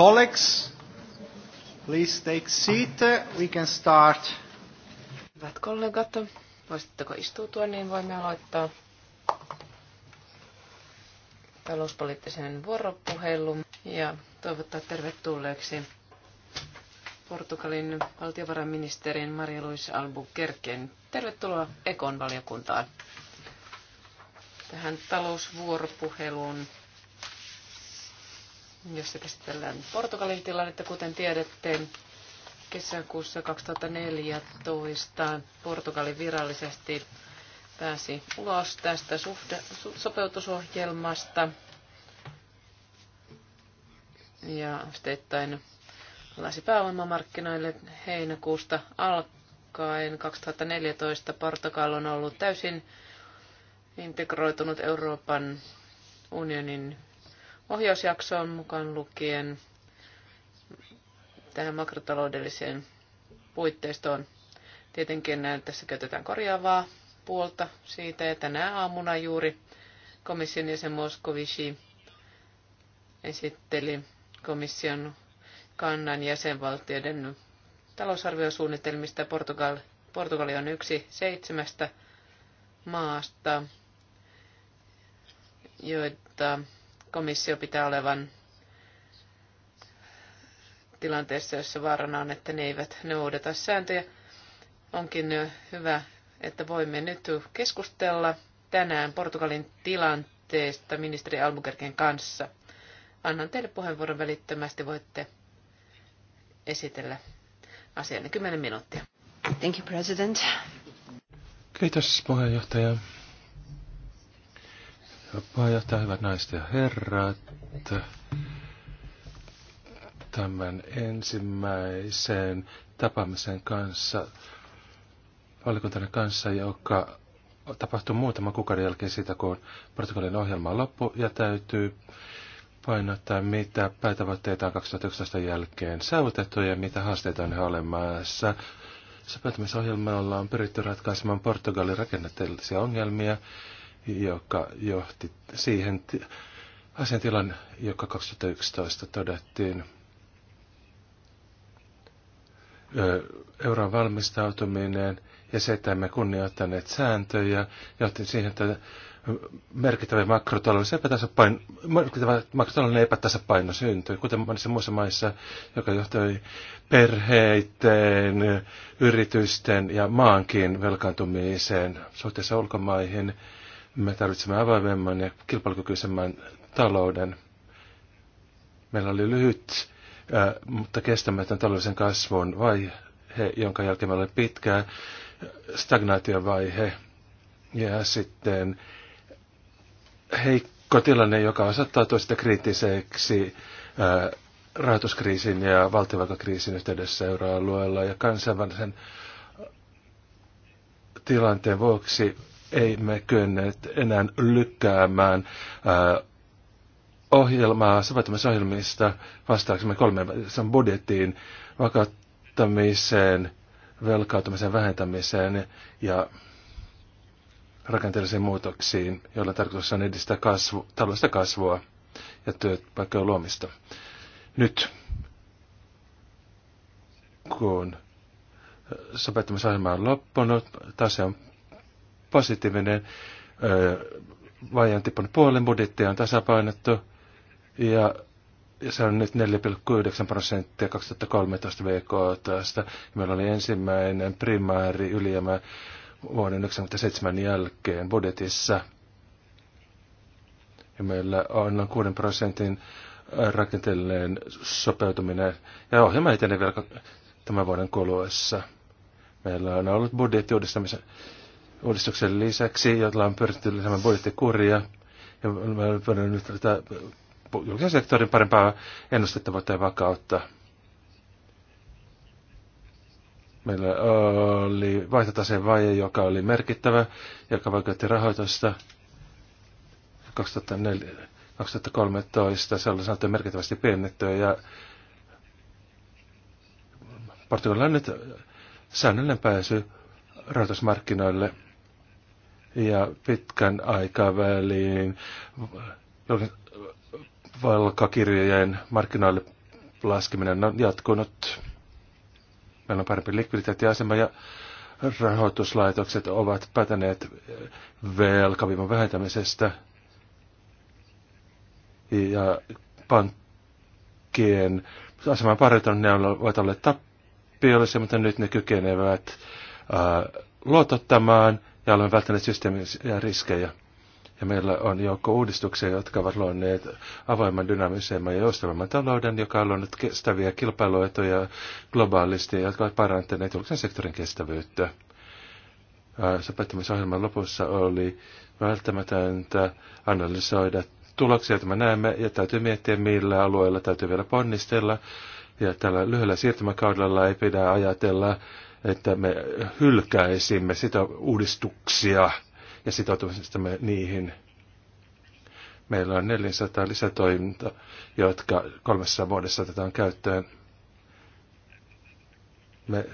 colleagues, please take seat. We can start. Hyvät kollegat, voisitteko istua niin voimme aloittaa talouspoliittisen vuoropuhelun ja toivottaa tervetulleeksi Portugalin valtiovarainministerin Maria Luis Kerken. Tervetuloa Ekon valiokuntaan tähän talousvuoropuheluun jossa käsitellään Portugalin tilannetta, kuten tiedätte. Kesäkuussa 2014 Portugali virallisesti pääsi ulos tästä suhde, sopeutusohjelmasta ja asteittain lasi pääomamarkkinoille heinäkuusta alkaen 2014 Portugal on ollut täysin integroitunut Euroopan unionin ohjausjaksoon mukaan lukien tähän makrotaloudelliseen puitteistoon. Tietenkin näin äh, tässä käytetään korjaavaa puolta siitä ja tänä aamuna juuri komission jäsen Moskovici esitteli komission kannan jäsenvaltioiden talousarviosuunnitelmista. Portugal, Portugali on yksi seitsemästä maasta, joita komissio pitää olevan tilanteessa, jossa vaarana on, että ne eivät noudata sääntöjä. Onkin hyvä, että voimme nyt keskustella tänään Portugalin tilanteesta ministeri Albuquerquen kanssa. Annan teille puheenvuoron välittömästi. Voitte esitellä asianne 10 minuuttia. Thank you, President. Kiitos puheenjohtaja. Pääjohtaja, hyvät naiset ja herrat. Tämän ensimmäisen tapaamisen kanssa, valiokuntana kanssa, joka tapahtui muutama kuukauden jälkeen siitä, kun Portugalin ohjelma on loppu ja täytyy painottaa, mitä päätavoitteita on 2011 jälkeen saavutettu ja mitä haasteita on olemassa. Sopeutumisohjelmalla on pyritty ratkaisemaan Portugalin rakennettelisiä ongelmia joka johti siihen asiantilan, joka 2011 todettiin. Euroon valmistautuminen ja se, että emme kunnioittaneet sääntöjä, johti siihen, että merkittävä makrotaloudellinen epätasapaino, merkittävä makrotaloudellinen epätasapaino syntyi, kuten monissa muissa maissa, joka johtoi perheiden, yritysten ja maankin velkaantumiseen suhteessa ulkomaihin. Me tarvitsemme avaimemman ja kilpailukykyisemmän talouden. Meillä oli lyhyt, äh, mutta kestämätön taloudellisen kasvun vaihe, jonka jälkeen meillä oli pitkä vaihe ja sitten heikko tilanne, joka osoittautui sitä kriittiseksi äh, rahoituskriisin ja valtiovelkakriisin yhteydessä euroalueella ja kansainvälisen tilanteen vuoksi ei me kyenneet enää lykkäämään äh, ohjelmaa soveltamisohjelmista vastaaksemme kolmeen budjettiin, vakauttamiseen, velkautumisen vähentämiseen ja rakenteellisiin muutoksiin, joilla tarkoitus on edistää kasvu, taloudellista kasvua ja työpaikkojen luomista. Nyt, kun sopettamisohjelma on loppunut, tase on positiivinen. Vaje tippunut puolen, budjettia on tasapainottu ja se on nyt 4,9 prosenttia 2013 VKT. Meillä oli ensimmäinen primääri ylijäämä vuoden 1997 jälkeen budjetissa. Ja meillä on noin 6 prosentin rakenteellinen sopeutuminen. Ja ohjelma etenee vielä tämän vuoden kuluessa. Meillä on ollut budjetti uudistamisen uudistuksen lisäksi, jolla on pyritty lisäämään budjettikuria ja nyt tätä julkisen sektorin parempaa ennustettavuutta ja vakautta. Meillä oli vaihtotaseen vaje, joka oli merkittävä, joka vaikutti rahoitusta 2004, 2013. Se oli sanottu merkittävästi pienettyä ja Portugalilla on nyt säännöllinen pääsy rahoitusmarkkinoille – ja pitkän aikavälin valkakirjojen markkinoille laskeminen on jatkunut. Meillä on parempi likviditeettiasema ja rahoituslaitokset ovat päätäneet velkaviivan vähentämisestä ja pankkien aseman parantanut, ne ovat olleet tappiollisia, mutta nyt ne kykenevät ää, luotottamaan ja olemme välttäneet systeemisiä riskejä. Ja meillä on joukko uudistuksia, jotka ovat luoneet avoimman, dynaamisemman ja joustavamman talouden, joka on luonut kestäviä kilpailuetoja globaalisti, jotka ovat parantaneet julkisen sektorin kestävyyttä. Sopettamisohjelman lopussa oli välttämätöntä analysoida tuloksia, joita me näemme, ja täytyy miettiä, millä alueella täytyy vielä ponnistella. Ja tällä lyhyellä siirtymäkaudella ei pidä ajatella että me hylkäisimme sitä uudistuksia ja me niihin. Meillä on 400 lisätoiminta, jotka kolmessa vuodessa otetaan käyttöön. Me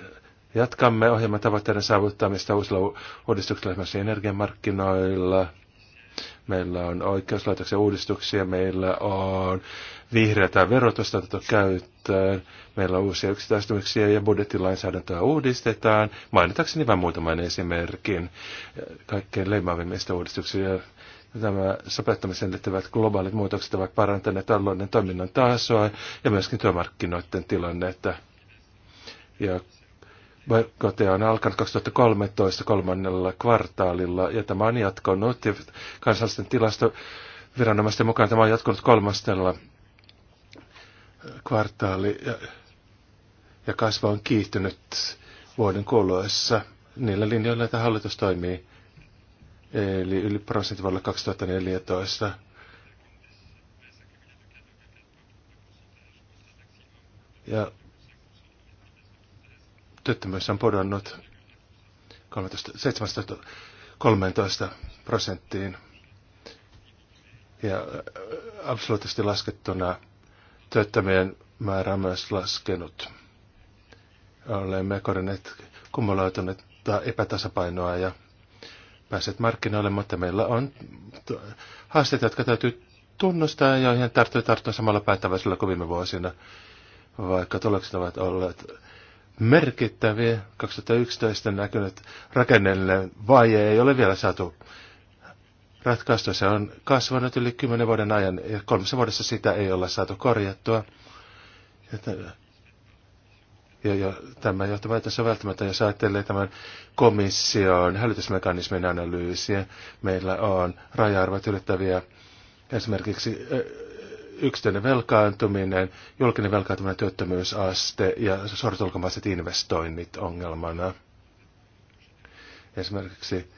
jatkamme ohjelman tavoitteiden saavuttamista uusilla uudistuksilla esimerkiksi energiamarkkinoilla – meillä on oikeuslaitoksen uudistuksia, meillä on vihreätä verotusta otettu käyttöön, meillä on uusia yksittäistymyksiä ja budjettilainsäädäntöä uudistetaan. Mainitakseni vain muutaman esimerkin kaikkein leimaavimmista uudistuksista. Tämä sopeuttamiseen liittyvät globaalit muutokset ovat parantaneet talouden toiminnan tasoa ja myöskin työmarkkinoiden tilannetta. Ja Boikote on alkanut 2013 kolmannella kvartaalilla ja tämä on jatkunut. Ja kansallisten tilastoviranomaisten mukaan tämä on jatkunut kolmastella kvartaali ja, ja kasva on kiihtynyt vuoden kuluessa niillä linjoilla, että hallitus toimii. Eli yli prosentti vuonna 2014. Ja työttömyys on pudonnut 17 13 prosenttiin. Ja äh, absoluuttisesti laskettuna työttömien määrä on myös laskenut. Olemme korjanneet kumuloitunutta epätasapainoa ja pääset markkinoille, mutta meillä on haasteita, jotka täytyy tunnustaa ja joihin tarttuu tarttua samalla päättäväisellä kuin viime vuosina, vaikka tulokset ovat olleet merkittäviä. 2011 näkynyt rakennellinen vaje ei ole vielä saatu ratkaistua. Se on kasvanut yli 10 vuoden ajan ja kolmessa vuodessa sitä ei olla saatu korjattua. Ja, ja tämä johtava tässä on välttämättä, jos ajattelee tämän komission hälytysmekanismin analyysiä, meillä on raja-arvot ylittäviä esimerkiksi yksityinen velkaantuminen, julkinen velkaantuminen, työttömyysaste ja suorat ulkomaiset investoinnit ongelmana. Esimerkiksi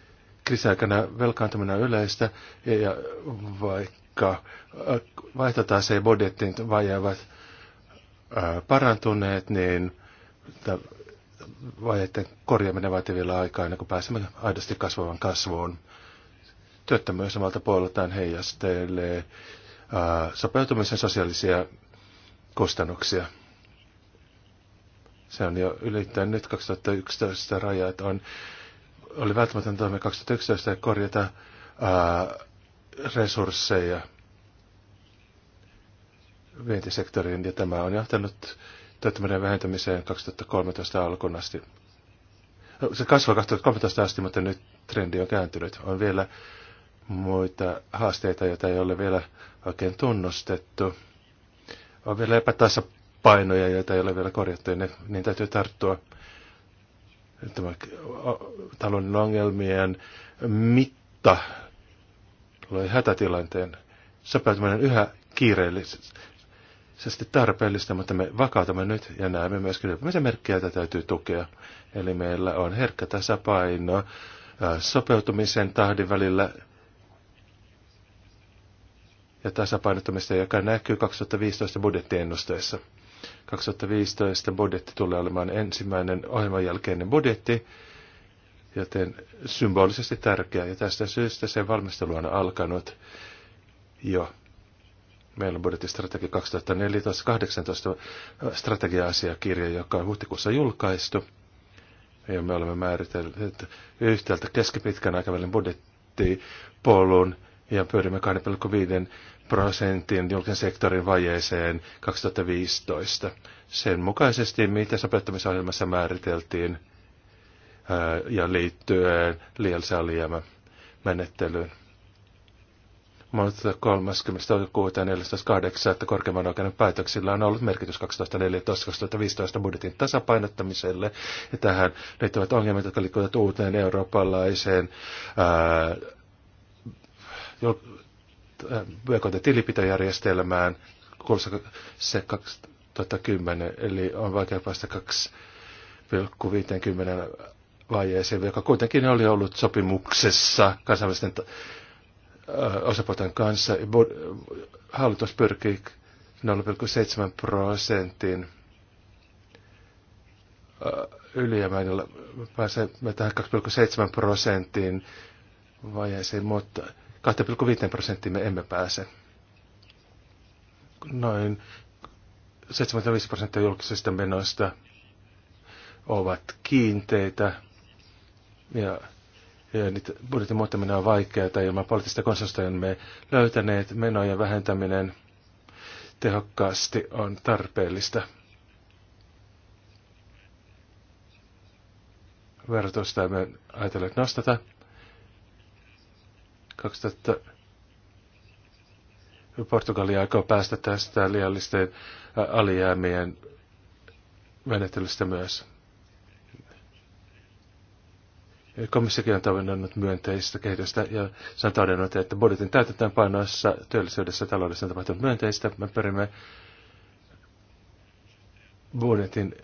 kriisiaikana velkaantuminen on yleistä ja vaikka äh, vaihtotaan se budjettiin vajaavat äh, parantuneet, niin vaiheiden korjaaminen vaatii vielä aikaa ennen kuin pääsemme aidosti kasvavan kasvuun. Työttömyys omalta puoleltaan heijastelee Äh, sopeutumisen sosiaalisia kustannuksia. Se on jo ylittänyt 2011 rajat. On, oli välttämätöntä toimia 2011 ja korjata ää, äh, resursseja vientisektoriin, ja tämä on johtanut työttömyyden vähentämiseen 2013 alkuun asti. Se kasvoi 2013 asti, mutta nyt trendi on kääntynyt. On vielä muita haasteita, joita ei ole vielä oikein tunnustettu. On vielä epätasapainoja, joita ei ole vielä korjattu, niin, ne, niin täytyy tarttua tämä talon ongelmien mitta loi hätätilanteen sopeutuminen yhä kiireellisesti tarpeellista, mutta me vakautamme nyt ja näemme myöskin, mitä merkkejä tätä täytyy tukea. Eli meillä on herkkä tasapaino sopeutumisen tahdin välillä ja tasapainottamista, joka näkyy 2015 budjettiennusteessa. 2015 budjetti tulee olemaan ensimmäinen ohjelman jälkeinen budjetti, joten symbolisesti tärkeä. Ja tästä syystä sen valmistelu on alkanut jo. Meillä on budjettistrategia 2014-2018 strategia-asiakirja, joka on huhtikuussa julkaistu. Ja me olemme määritelleet yhtäältä keskipitkän aikavälin budjettipolun ja pyörimme 2,5 prosentin julkisen sektorin vajeeseen 2015. Sen mukaisesti, mitä sopeuttamisohjelmassa määriteltiin ja liittyen liiallisen alijäämän menettelyyn. Mutta 30. toukokuuta 14.8. että korkeimman oikeuden päätöksillä on ollut merkitys 2014-2015 budjetin tasapainottamiselle. Ja tähän liittyvät ongelmat, jotka liittyvät uuteen eurooppalaiseen ää, Äh, tilipitojärjestelmään kuulussa se 2010, eli on vaikea päästä 2,50 vaiheeseen, joka kuitenkin oli ollut sopimuksessa kansainvälisten äh, osapuolten kanssa. Hallitus pyrkii 0,7 prosentin äh, ylijäämäinen pääsemme tähän 2,7 prosenttiin vaiheeseen, mutta 2,5 prosenttia me emme pääse. Noin 75 prosenttia julkisista menoista ovat kiinteitä ja, ja niitä budjetin muuttaminen on vaikeaa tai ilman poliittista konsensusta me löytäneet menojen vähentäminen tehokkaasti on tarpeellista. Verotusta emme ajatelleet nostata. 2000 Portugali aikoo päästä tästä liiallisten alijäämien menettelystä myös. Komissiokin on tavoittanut myönteistä kehitystä ja se on todennut, että budjetin täytetään painoissa työllisyydessä ja taloudessa on tapahtunut myönteistä. Me pyrimme budjetin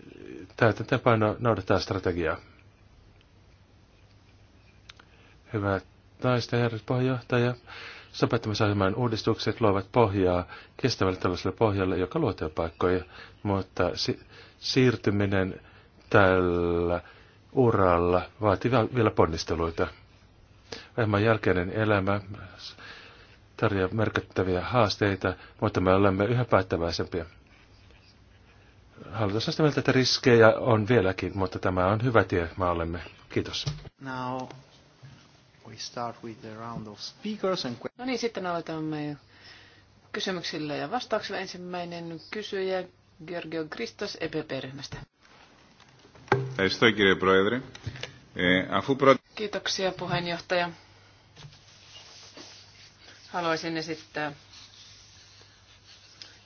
täytetään painoa noudattaa strategiaa. Hyvät naisten järjestöpohjohtaja. Sopettamisohjelman uudistukset luovat pohjaa kestävälle tällaiselle pohjalle, joka luo työpaikkoja, mutta si- siirtyminen tällä uralla vaatii vielä ponnisteluita. Ohjelman jälkeinen elämä tarjoaa merkittäviä haasteita, mutta me olemme yhä päättäväisempiä. Hallitus on sitä mieltä, että riskejä on vieläkin, mutta tämä on hyvä tie, me olemme. Kiitos. Now, We start with the round of speakers and... No niin, sitten aloitamme kysymyksillä ja vastauksilla. Ensimmäinen kysyjä Georgio Christos EPP-ryhmästä. Kiitoksia puheenjohtaja. Haluaisin esittää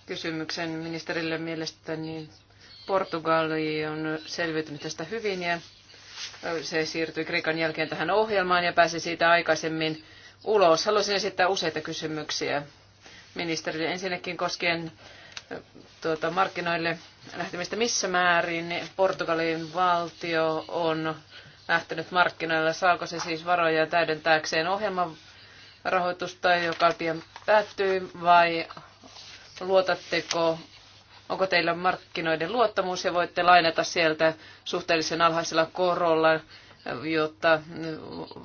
kysymyksen ministerille mielestäni. Portugali on selviytynyt tästä hyvin ja se siirtyi Kreikan jälkeen tähän ohjelmaan ja pääsi siitä aikaisemmin ulos. Haluaisin esittää useita kysymyksiä ministerille. Ensinnäkin koskien tuota, markkinoille lähtemistä, missä määrin Portugalin valtio on lähtenyt markkinoille. Saako se siis varoja täydentääkseen ohjelman rahoitusta, joka pian päättyy, vai luotatteko Onko teillä markkinoiden luottamus ja voitte lainata sieltä suhteellisen alhaisella korolla, jotta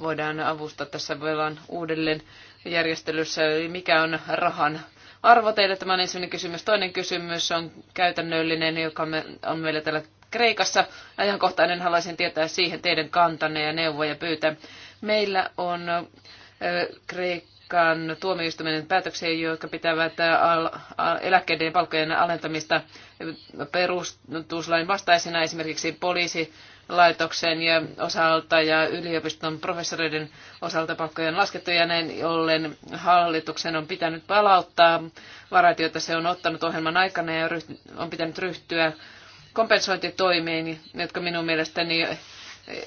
voidaan avustaa tässä velan uudelleen järjestelyssä. Eli mikä on rahan arvo teille? Tämä on ensimmäinen kysymys. Toinen kysymys on käytännöllinen, joka on meillä täällä Kreikassa. Ajankohtainen haluaisin tietää siihen teidän kantanne ja neuvoja pyytää. Meillä on Kreik- aikaan tuomioistuimen päätöksiä, jotka pitävät äh, eläkkeiden ja palkkojen alentamista perustuslain vastaisena esimerkiksi poliisilaitoksen ja osalta ja yliopiston professoreiden osalta palkkojen laskettuja näin ollen hallituksen on pitänyt palauttaa varat, joita se on ottanut ohjelman aikana ja on pitänyt ryhtyä kompensointitoimiin, jotka minun mielestäni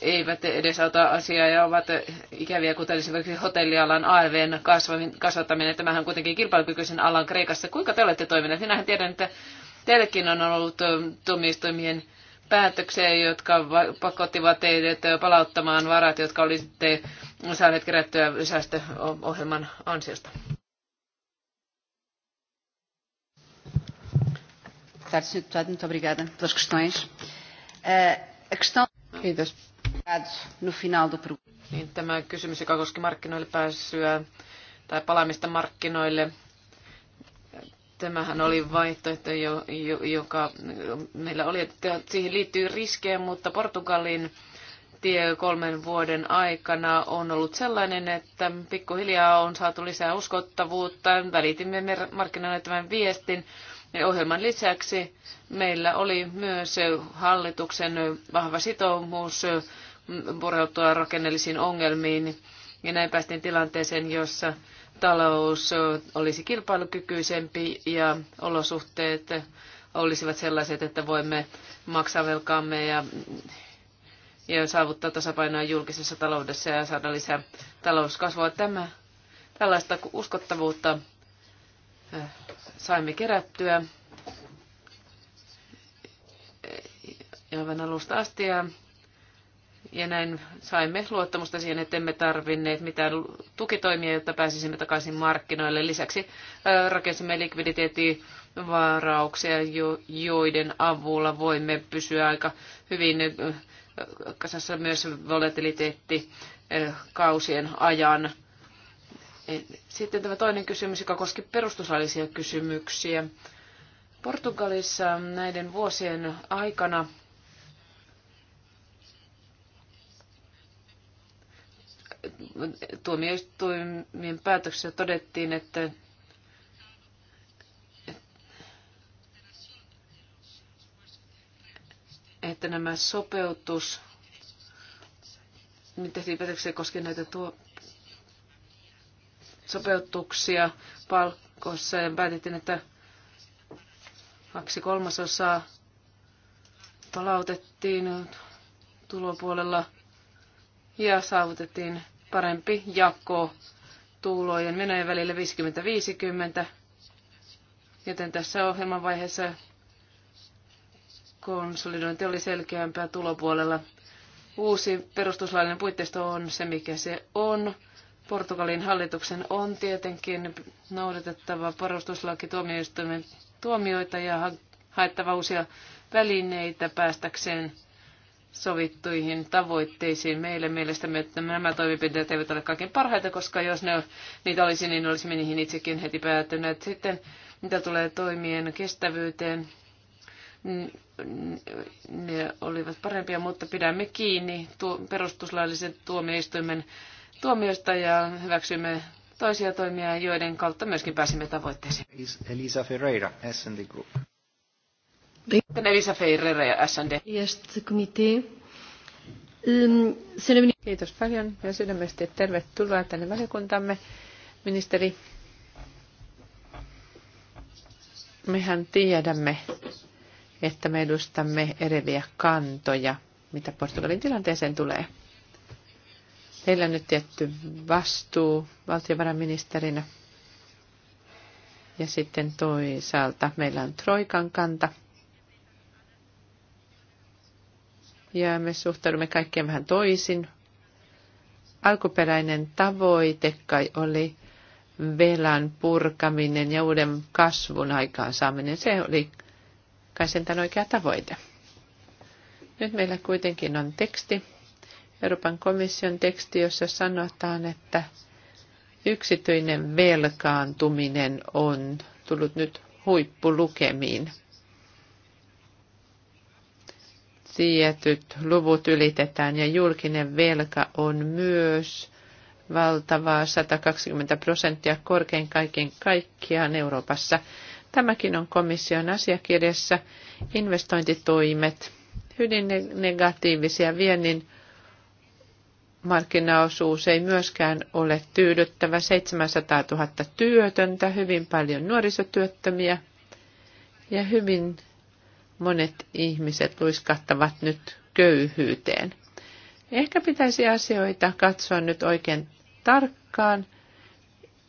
eivät edesauta asiaa ja ovat ikäviä, kuten esimerkiksi hotellialan ARVn kasvattaminen. Tämähän on kuitenkin kilpailukykyisen alan Kreikassa. Kuinka te olette toimineet? Minähän tiedän, että teillekin on ollut tuomioistuimien päätöksiä, jotka pakottivat teidät palauttamaan varat, jotka olisitte saaneet kerättyä säästöohjelman ansiosta. Tarso, deputado, muito obrigada pelas questões. Uh, a questão Kiitos. No niin, tämä kysymys, joka koski markkinoille pääsyä tai palaamista markkinoille, tämähän oli vaihtoehto, jo, jo, joka meillä oli, että siihen liittyy riskejä, mutta Portugalin tie kolmen vuoden aikana on ollut sellainen, että pikkuhiljaa on saatu lisää uskottavuutta. Välitimme markkinoille tämän viestin ja ohjelman lisäksi meillä oli myös hallituksen vahva sitoumus pureutua rakennellisiin ongelmiin. Ja näin päästiin tilanteeseen, jossa talous olisi kilpailukykyisempi ja olosuhteet olisivat sellaiset, että voimme maksaa velkaamme ja, ja saavuttaa tasapainoa julkisessa taloudessa ja saada lisää talouskasvua. Tämä, tällaista uskottavuutta saimme kerättyä aivan alusta asti ja, ja näin saimme luottamusta siihen, että emme tarvinneet mitään tukitoimia, jotta pääsisimme takaisin markkinoille. Lisäksi rakensimme likviditeettivarauksia, joiden avulla voimme pysyä aika hyvin kasassa myös volatiliteettikausien ajan. Sitten tämä toinen kysymys, joka koski perustuslaillisia kysymyksiä. Portugalissa näiden vuosien aikana tuomioistuimien päätöksessä todettiin, että että nämä sopeutus, mitä tehtiin päätöksiä koskien näitä tuo, sopeutuksia palkossa ja päätettiin, että kaksi kolmasosaa palautettiin tulopuolella ja saavutettiin parempi jako tulojen menojen välillä 50-50, joten tässä ohjelman vaiheessa konsolidointi oli selkeämpää tulopuolella. Uusi perustuslaillinen puitteisto on se, mikä se on. Portugalin hallituksen on tietenkin noudatettava perustuslakituomioistuimen tuomioita ja haettava uusia välineitä päästäkseen sovittuihin tavoitteisiin. Meille mielestämme, että nämä toimenpiteet eivät ole kaikkein parhaita, koska jos ne, niitä olisi, niin olisimme niihin itsekin heti päätyneet. Sitten mitä tulee toimien kestävyyteen, ne olivat parempia, mutta pidämme kiinni perustuslaillisen tuomioistuimen tuomiosta ja hyväksymme toisia toimia, joiden kautta myöskin pääsimme tavoitteeseen. Elisa Ferreira, S&D Group. Elisa Ferreira ja S&D. Um, Kiitos paljon ja sydämesti tervetuloa tänne valiokuntamme, ministeri. Mehän tiedämme, että me edustamme eriviä kantoja, mitä Portugalin tilanteeseen tulee. Heillä on nyt tietty vastuu valtiovarainministerinä. Ja sitten toisaalta meillä on Troikan kanta. Ja me suhtaudumme kaikkien vähän toisin. Alkuperäinen tavoite kai oli velan purkaminen ja uuden kasvun aikaansaaminen. Se oli kai sen tämän oikea tavoite. Nyt meillä kuitenkin on teksti, Euroopan komission teksti, jossa sanotaan, että yksityinen velkaantuminen on tullut nyt huippulukemiin. Tietyt luvut ylitetään ja julkinen velka on myös valtavaa 120 prosenttia korkein kaiken kaikkiaan Euroopassa. Tämäkin on komission asiakirjassa. Investointitoimet, hyvin negatiivisia viennin markkinaosuus ei myöskään ole tyydyttävä. 700 000 työtöntä, hyvin paljon nuorisotyöttömiä ja hyvin monet ihmiset luiskahtavat nyt köyhyyteen. Ehkä pitäisi asioita katsoa nyt oikein tarkkaan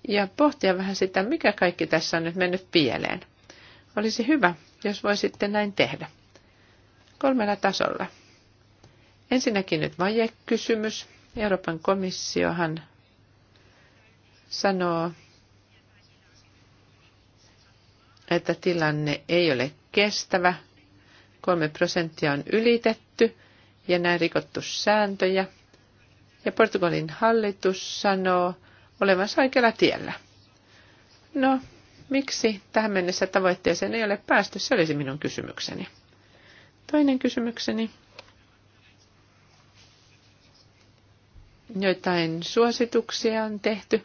ja pohtia vähän sitä, mikä kaikki tässä on nyt mennyt pieleen. Olisi hyvä, jos voisitte näin tehdä. Kolmella tasolla. Ensinnäkin nyt vajekysymys. Euroopan komissiohan sanoo, että tilanne ei ole kestävä. Kolme prosenttia on ylitetty ja näin rikottu sääntöjä. Ja Portugalin hallitus sanoo olevansa oikealla tiellä. No, miksi tähän mennessä tavoitteeseen ei ole päästy, se olisi minun kysymykseni. Toinen kysymykseni Joitain suosituksia on tehty.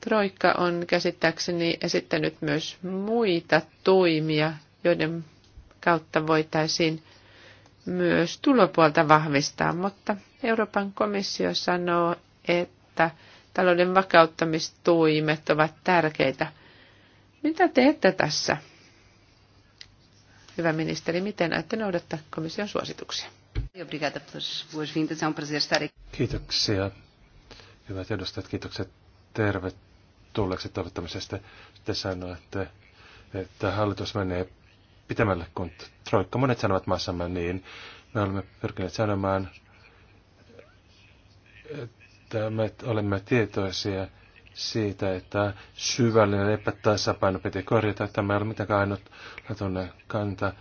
Troikka on käsittääkseni esittänyt myös muita toimia, joiden kautta voitaisiin myös tulopuolta vahvistaa, mutta Euroopan komissio sanoo, että talouden vakauttamistoimet ovat tärkeitä. Mitä teette tässä? Hyvä ministeri, miten näette noudattaa komission suosituksia? E um Kiitoksia. Hyvät edustajat, kiitokset tervetulleeksi toivottamisesta. Te sanoitte, että hallitus menee pitemmälle kuin troikka. Monet sanovat maassamme niin. Me olemme pyrkineet sanomaan, että me olemme tietoisia siitä, että syvällinen epätasapaino piti korjata. Tämä ei ole mitenkään ainutlaatuinen kanta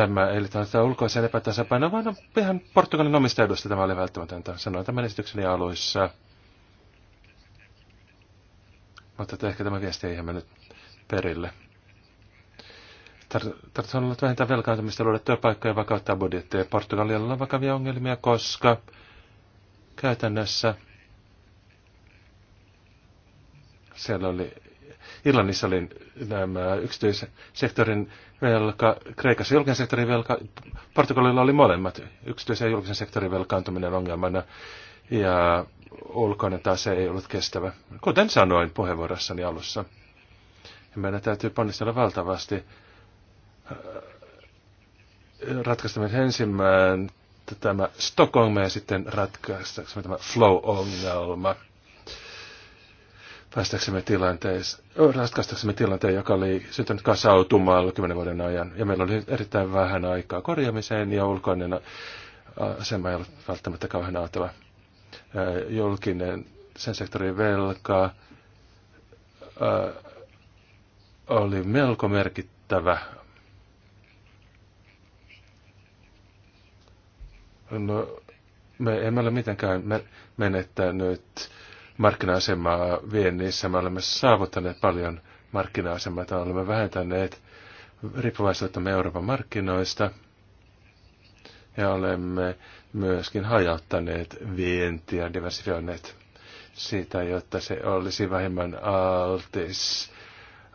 tämä, eli tämä ulkoisen epätasapaino, vaan on ihan Portugalin omista edusta tämä oli välttämätöntä. Sanoin tämän esitykseni aluissa. Mutta ehkä tämä viesti ei ihan mennyt perille. Tarvitsee olla vähintään velkaantumista, luoda työpaikkoja ja vakauttaa budjetteja. Portugalilla on vakavia ongelmia, koska käytännössä siellä oli Irlannissa oli nämä yksityisen sektorin velka, Kreikassa julkisen sektorin velka, Portugalilla oli molemmat, yksityisen ja julkisen sektorin velkaantuminen ongelmana, ja ulkoinen taas ei ollut kestävä. Kuten sanoin puheenvuorossani alussa, meidän täytyy ponnistella valtavasti äh, ratkaistamme ensimmäinen tämä Stockholm ja sitten ratkaista tämä flow-ongelma päästäksemme tilanteeseen, ratkaistaksemme tilanteen, joka oli syntynyt kasautumaan 10 vuoden ajan. Ja meillä oli erittäin vähän aikaa korjaamiseen ja ulkoinen äh, asema ei ollut välttämättä kauhean aatava. Äh, julkinen sen sektorin velka äh, oli melko merkittävä. No, me emme ole mitenkään menettänyt markkina-asemaa viennissä. Me olemme saavuttaneet paljon markkina-asemaa tai olemme vähentäneet riippuvaisuuttamme Euroopan markkinoista ja olemme myöskin hajauttaneet vientiä, diversifioineet siitä, jotta se olisi vähemmän altis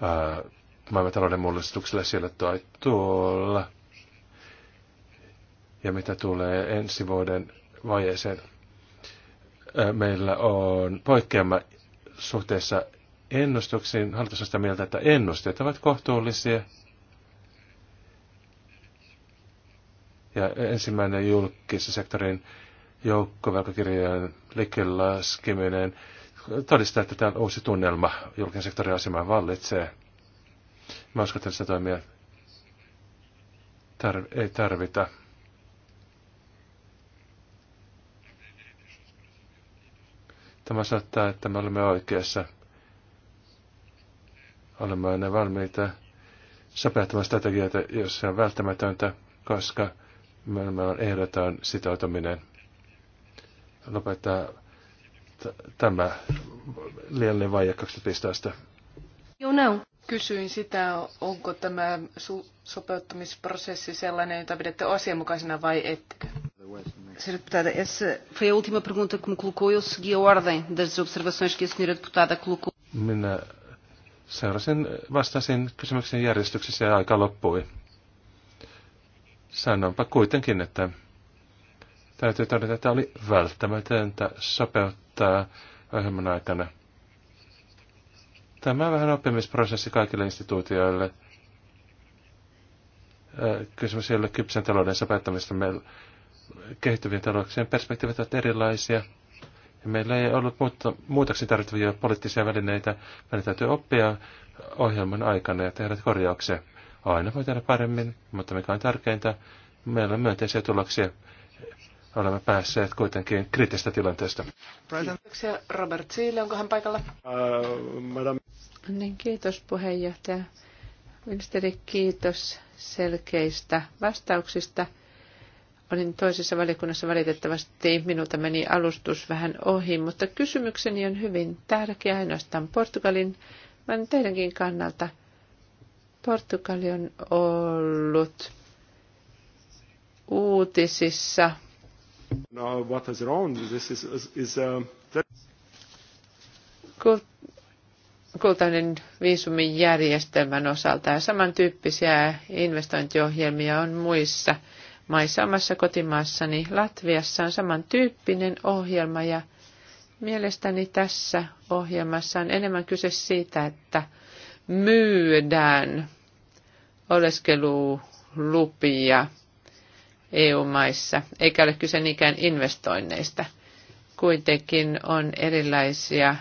ää, maailmantalouden mullistukselle siellä tai tuolla. Ja mitä tulee ensi vuoden vajeeseen, meillä on poikkeama suhteessa ennustuksiin. Hallitus on sitä mieltä, että ennusteet ovat kohtuullisia. Ja ensimmäinen julkisen sektorin joukkovelkakirjojen liikkeelle laskeminen todistaa, että tämä uusi tunnelma julkisen sektorin asemaan vallitsee. Mä uskon, että sitä toimia tar- ei tarvita. Tämä saattaa, että me olemme oikeassa. Olemme aina valmiita sopeuttamaan strategioita, jos se on välttämätöntä, koska meillä on ehdoton sitoutuminen. Lopettaa tämä liian vaija 2015. Joo, no. Kysyin sitä, onko tämä sopeuttamisprosessi sellainen, jota pidätte asianmukaisena vai ettekö? Sra. Deputada, essa foi a última pergunta que me colocou. Eu segui a ordem das observações que a senhora deputada colocou. Minä seurasin, vastasin kysymyksen järjestyksessä ja aika loppui. Sanonpa kuitenkin, että täytyy todeta, että oli välttämätöntä sopeuttaa ohjelman aikana. Tämä on vähän oppimisprosessi kaikille instituutioille. Kysymys ei ole kypsän talouden sopeuttamista. Meillä kehittyvien talouksien perspektiivit ovat erilaisia. Ja meillä ei ollut muuta, muutaksi tarvittavia poliittisia välineitä. Meidän täytyy oppia ohjelman aikana ja tehdä korjauksia. Aina voi tehdä paremmin, mutta mikä on tärkeintä, meillä on myönteisiä tuloksia. Olemme päässeet kuitenkin kriittisestä tilanteesta. Kiitoksia Robert Siile, onko hän paikalla? Äh, niin, kiitos puheenjohtaja. Ministeri, kiitos selkeistä vastauksista olin toisessa valiokunnassa valitettavasti, minulta meni alustus vähän ohi, mutta kysymykseni on hyvin tärkeä ainoastaan Portugalin, vaan teidänkin kannalta. Portugali on ollut uutisissa. No, what is wrong? This is, is, uh, that... Kult, kultainen viisumijärjestelmän osalta ja samantyyppisiä investointiohjelmia on muissa – maissa omassa kotimaassani Latviassa on samantyyppinen ohjelma ja mielestäni tässä ohjelmassa on enemmän kyse siitä, että myydään oleskelulupia EU-maissa, eikä ole kyse niinkään investoinneista. Kuitenkin on erilaisia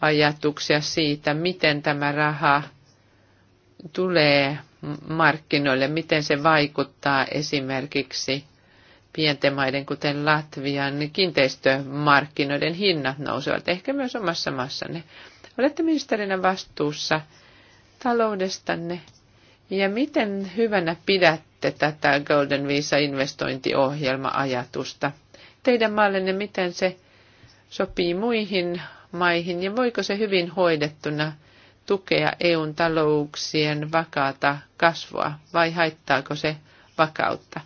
ajatuksia siitä, miten tämä raha tulee markkinoille, miten se vaikuttaa esimerkiksi pienten maiden, kuten Latvian, niin kiinteistömarkkinoiden hinnat nousevat, ehkä myös omassa maassanne. Olette ministerinä vastuussa taloudestanne. Ja miten hyvänä pidätte tätä Golden Visa-investointiohjelma-ajatusta? Teidän maallenne, miten se sopii muihin maihin ja voiko se hyvin hoidettuna – tukea EUn talouksien vakaata kasvua vai haittaako se vakautta?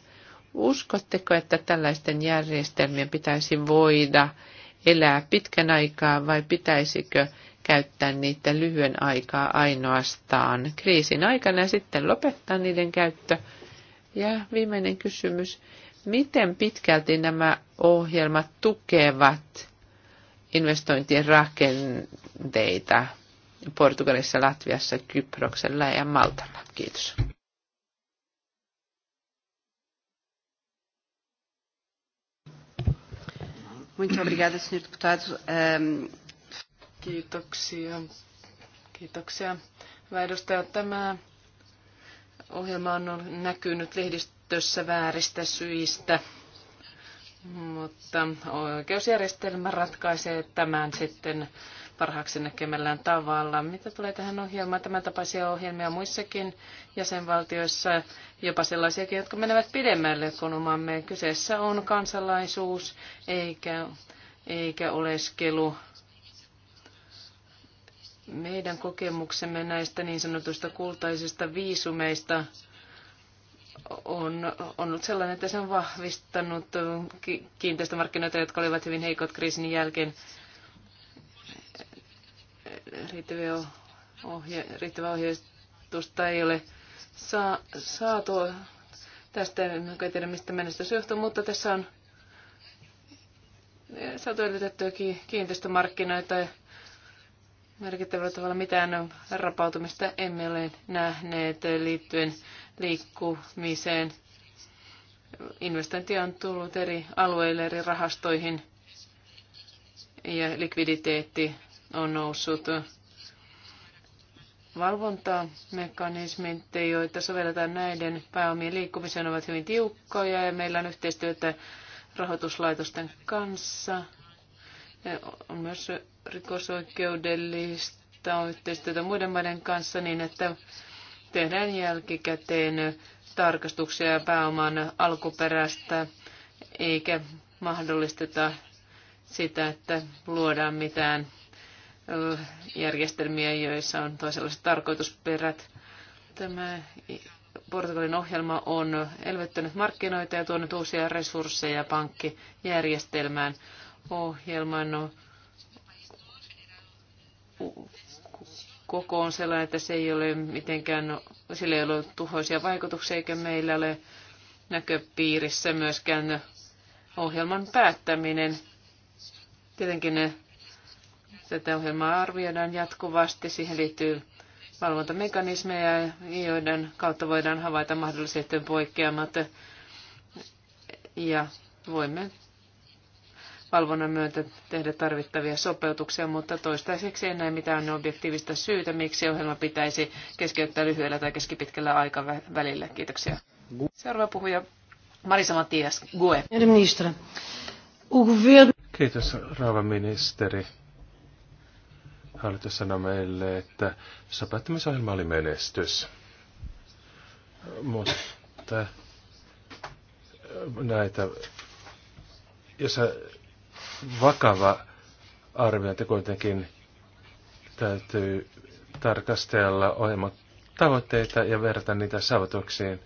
Uskotteko, että tällaisten järjestelmien pitäisi voida elää pitkän aikaa vai pitäisikö käyttää niitä lyhyen aikaa ainoastaan kriisin aikana ja sitten lopettaa niiden käyttö? Ja viimeinen kysymys, miten pitkälti nämä ohjelmat tukevat investointien rakenteita Portugalissa, Latviassa, Kyproksella ja Maltalla. Kiitos. Muito obrigada, senhor deputado. Um... Kiitoksia. Kiitoksia. Hyvä edustaja, tämä ohjelma on näkynyt lehdistössä vääristä syistä, mutta oikeusjärjestelmä ratkaisee tämän sitten parhaaksi näkemällään tavalla. Mitä tulee tähän ohjelmaan? Tämän tapaisia ohjelmia muissakin jäsenvaltioissa, jopa sellaisiakin, jotka menevät pidemmälle kuin omamme. Kyseessä on kansalaisuus eikä, eikä oleskelu. Meidän kokemuksemme näistä niin sanotuista kultaisista viisumeista on, on ollut sellainen, että se on vahvistanut kiinteistömarkkinoita, jotka olivat hyvin heikot kriisin jälkeen riittäviä ohje, ohjeistusta ei ole saa, saatu. Tästä en tiedä, mistä mennessä se johtuu, mutta tässä on saatu elitettyä kiinteistömarkkinoita ja merkittävällä tavalla mitään rapautumista emme ole nähneet liittyen liikkumiseen. Investointia on tullut eri alueille, eri rahastoihin ja likviditeetti on noussut valvontamekanismit, joita sovelletaan näiden pääomien liikkumiseen, ovat hyvin tiukkoja ja meillä on yhteistyötä rahoituslaitosten kanssa. On myös rikosoikeudellista yhteistyötä muiden maiden kanssa niin, että tehdään jälkikäteen tarkastuksia pääoman alkuperästä, eikä mahdollisteta sitä, että luodaan mitään järjestelmiä, joissa on toisenlaiset tarkoitusperät. Tämä Portugalin ohjelma on elvyttänyt markkinoita ja tuonut uusia resursseja pankkijärjestelmään. Ohjelman no, koko on sellainen, että se ei ole mitenkään, sillä ei ole tuhoisia vaikutuksia, eikä meillä ole näköpiirissä myöskään ohjelman päättäminen. Tietenkin Tätä ohjelmaa arvioidaan jatkuvasti. Siihen liittyy valvontamekanismeja, joiden kautta voidaan havaita mahdolliset poikkeamat. Ja voimme valvonnan myötä tehdä tarvittavia sopeutuksia, mutta toistaiseksi ei näe mitään objektiivista syytä, miksi ohjelma pitäisi keskeyttää lyhyellä tai keskipitkällä aikavälillä. Kiitoksia. Seuraava puhuja Marisa Matias, GUE. Kiitos, rouva ministeri. Hallitus sanoi meille, että sopeuttamisohjelma oli menestys. Mutta äh, näitä, jos vakava arviointi kuitenkin täytyy tarkastella ohjelman tavoitteita ja verrata niitä saavutuksiin.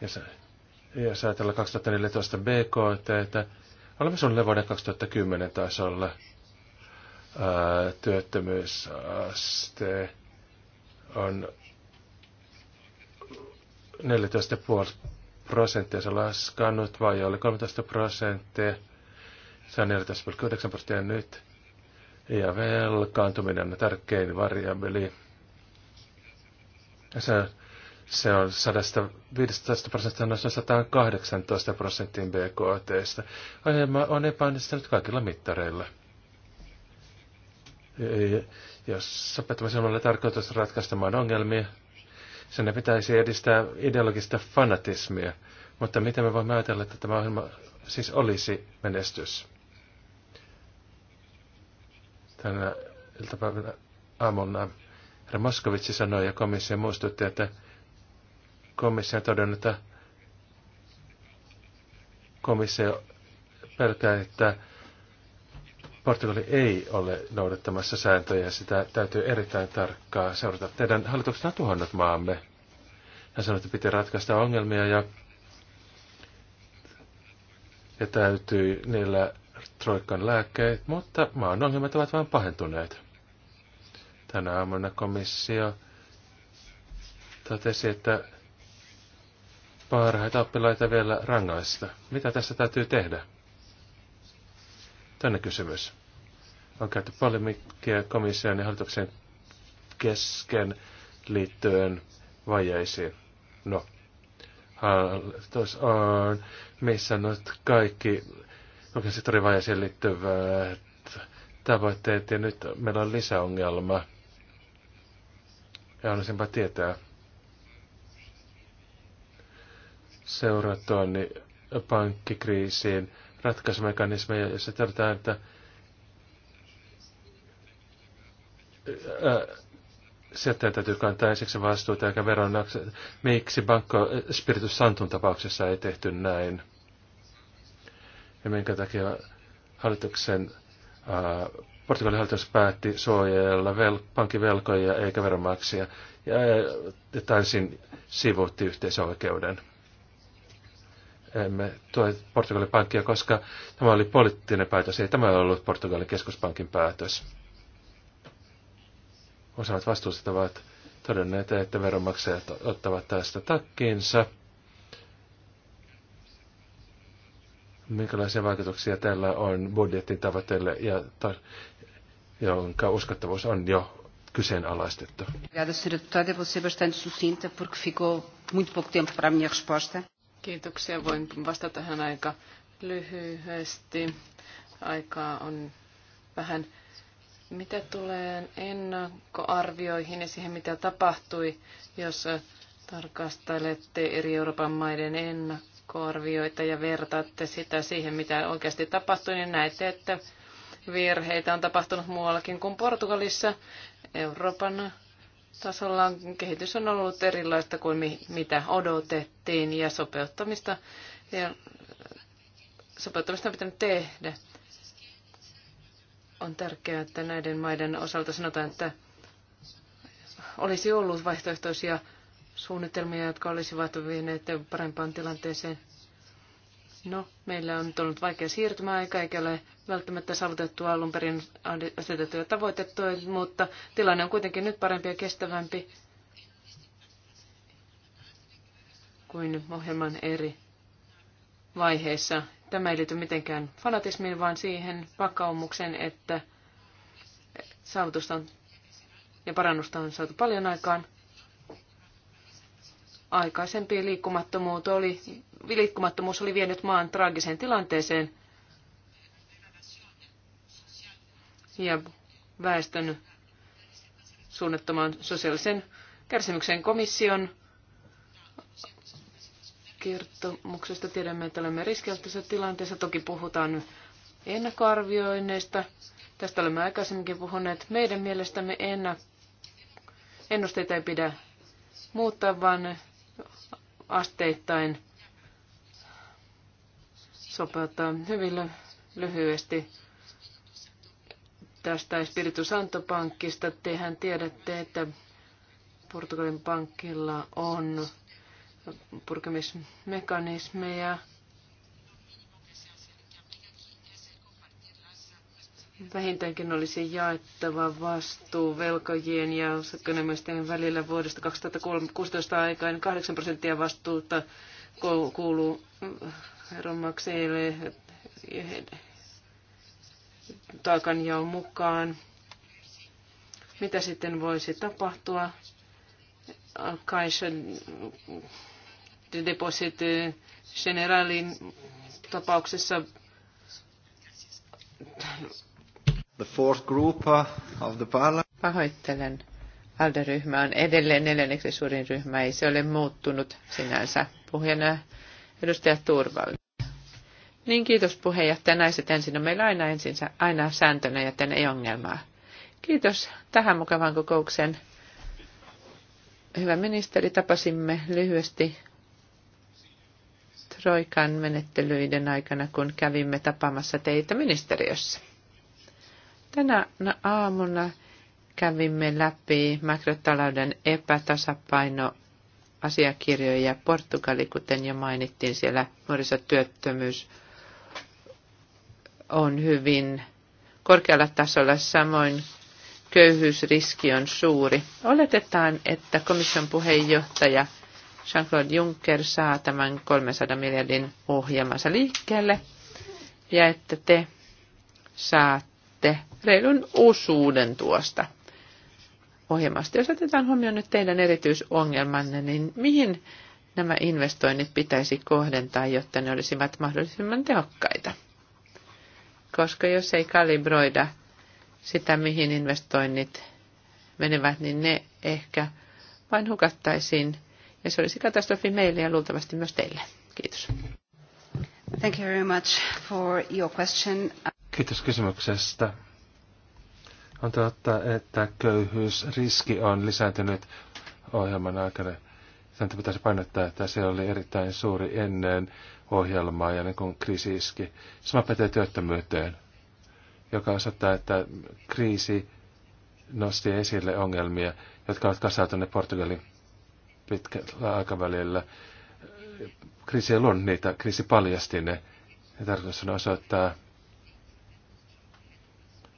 Jos, jos ajatellaan 2014 BKT, olemme suunnilleen vuoden 2010 tasolla työttömyysaste on 14,5 prosenttia. Se on laskanut vai oli 13 prosenttia. Se on 14,9 prosenttia nyt. Ja velkaantuminen on tärkein variabeli. Se, se on 115 prosenttia noin 118 prosenttiin BKTstä. Ohjelma on epäonnistunut kaikilla mittareilla jos sopettamisen on tarkoitus ratkaistamaan ongelmia, sen pitäisi edistää ideologista fanatismia. Mutta miten me voimme ajatella, että tämä ohjelma siis olisi menestys? Tänä iltapäivänä aamuna herra Moskovitsi sanoi ja komissio muistutti, että komissio on todennut, että komissio pelkää, että Portugali ei ole noudattamassa sääntöjä. Sitä täytyy erittäin tarkkaa seurata. Teidän hallituksena on tuhannut maamme. Hän sanoi, että piti ratkaista ongelmia ja, ja täytyy niillä troikan lääkkeet, mutta maan ongelmat ovat vain pahentuneet. Tänä aamuna komissio totesi, että parhaita oppilaita vielä rangaista. Mitä tässä täytyy tehdä? Tänne kysymys. On käyty paljon mikkiä komission ja hallituksen kesken liittyen vajeisiin. No, hallitus on missä nyt kaikki oikeastaan vajeisiin liittyvät tavoitteet ja nyt meillä on lisäongelma. Ja haluaisinpa tietää niin pankkikriisiin ratkaisumekanismeja, jossa todetaan, että äh, sieltä täytyy kantaa ensiksi vastuuta eikä veronnaksi. Miksi Banco Spiritus Santun tapauksessa ei tehty näin? Ja minkä takia hallituksen, ää, äh, Portugalin hallitus päätti suojella vel, pankivelkoja eikä veronmaksia ja, ja täysin sivuutti yhteisöoikeuden emme tue Portugalin pankkia, koska tämä oli poliittinen päätös, ei tämä ollut Portugalin keskuspankin päätös. Osaat vastuuset ovat todenneet, että veronmaksajat ottavat tästä takkiinsa. Minkälaisia vaikutuksia tällä on budjetin tavoitteille, ja ta- jonka uskottavuus on jo kyseenalaistettu? Obrigada, Sra. Deputada. Vou ser bastante sucinta, porque ficou muito pouco tempo para a minha resposta. Kiitoksia. Voin vastata tähän aika lyhyesti. Aikaa on vähän. Mitä tulee ennakkoarvioihin ja siihen, mitä tapahtui, jos tarkastelette eri Euroopan maiden ennakkoarvioita ja vertaatte sitä siihen, mitä oikeasti tapahtui, niin näette, että virheitä on tapahtunut muuallakin kuin Portugalissa. Euroopan tasolla kehitys on ollut erilaista kuin mitä odotettiin ja sopeuttamista, ja sopeuttamista on pitänyt tehdä. On tärkeää, että näiden maiden osalta sanotaan, että olisi ollut vaihtoehtoisia suunnitelmia, jotka olisivat vieneet parempaan tilanteeseen – No, meillä on nyt ollut vaikea siirtymäaika, eikä ole välttämättä saavutettu alun perin asetettuja tavoitettuja, mutta tilanne on kuitenkin nyt parempi ja kestävämpi kuin ohjelman eri vaiheissa. Tämä ei liity mitenkään fanatismiin, vaan siihen vakaumukseen, että saavutusta on ja parannusta on saatu paljon aikaan aikaisempi liikkumattomuus oli, liikkumattomuus oli vienyt maan traagiseen tilanteeseen ja väestön suunnattoman sosiaalisen kärsimyksen komission kertomuksesta tiedämme, että olemme riskialttisessa tilanteessa. Toki puhutaan ennakkoarvioinneista. Tästä olemme aikaisemminkin puhuneet. Meidän mielestämme ennakointi ennusteita ei pidä muuttaa, vaan asteittain sopeuttaa hyvin lyhyesti tästä Espiritu Santo Pankista. Tehän tiedätte, että Portugalin pankilla on purkamismekanismeja vähintäänkin olisi jaettava vastuu velkojien ja osakkeenomistajien välillä vuodesta 2016 aikaan 8 prosenttia vastuuta kuuluu äh, veronmaksajille taakanjaon mukaan. Mitä sitten voisi tapahtua? Kaisen Deposit Generalin tapauksessa The fourth group uh, of the parliament. Pahoittelen. alderyhmä on edelleen neljänneksi suurin ryhmä, ei se ole muuttunut sinänsä. Puhujana äh, edustaja Turvallinen. Niin kiitos puheenjohtaja naiset ensin. On no, meillä aina ensin aina sääntönä, joten ei ongelmaa. Kiitos tähän mukavaan kokoukseen. Hyvä ministeri, tapasimme lyhyesti Troikan menettelyiden aikana, kun kävimme tapaamassa teitä ministeriössä. Tänä aamuna kävimme läpi makrotalouden epätasapaino asiakirjoja. Portugali, kuten jo mainittiin, siellä nuorisotyöttömyys on hyvin korkealla tasolla, samoin köyhyysriski on suuri. Oletetaan, että komission puheenjohtaja Jean-Claude Juncker saa tämän 300 miljardin ohjelmansa liikkeelle ja että te saatte saitte reilun osuuden tuosta ohjelmasta. Jos otetaan huomioon nyt teidän erityisongelmanne, niin mihin nämä investoinnit pitäisi kohdentaa, jotta ne olisivat mahdollisimman tehokkaita? Koska jos ei kalibroida sitä, mihin investoinnit menevät, niin ne ehkä vain hukattaisiin. Ja se olisi katastrofi meille ja luultavasti myös teille. Kiitos. Thank you very much for your question. Kiitos kysymyksestä. On totta, että köyhyysriski on lisääntynyt ohjelman aikana. Sen pitäisi painottaa, että se oli erittäin suuri ennen ohjelmaa ja niin kriisi iski. Sama pätee työttömyyteen, joka osoittaa, että kriisi nosti esille ongelmia, jotka ovat kasautuneet Portugalin pitkällä aikavälillä. Kriisi ei luonut niitä, kriisi paljasti ne. Ja tarkoitus on osoittaa,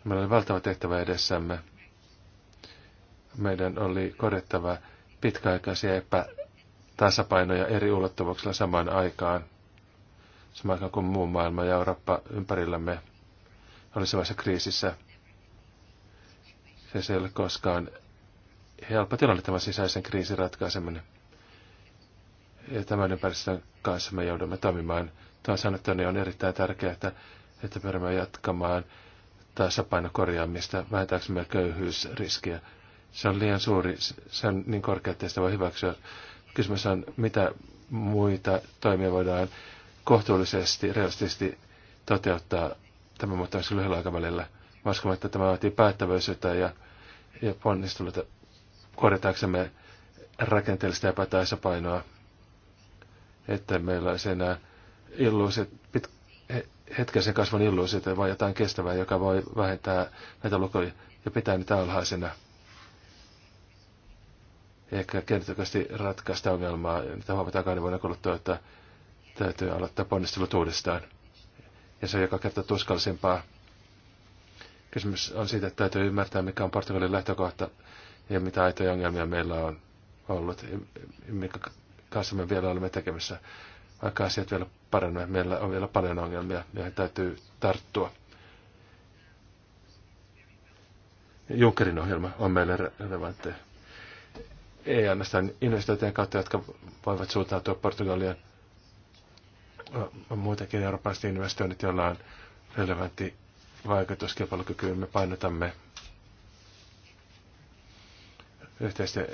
Meillä oli valtava tehtävä edessämme. Meidän oli korjattava pitkäaikaisia epätasapainoja eri ulottuvuuksilla samaan aikaan. Samaan aikaan kuin muu maailma ja Eurooppa ympärillämme oli sellaisessa kriisissä. Se ei ole koskaan helppo tilanne tämä sisäisen kriisin ratkaiseminen. Ja tämän ympäristön kanssa me joudumme toimimaan. Tämä sanottu niin on erittäin tärkeää, että, että me jatkamaan tasapainokorjaamista, meillä köyhyysriskiä. Se on liian suuri, se on niin korkea, että sitä voi hyväksyä. Kysymys on, mitä muita toimia voidaan kohtuullisesti, realistisesti toteuttaa tämän muuttamisen lyhyellä aikavälillä. Mä uskon, että tämä vaatii päättäväisyyttä ja, ja ponnisteluita korjataksemme rakenteellista epätasapainoa, että meillä olisi enää illuiset pit, hetkessä kasvun illuusioita, vaan jotain kestävää, joka voi vähentää näitä lukuja ja pitää niitä alhaisena. Ehkä kertokästi ratkaista ongelmaa, niitä huomataan kahden vuoden kuluttua, että täytyy aloittaa ponnistelut uudestaan. Ja se on joka kerta tuskallisempaa. Kysymys on siitä, että täytyy ymmärtää, mikä on Portugalin lähtökohta ja mitä aitoja ongelmia meillä on ollut, mikä kanssa me vielä olemme tekemässä, vaikka asiat vielä paranna. Meillä on vielä paljon ongelmia, joihin täytyy tarttua. Junckerin ohjelma on meille relevantti. Ei ainoastaan investointien kautta, jotka voivat suuntautua Portugalian muutenkin eurooppalaiset investoinnit, joilla on relevantti vaikutus kilpailukykyyn. Me painotamme yhteisten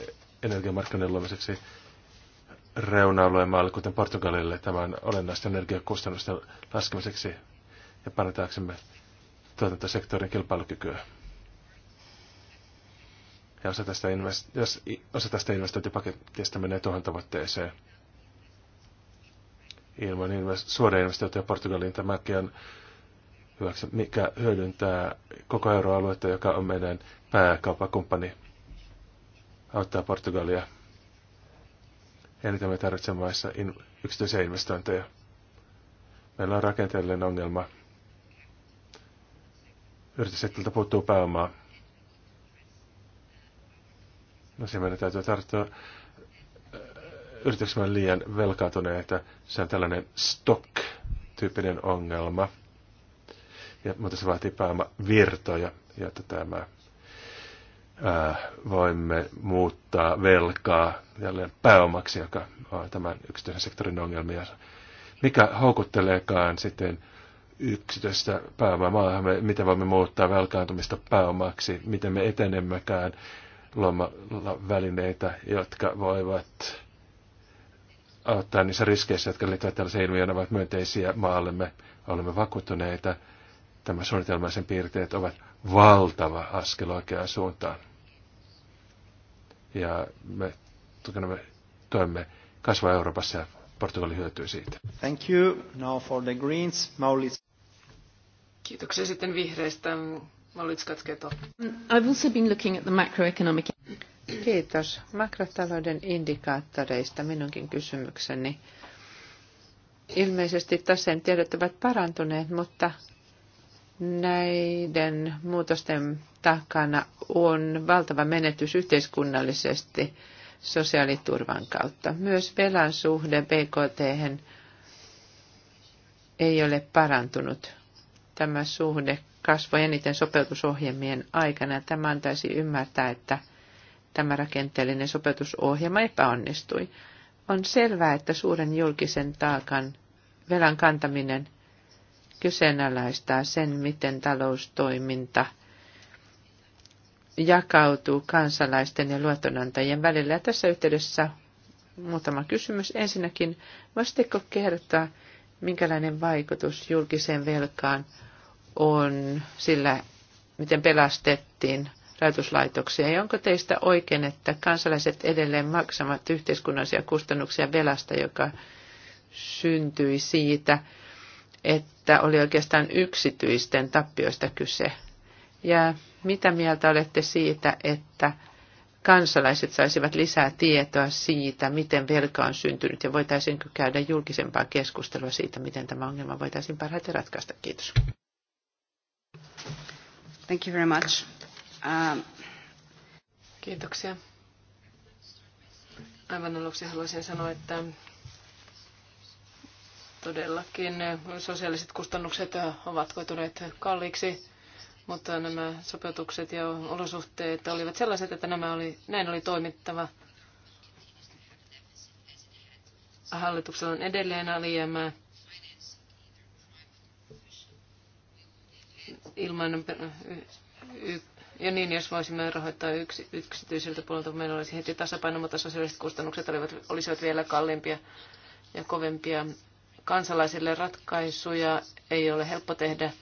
energiamarkkinoiden luomiseksi reuna-alueen maalle, kuten Portugalille, tämän olennaista energiakustannusten laskemiseksi ja parantaaksemme tuotantosektorin kilpailukykyä. Ja osa tästä, invest- jos osa tästä investointipaketista menee tuohon tavoitteeseen. Ilman invest- suoraan investointeja Portugaliin tämäkin on hyväksi, mikä hyödyntää koko euroaluetta, joka on meidän pääkauppakumppani, auttaa Portugalia eniten me tarvitsemme maissa in, yksityisiä investointeja. Meillä on rakenteellinen ongelma. Yrityssektiltä puuttuu pääomaa. No siinä meidän täytyy tarttua äh, yrityksemme liian velkaantuneita. Se on tällainen stock-tyyppinen ongelma. Ja, mutta se vaatii pääomavirtoja, jotta tämä Äh, voimme muuttaa velkaa jälleen pääomaksi, joka on tämän yksityisen sektorin ongelmia. Mikä houkutteleekaan sitten yksityistä pääomaa maahamme, miten voimme muuttaa velkaantumista pääomaksi, miten me etenemmekään luomalla välineitä, jotka voivat auttaa niissä riskeissä, jotka liittyvät tällaiseen ilmiöön, ovat myönteisiä maallemme. Olemme vakuuttuneita. Tämä suunnitelma sen piirteet ovat valtava askel oikeaan suuntaan. Ja me toimme kasvaa Euroopassa ja Portugali hyötyy siitä. Thank you. Now for the Greens, Maulis. Kiitoksia sitten vihreistä. Maulis Katketo. I've also been looking at the macroeconomic... Kiitos. Makrotalouden indikaattoreista minunkin kysymykseni. Ilmeisesti taseen tiedot ovat parantuneet, mutta Näiden muutosten takana on valtava menetys yhteiskunnallisesti sosiaaliturvan kautta. Myös velan suhde BKT ei ole parantunut. Tämä suhde kasvoi eniten sopeutusohjelmien aikana. Tämä antaisi ymmärtää, että tämä rakenteellinen sopeutusohjelma epäonnistui. On selvää, että suuren julkisen taakan velan kantaminen – kyseenalaistaa sen, miten taloustoiminta jakautuu kansalaisten ja luotonantajien välillä. Ja tässä yhteydessä muutama kysymys. Ensinnäkin, voisitteko kertoa, minkälainen vaikutus julkiseen velkaan on sillä, miten pelastettiin rahoituslaitoksia. Ja onko teistä oikein, että kansalaiset edelleen maksavat yhteiskunnallisia kustannuksia velasta, joka syntyi siitä, että oli oikeastaan yksityisten tappioista kyse. Ja mitä mieltä olette siitä, että kansalaiset saisivat lisää tietoa siitä, miten velka on syntynyt ja voitaisiinko käydä julkisempaa keskustelua siitä, miten tämä ongelma voitaisiin parhaiten ratkaista. Kiitos. Thank you very much. Um... Kiitoksia. Aivan aluksi haluaisin sanoa, että Todellakin sosiaaliset kustannukset ovat koituneet kalliiksi, mutta nämä sopeutukset ja olosuhteet olivat sellaiset, että nämä oli, näin oli toimittava. Hallituksella on edelleen alijäämää. Ilman ja niin, jos voisimme rahoittaa yks, yksityiseltä puolelta, meillä olisi heti tasapaino, mutta sosiaaliset kustannukset olivat, olisivat vielä kalliimpia ja kovempia kansalaisille ratkaisuja ei ole helppo tehdä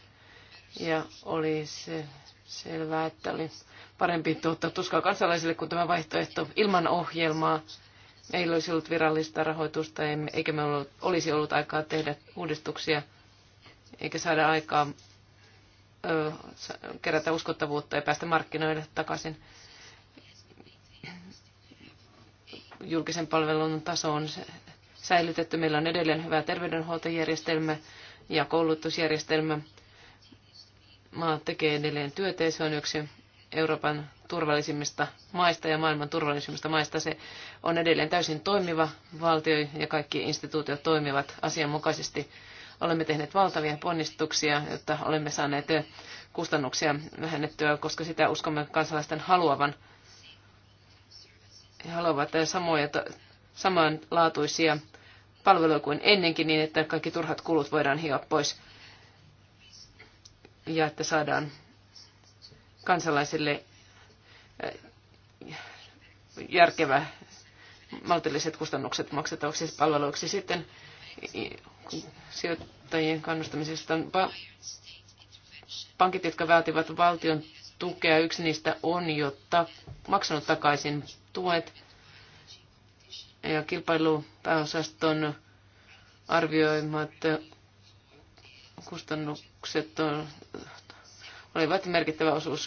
ja oli se selvää, että oli parempi tuottaa tuskaa kansalaisille kuin tämä vaihtoehto ilman ohjelmaa. Meillä olisi ollut virallista rahoitusta, eikä me olisi ollut aikaa tehdä uudistuksia, eikä saada aikaa ö, kerätä uskottavuutta ja päästä markkinoille takaisin. Julkisen palvelun taso on säilytetty. Meillä on edelleen hyvä terveydenhuoltojärjestelmä ja koulutusjärjestelmä. Maa tekee edelleen työtä ja se on yksi Euroopan turvallisimmista maista ja maailman turvallisimmista maista. Se on edelleen täysin toimiva valtio ja kaikki instituutiot toimivat asianmukaisesti. Olemme tehneet valtavia ponnistuksia, jotta olemme saaneet kustannuksia vähennettyä, koska sitä uskomme kansalaisten haluavan. He haluavat samoja, samanlaatuisia palveluja kuin ennenkin niin, että kaikki turhat kulut voidaan hioa pois ja että saadaan kansalaisille äh, järkevä maltilliset kustannukset maksettavaksi palveluiksi sitten sijoittajien kannustamisesta on pankit, jotka vaativat valtion tukea. Yksi niistä on jo ta- maksanut takaisin tuet ja kilpailupääosaston arvioimat kustannukset on, olivat merkittävä osuus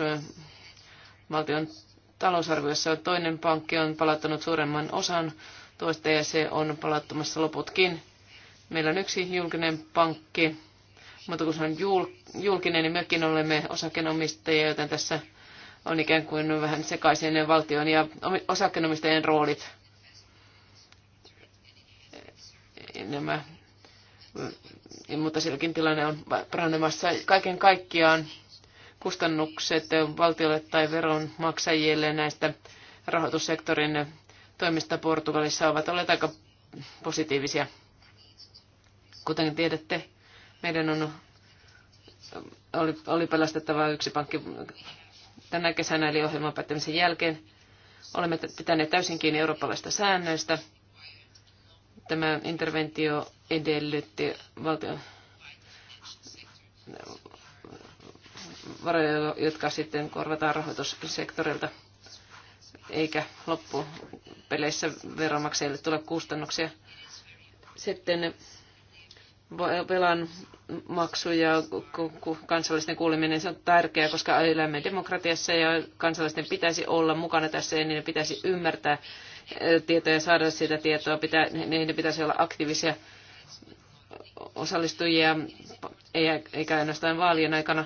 valtion talousarviossa. Toinen pankki on palauttanut suuremman osan toista ja se on palauttamassa loputkin. Meillä on yksi julkinen pankki, mutta kun se on julkinen, niin mekin olemme osakenomistajia, joten tässä on ikään kuin vähän sekaisin valtion ja osakenomistajien roolit. nämä, mm, mutta silläkin tilanne on paranemassa. Kaiken kaikkiaan kustannukset valtiolle tai veronmaksajille näistä rahoitussektorin toimista Portugalissa ovat olleet aika positiivisia. Kuten tiedätte, meidän on oli, oli pelastettava yksi pankki tänä kesänä, eli ohjelman päättämisen jälkeen. Olemme pitäneet täysin kiinni eurooppalaista säännöistä Tämä interventio edellytti valtion varoja, jotka sitten korvataan rahoitussektorilta, eikä loppupeleissä veronmaksajille tule kustannuksia. Sitten velan maksu ja kansallisten kuuleminen se on tärkeää, koska elämme demokratiassa ja kansallisten pitäisi olla mukana tässä ja niiden pitäisi ymmärtää tietoja ja saada sitä tietoa. Pitää, niiden pitäisi olla aktiivisia osallistujia, eikä ainoastaan vaalien aikana,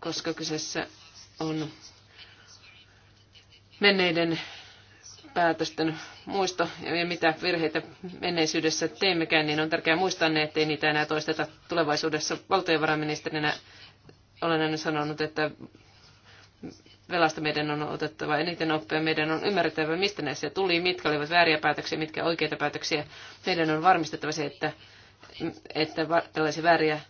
koska kyseessä on menneiden päätösten muisto ja mitä virheitä menneisyydessä teimmekään, niin on tärkeää muistaa ne, ettei niitä enää toisteta tulevaisuudessa. Valtiovarainministerinä olen aina sanonut, että velasta meidän on otettava eniten oppia. Meidän on ymmärrettävä, mistä näissä tuli, mitkä olivat vääriä päätöksiä, mitkä oikeita päätöksiä. Meidän on varmistettava se, että, että tällaisia vääriä,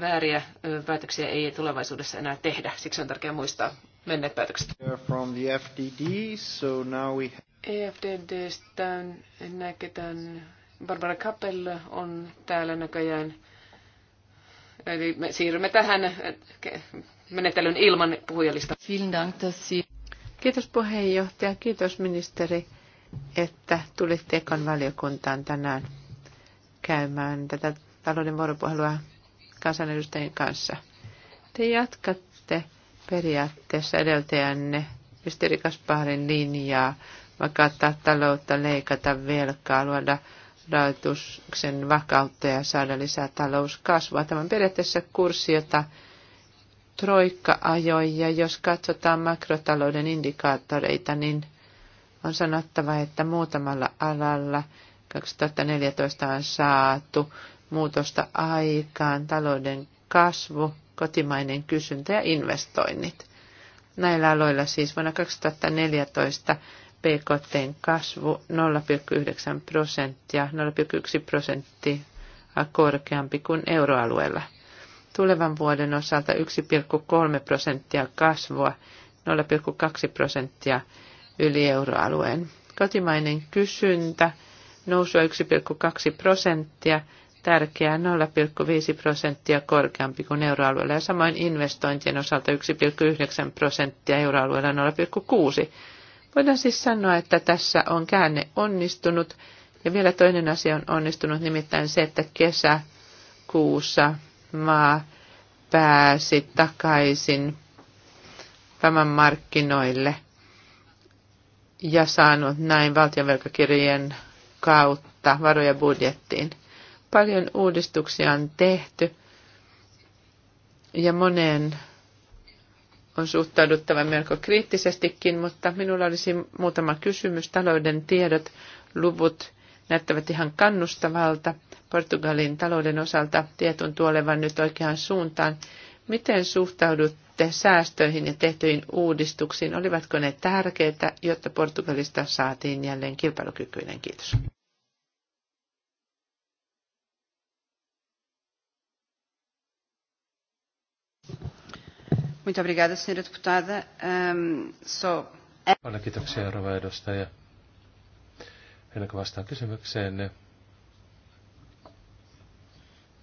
vääriä päätöksiä ei tulevaisuudessa enää tehdä. Siksi on tärkeää muistaa menneet päätökset. From the FDD, so now we... EFDDstä e näketään Barbara Kappel on täällä näköjään. Eli me siirrymme tähän menettelyn ilman puhujalista. Kiitos puheenjohtaja, kiitos ministeri, että tulitte ekan valiokuntaan tänään käymään tätä talouden vuoropuhelua kansanedustajien kanssa. Te jatkatte periaatteessa edeltäjänne ministeri Kasparin linjaa, vaikka ottaa taloutta, leikata velkaa, luoda rahoituksen vakautta ja saada lisää talouskasvua. Tämä on periaatteessa kurssi, jota troikka ajoi ja jos katsotaan makrotalouden indikaattoreita, niin on sanottava, että muutamalla alalla 2014 on saatu muutosta aikaan, talouden kasvu, kotimainen kysyntä ja investoinnit. Näillä aloilla siis vuonna 2014 PKTn kasvu 0,9 prosenttia, 0,1 prosenttia korkeampi kuin euroalueella – tulevan vuoden osalta 1,3 prosenttia kasvua, 0,2 prosenttia yli euroalueen. Kotimainen kysyntä nousua 1,2 prosenttia, tärkeää 0,5 prosenttia korkeampi kuin euroalueella ja samoin investointien osalta 1,9 prosenttia euroalueella 0,6. Voidaan siis sanoa, että tässä on käänne onnistunut ja vielä toinen asia on onnistunut, nimittäin se, että kesäkuussa maa pääsi takaisin tämän markkinoille ja saanut näin valtionvelkakirjojen kautta varoja budjettiin. Paljon uudistuksia on tehty ja moneen on suhtauduttava melko kriittisestikin, mutta minulla olisi muutama kysymys. Talouden tiedot, luvut näyttävät ihan kannustavalta. Portugalin talouden osalta tietun tuolevan nyt oikeaan suuntaan. Miten suhtaudutte säästöihin ja tehtyihin uudistuksiin? Olivatko ne tärkeitä, jotta Portugalista saatiin jälleen kilpailukykyinen? Kiitos. Muito obrigada, senhora deputada. Um, so... Paljon kiitoksia, rouva edustaja. Ennen kuin vastaan kysymykseen,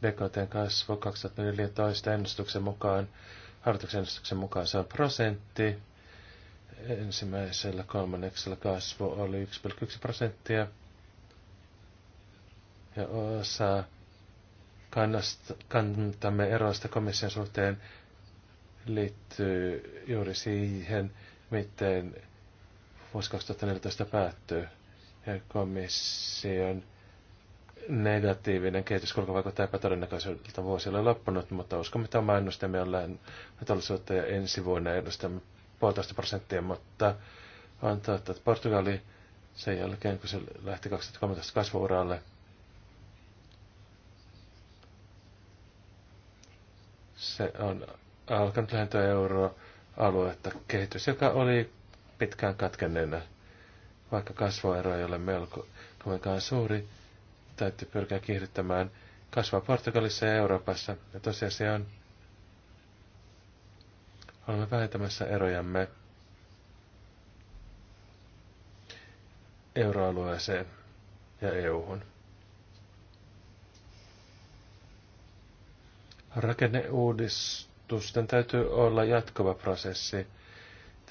BKTn kasvu 2014 ennustuksen mukaan, hallituksen ennustuksen mukaan se on prosentti. Ensimmäisellä kolmanneksella kasvu oli 1,1 prosenttia. Ja osa kantamme eroista komission suhteen liittyy juuri siihen, miten vuosi 2014 päättyy. Ja komission negatiivinen kehityskulku vaikuttaa epätodennäköiseltä vuosille loppunut, mutta uskomme tämä ennustamme jollain metallisuutta ja ensi vuonna ennustamme puolitoista prosenttia, mutta on totta, että Portugali sen jälkeen, kun se lähti 2013 kasvuuralle, se on alkanut lähentyä euroaluetta kehitys, joka oli pitkään katkenneena, vaikka kasvuero ei ole melko kovinkaan suuri täytyy pyrkiä kiihdyttämään kasvaa Portugalissa ja Euroopassa. Ja se on, olemme vähentämässä erojamme euroalueeseen ja EU-hun. Rakenneuudistusten täytyy olla jatkuva prosessi.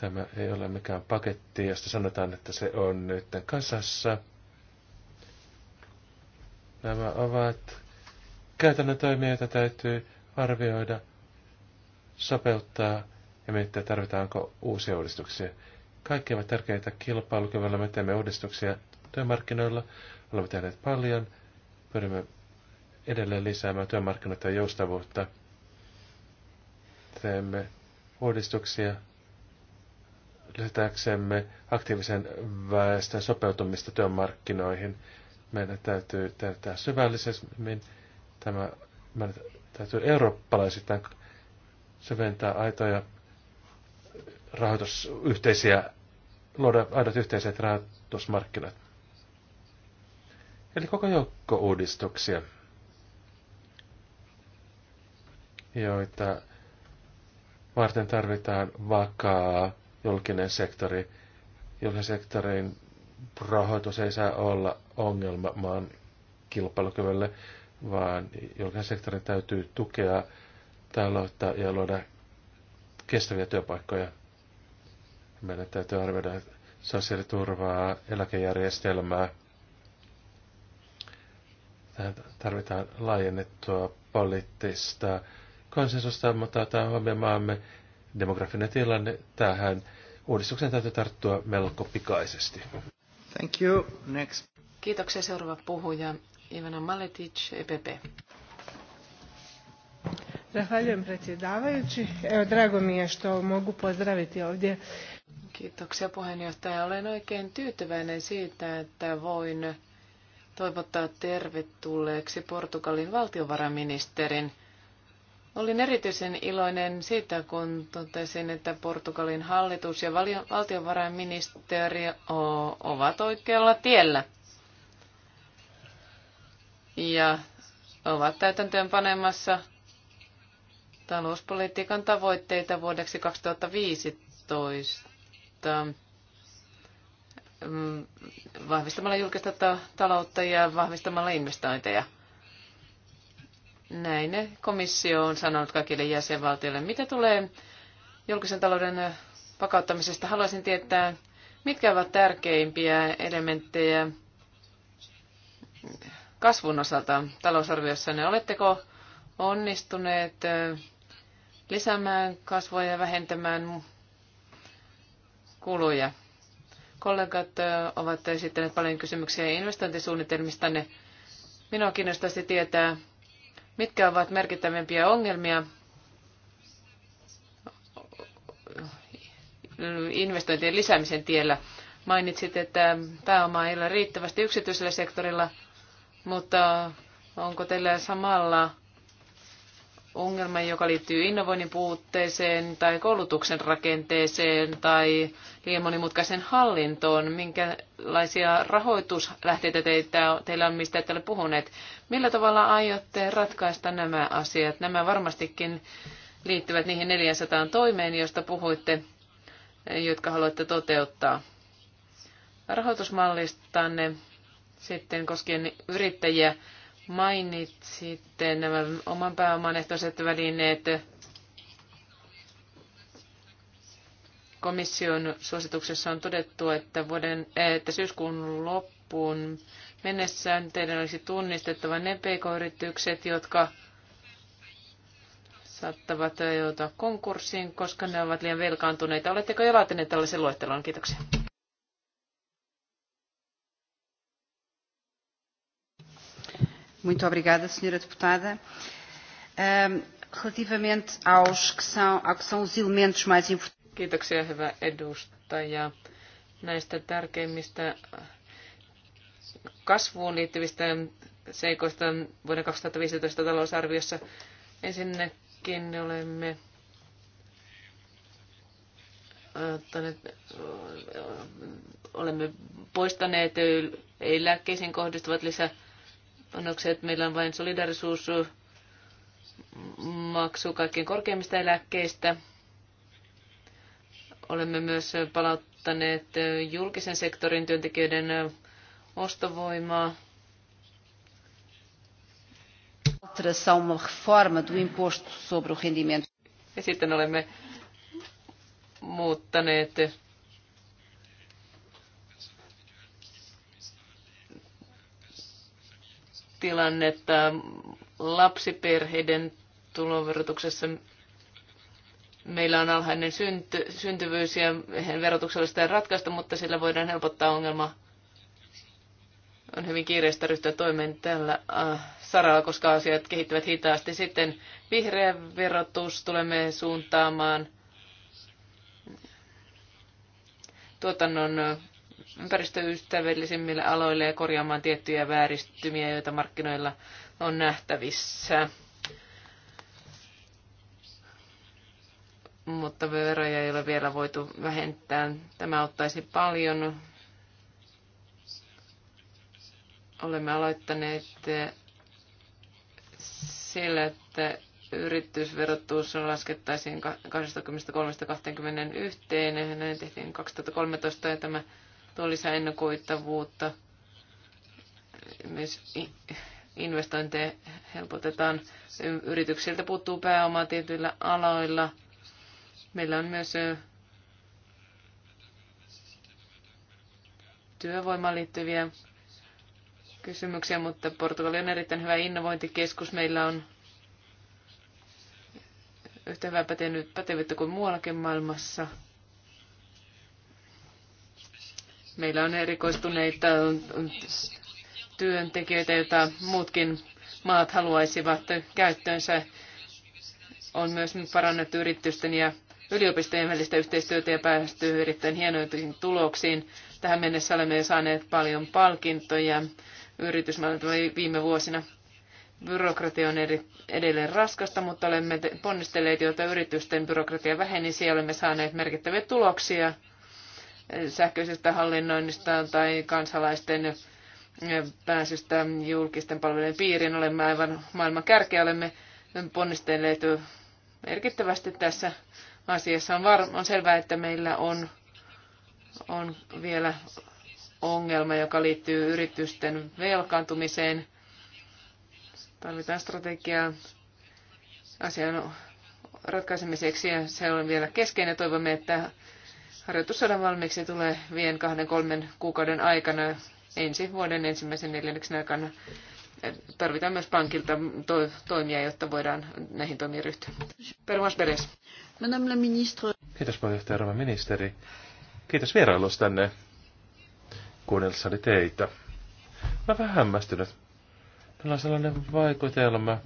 Tämä ei ole mikään paketti, josta sanotaan, että se on nyt kasassa Nämä ovat käytännön toimia, joita täytyy arvioida, sopeuttaa ja miettiä, tarvitaanko uusia uudistuksia. Kaikki ovat tärkeitä kilpailukyvällä. Me teemme uudistuksia työmarkkinoilla. Olemme tehneet paljon. Pyrimme edelleen lisäämään työmarkkinoita ja joustavuutta. Teemme uudistuksia lisätäksemme aktiivisen väestön sopeutumista työmarkkinoihin – meidän täytyy täyttää syvällisemmin. Tämä, meidän täytyy eurooppalaisittain syventää aitoja rahoitusyhteisiä, luoda aidot yhteiset rahoitusmarkkinat. Eli koko joukko uudistuksia, joita varten tarvitaan vakaa julkinen sektori. Julkisen sektorin rahoitus ei saa olla ongelma maan kilpailukyvylle, vaan julkisen sektorin täytyy tukea taloutta ja luoda kestäviä työpaikkoja. Meidän täytyy arvioida sosiaaliturvaa, eläkejärjestelmää. Tähän tarvitaan laajennettua poliittista konsensusta, mutta on huomioon maamme demografinen tilanne. Tähän uudistuksen täytyy tarttua melko pikaisesti. Thank you. Next. Kiitoksia. Seuraava puhuja Ivana Maletić, EPP. Zahvaljujem predsjedavajući. Evo, drago mi je što mogu pozdraviti ovdje. Kiitoksia puheenjohtaja. Olen oikein tyytyväinen siitä, että voin toivottaa tervetulleeksi Portugalin valtiovarainministerin Olin erityisen iloinen siitä, kun totesin, että Portugalin hallitus ja valtiovarainministeri ovat oikealla tiellä. Ja ovat täytäntöön panemassa talouspolitiikan tavoitteita vuodeksi 2015 mm, vahvistamalla julkista taloutta ja vahvistamalla investointeja. Näin komissio on sanonut kaikille jäsenvaltioille. Mitä tulee julkisen talouden vakauttamisesta, haluaisin tietää, mitkä ovat tärkeimpiä elementtejä kasvun osalta Ne Oletteko onnistuneet lisäämään kasvua ja vähentämään kuluja? Kollegat ovat esittäneet paljon kysymyksiä investointisuunnitelmistanne. Minua kiinnostaisi tietää, Mitkä ovat merkittävimpiä ongelmia investointien lisäämisen tiellä? Mainitsit, että pääomaa ei ole riittävästi yksityisellä sektorilla, mutta onko teillä samalla ongelma, joka liittyy innovoinnin puutteeseen tai koulutuksen rakenteeseen tai liian monimutkaisen hallintoon? Minkälaisia rahoituslähteitä teitä, teillä on, mistä ette ole puhuneet? Millä tavalla aiotte ratkaista nämä asiat? Nämä varmastikin liittyvät niihin 400 toimeen, joista puhuitte, jotka haluatte toteuttaa. Rahoitusmallistanne sitten koskien yrittäjiä mainitsitte nämä oman pääoman ehtoiset välineet komission suosituksessa on todettu, että, vuoden, eh, että syyskuun loppuun mennessä teidän olisi tunnistettava ne pk-yritykset, jotka saattavat joutua konkurssiin, koska ne ovat liian velkaantuneita. Oletteko jo laatineet tällaisen luettelon? Kiitoksia. Muito obrigada, senhora deputada. relativamente aos que são, ao que são os elementos mais importantes. Kiitoksia, hyvä edustaja. Näistä tärkeimmistä kasvuun liittyvistä seikoista vuoden 2015 talousarviossa ensinnäkin olemme ottaneet, olemme poistaneet eläkkeisiin kohdistuvat lisää panoksia, että meillä on vain maksu kaikkein korkeimmista eläkkeistä. Olemme myös palauttaneet julkisen sektorin työntekijöiden ostovoimaa. Ja sitten olemme muuttaneet tilannetta lapsiperheiden tuloverotuksessa. Meillä on alhainen synty, syntyvyys ja verotuksella sitä ratkaista, mutta sillä voidaan helpottaa ongelmaa. On hyvin kiireistä ryhtyä toimeen tällä äh, saralla, koska asiat kehittyvät hitaasti. Sitten vihreä verotus tulemme suuntaamaan tuotannon ympäristöystävällisimmille aloille ja korjaamaan tiettyjä vääristymiä, joita markkinoilla on nähtävissä. Mutta veroja ei ole vielä voitu vähentää. Tämä ottaisi paljon. Olemme aloittaneet sillä, että yritysverotus laskettaisiin 23-21. Näin tehtiin 2013 ja tämä tuo lisää ennakoittavuutta. Myös investointeja helpotetaan. Yrityksiltä puuttuu pääomaa tietyillä aloilla. Meillä on myös työvoimaan liittyviä kysymyksiä, mutta Portugali on erittäin hyvä innovointikeskus. Meillä on yhtä hyvää pätevyyttä kuin muuallakin maailmassa. Meillä on erikoistuneita työntekijöitä, joita muutkin maat haluaisivat käyttöönsä. On myös parannettu yritysten ja yliopistojen välistä yhteistyötä ja päästy erittäin hienoihin tuloksiin. Tähän mennessä olemme saaneet paljon palkintoja yritysmaailmalta viime vuosina. Byrokratia on edelleen raskasta, mutta olemme ponnistelleet, jotta yritysten byrokratia vähenisi ja olemme saaneet merkittäviä tuloksia sähköisestä hallinnoinnista tai kansalaisten pääsystä julkisten palvelujen piiriin. Olemme aivan maailman kärkeä, olemme ponnistelleet merkittävästi tässä asiassa. On, var- on selvää, että meillä on, on vielä ongelma, joka liittyy yritysten velkaantumiseen. Tarvitaan strategiaa asian ratkaisemiseksi ja se on vielä keskeinen. Toivomme, että Harjoitus saadaan valmiiksi tulee vien kahden kolmen kuukauden aikana ensi vuoden ensimmäisen neljänneksen aikana. Tarvitaan myös pankilta to- toimia, jotta voidaan näihin toimiin ryhtyä. Pervans Peres. Madame la ministre. Kiitos puheenjohtaja Rova ministeri. Kiitos vierailustanne. Kuunnellessani teitä. Mä vähän hämmästynyt. Meillä on sellainen vaikutelma,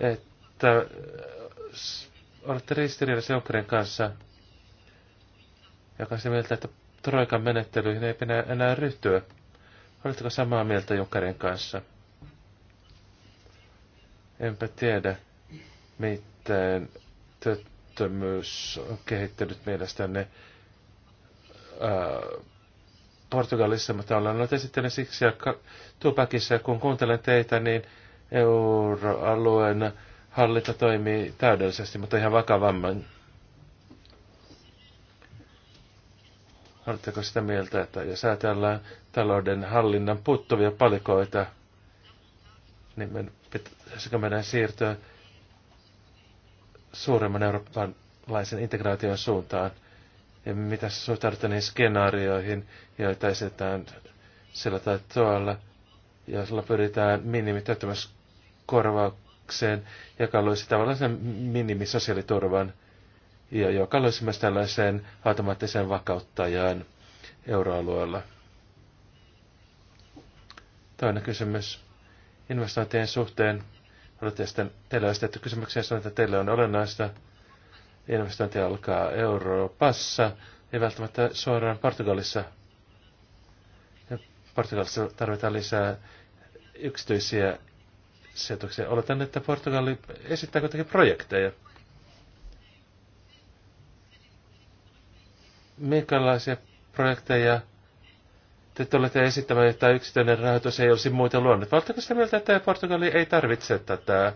että äh, olette ristiriidassa Unkarin kanssa – joka on mieltä, että Troikan menettelyihin ei enää, enää ryhtyä. Oletteko samaa mieltä Junkarin kanssa? Enpä tiedä, miten työttömyys on kehittynyt mielestäni Ää, Portugalissa, mutta ollaan nyt esittelen siksi ja Tupakissa, kun kuuntelen teitä, niin euroalueen hallinta toimii täydellisesti, mutta ihan vakavamman Oletteko sitä mieltä, että jos ajatellaan talouden hallinnan puuttuvia palikoita, niin me, pitäisikö meidän siirtyä suuremman eurooppalaisen integraation suuntaan? Ja mitä suhtaudutte niihin skenaarioihin, joita esitetään sillä tai tuolla, jolla pyritään minimityöttömyyskorvaukseen, joka luisi tavallaan sen minimisosiaaliturvan – ja joka löisi myös tällaiseen automaattiseen vakauttajaan euroalueella. Toinen kysymys investointien suhteen. Olette teille esitetty kysymyksiä, sanoin, että teille on olennaista investointi alkaa Euroopassa, ei välttämättä suoraan Portugalissa. Ja Portugalissa tarvitaan lisää yksityisiä sijoituksia. Oletan, että Portugali esittää kuitenkin projekteja. minkälaisia projekteja te olette esittämään, että yksityinen rahoitus ei olisi muuten luonut? Oletteko sitä mieltä, että Portugali ei tarvitse tätä äh,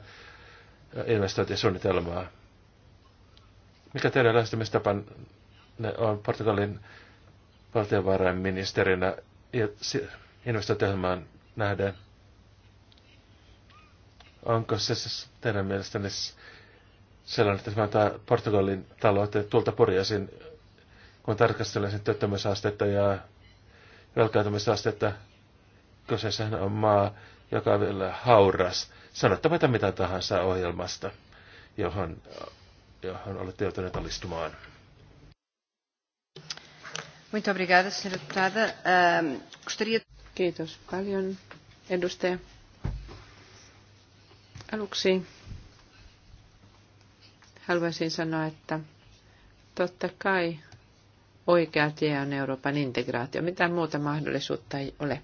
investointisuunnitelmaa? Mikä teidän lähestymistapanne on Portugalin valtiovarainministerinä investointiohjelmaan nähden? Onko se siis teidän mielestänne sellainen, että tämä Portugalin taloutta tulta purjaisin kun tarkastellaan sen työttömyysastetta ja velkaantumisastetta, kyseessähän on maa, joka on vielä hauras. Sanottamatta mitä tahansa ohjelmasta, johon, johon olette joutuneet alistumaan. Muito obrigada, senhora deputada. Uh, gostaria... Kiitos paljon, edustaja. Aluksi haluaisin sanoa, että totta kai oikea tie on Euroopan integraatio. Mitään muuta mahdollisuutta ei ole.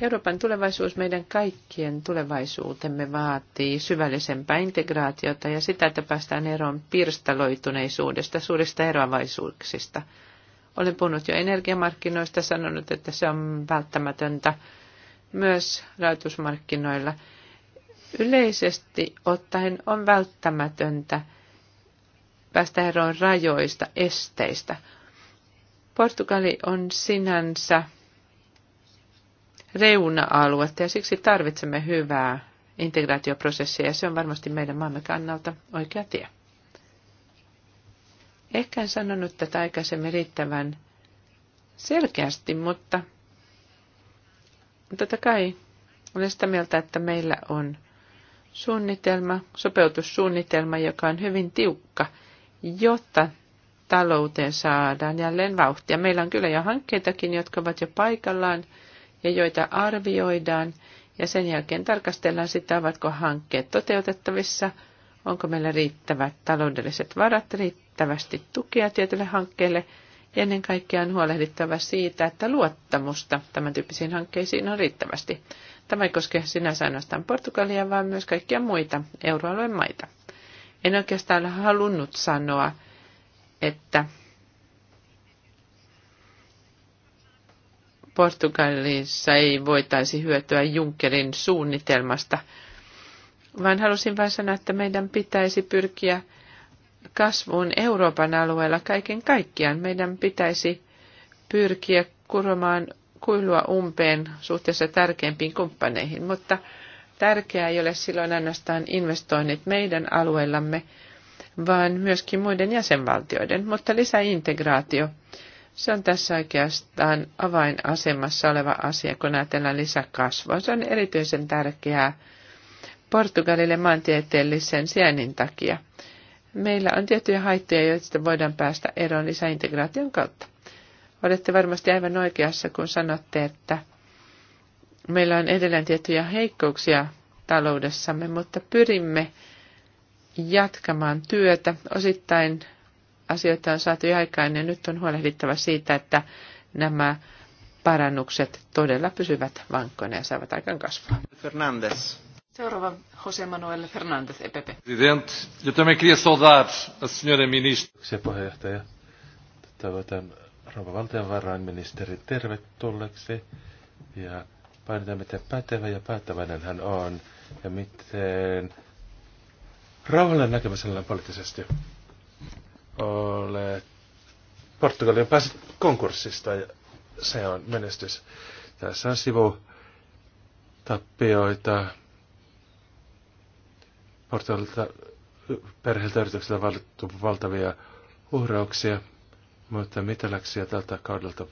Euroopan tulevaisuus, meidän kaikkien tulevaisuutemme vaatii syvällisempää integraatiota ja sitä, että päästään eroon pirstaloituneisuudesta, suurista eroavaisuuksista. Olen puhunut jo energiamarkkinoista, sanonut, että se on välttämätöntä myös rahoitusmarkkinoilla. Yleisesti ottaen on välttämätöntä päästä eroon rajoista, esteistä. Portugali on sinänsä reuna-aluetta ja siksi tarvitsemme hyvää integraatioprosessia ja se on varmasti meidän maamme kannalta oikea tie. Ehkä en sanonut tätä aikaisemmin riittävän selkeästi, mutta totta kai olen sitä mieltä, että meillä on suunnitelma, sopeutussuunnitelma, joka on hyvin tiukka, jotta talouteen saadaan jälleen vauhtia. Meillä on kyllä jo hankkeitakin, jotka ovat jo paikallaan ja joita arvioidaan. Ja sen jälkeen tarkastellaan sitä, ovatko hankkeet toteutettavissa, onko meillä riittävät taloudelliset varat, riittävästi tukea tietylle hankkeelle. Ja ennen kaikkea on huolehdittava siitä, että luottamusta tämän tyyppisiin hankkeisiin on riittävästi. Tämä ei koske sinänsä ainoastaan Portugalia, vaan myös kaikkia muita euroalueen maita. En oikeastaan halunnut sanoa että Portugalissa ei voitaisi hyötyä Junckerin suunnitelmasta, vaan halusin vain sanoa, että meidän pitäisi pyrkiä kasvuun Euroopan alueella kaiken kaikkiaan. Meidän pitäisi pyrkiä kuromaan kuilua umpeen suhteessa tärkeimpiin kumppaneihin, mutta tärkeää ei ole silloin ainoastaan investoinnit meidän alueellamme, vaan myöskin muiden jäsenvaltioiden. Mutta lisäintegraatio, se on tässä oikeastaan avainasemassa oleva asia, kun ajatellaan lisäkasvua. Se on erityisen tärkeää Portugalille maantieteellisen sijainnin takia. Meillä on tiettyjä haittoja, joista voidaan päästä eroon lisäintegraation kautta. Olette varmasti aivan oikeassa, kun sanotte, että meillä on edelleen tiettyjä heikkouksia taloudessamme, mutta pyrimme jatkamaan työtä. Osittain asioita on saatu aikaan ja nyt on huolehdittava siitä, että nämä parannukset todella pysyvät vankkoina ja saavat aikaan kasvaa. Fernandes. Seuraava Jose Manuel Fernandes, EPP. President, jo também queria saudar a senhora ministra. Se puheenjohtaja. Tavoitan rouva valtionvarainministeri tervetulleeksi ja painetaan, miten pätevä ja päättäväinen hän on ja miten rauhallinen näkemisellä poliittisesti. Olet Portugali on päässyt konkurssista ja se on menestys. Tässä on sivu tappioita. Portugalilta perheeltä yritykseltä valittu valtavia uhrauksia, mutta mitä läksiä tältä kaudelta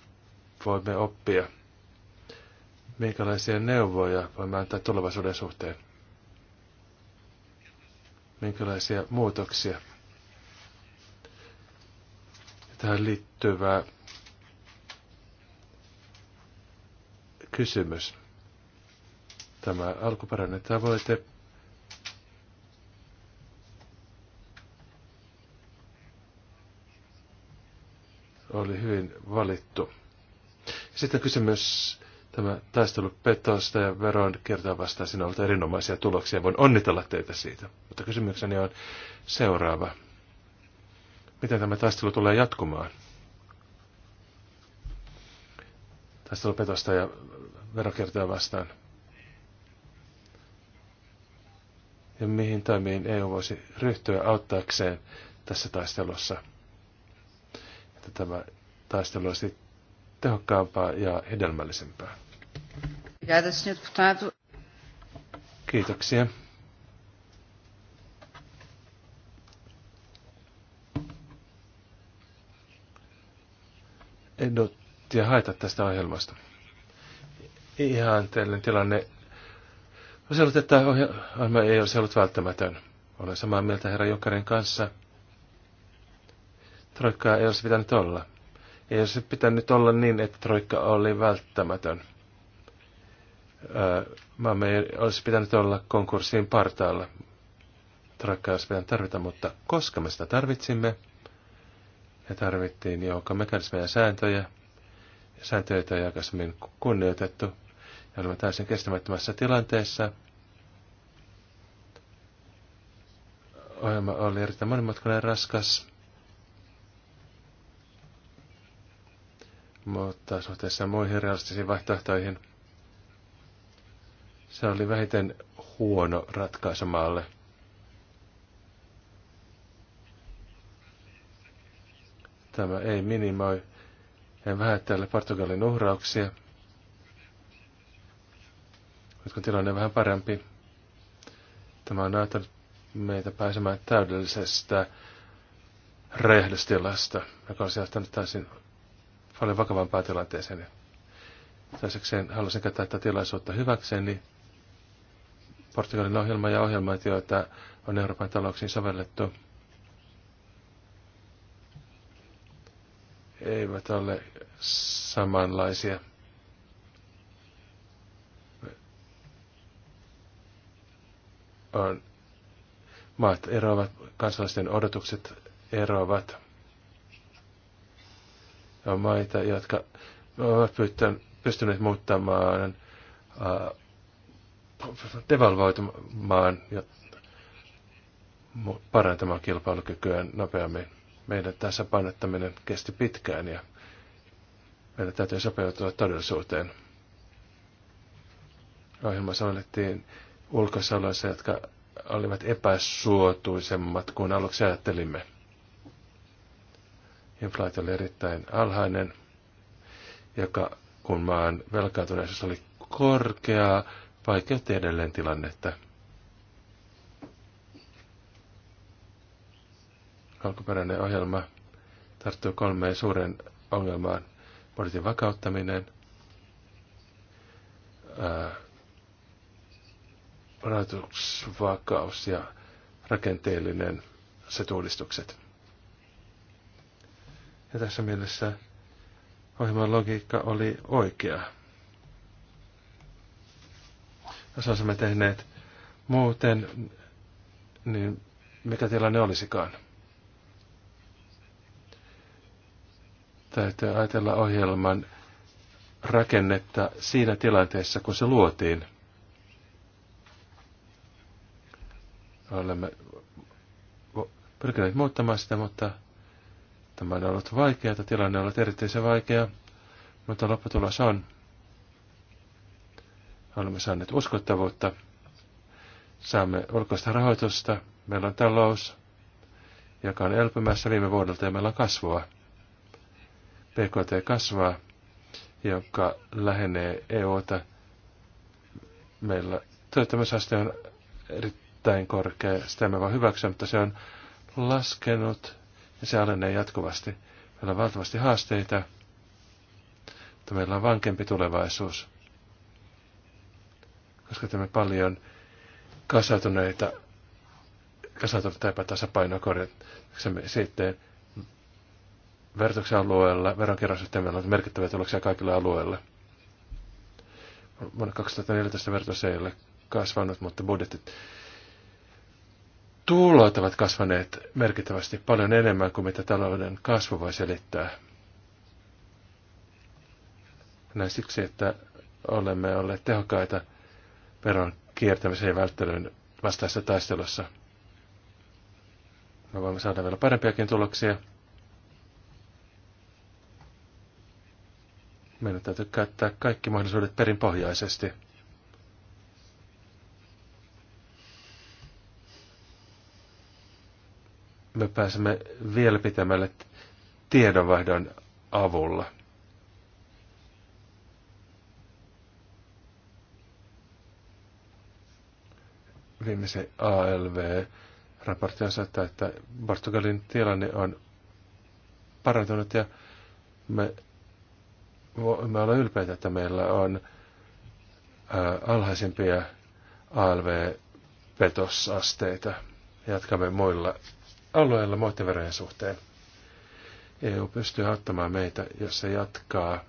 voimme oppia? Minkälaisia neuvoja voimme antaa tulevaisuuden suhteen? minkälaisia muutoksia. Tähän liittyvä kysymys. Tämä alkuperäinen tavoite oli hyvin valittu. Sitten kysymys Tämä taistelu petosta ja kertaa vastaan sinä olet erinomaisia tuloksia. Voin onnitella teitä siitä. Mutta kysymykseni on seuraava. Miten tämä taistelu tulee jatkumaan? Taistelu petosta ja verokertoja vastaan. ja mihin toimiin EU voisi ryhtyä auttaakseen tässä taistelussa. Että tämä taistelu olisi tehokkaampaa ja hedelmällisempää. Kiitoksia. Edot ja haeta tästä ohjelmasta. Ihan tällainen tilanne. Olisi ollut, että ohjelma ei olisi ollut välttämätön. Olen samaa mieltä herra Jokarin kanssa. Troikkaa ei olisi pitänyt olla. Ei olisi pitänyt olla niin, että troikka oli välttämätön maamme olisi pitänyt olla konkurssiin partaalla. Trakkaa olisi pitänyt tarvita, mutta koska me sitä tarvitsimme, ja tarvittiin joukko mekanismeja sääntöjä, ja sääntöjä ei aikaisemmin kunnioitettu, ja olemme täysin kestämättömässä tilanteessa. Ohjelma oli erittäin monimutkainen raskas, mutta suhteessa muihin realistisiin vaihtoehtoihin – se oli vähiten huono ratkaisemaalle. Tämä ei minimoi, en vähättele Portugalin uhrauksia. Nyt kun tilanne on vähän parempi, tämä on näyttänyt meitä pääsemään täydellisestä räjähdystilasta, joka olisi johtanut täysin paljon vakavampaan tilanteeseen. Toisekseen halusin käyttää tätä tilaisuutta hyväkseni Portugalin ohjelma ja ohjelmat, joita on Euroopan talouksiin sovellettu, eivät ole samanlaisia. On, maat eroavat, kansalaisten odotukset eroavat. On maita, jotka ovat pystyneet muuttamaan uh, devalvoitumaan ja parantamaan kilpailukykyä nopeammin. Meidän tässä panettaminen kesti pitkään ja meidän täytyy sopeutua todellisuuteen. Ohjelmassa olettiin ulkosaloissa, jotka olivat epäsuotuisemmat kuin aluksi ajattelimme. Inflaatio oli erittäin alhainen, joka kun maan velkaantuneisuus oli korkea, vaikeutti edelleen tilannetta. Alkuperäinen ohjelma tarttuu kolmeen suuren ongelmaan. Poliisin vakauttaminen, rahoitusvakaus ja rakenteellinen set uudistukset. Ja tässä mielessä ohjelman logiikka oli oikea jos olisimme tehneet muuten, niin mikä tilanne olisikaan? Täytyy ajatella ohjelman rakennetta siinä tilanteessa, kun se luotiin. Olemme pyrkineet muuttamaan sitä, mutta tämä on ollut vaikeaa. Tilanne on ollut erityisen vaikea, mutta lopputulos on, olemme saaneet uskottavuutta, saamme ulkoista rahoitusta, meillä on talous, joka on elpymässä viime vuodelta ja meillä on kasvua. PKT kasvaa, joka lähenee EUta. Meillä työttömyysaste on erittäin korkea, sitä me vaan hyväksyä, mutta se on laskenut ja se alenee jatkuvasti. Meillä on valtavasti haasteita, mutta meillä on vankempi tulevaisuus koska tämä paljon kasautuneita, kasautuneita epätasapainoa korjataksemme sitten verotuksen alueella, veronkierrosysteemillä on merkittäviä tuloksia kaikille alueille. Vuonna 2014 verotus ei ole kasvanut, mutta budjetit tulot ovat kasvaneet merkittävästi paljon enemmän kuin mitä talouden kasvu voi selittää. Näin siksi, että olemme olleet tehokkaita veron kiertämisen ja välttelyn vastaisessa taistelussa. Me voimme saada vielä parempiakin tuloksia. Meidän täytyy käyttää kaikki mahdollisuudet perinpohjaisesti. Me pääsemme vielä pitämälle tiedonvaihdon avulla. viimeisen ALV-raportti osoittaa, että Portugalin tilanne on parantunut ja me voimme olla ylpeitä, että meillä on alhaisempia ALV-petosasteita. Jatkamme muilla alueilla muottiverojen suhteen. EU pystyy auttamaan meitä, jos se jatkaa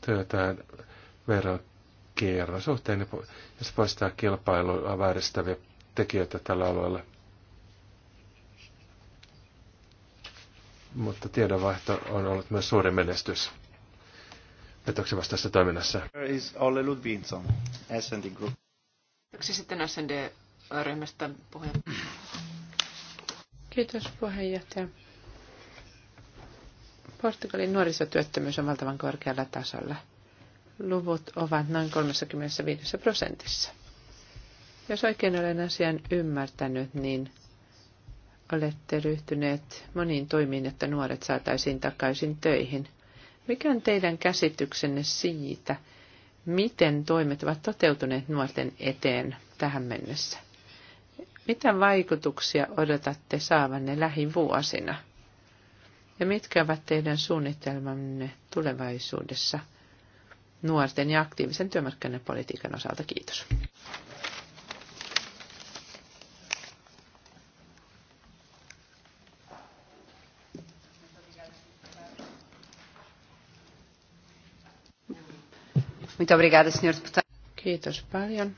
työtään verot kierron suhteen, niin jos poistaa kilpailua vääristäviä tekijöitä tällä alueella. Mutta tiedonvaihto on ollut myös suuri menestys petoksen vastaisessa toiminnassa. Is Olle Ludvinsson, S&D Group. Yksi sitten snd ryhmästä puheenjohtaja. Kiitos puheenjohtaja. Portugalin nuorisotyöttömyys on valtavan korkealla tasolla luvut ovat noin 35 prosentissa. Jos oikein olen asian ymmärtänyt, niin olette ryhtyneet moniin toimiin, että nuoret saataisiin takaisin töihin. Mikä on teidän käsityksenne siitä, miten toimet ovat toteutuneet nuorten eteen tähän mennessä? Mitä vaikutuksia odotatte saavanne lähivuosina? Ja mitkä ovat teidän suunnitelmanne tulevaisuudessa – nuorten ja aktiivisen työmarkkinapolitiikan osalta. Kiitos. Kiitos paljon.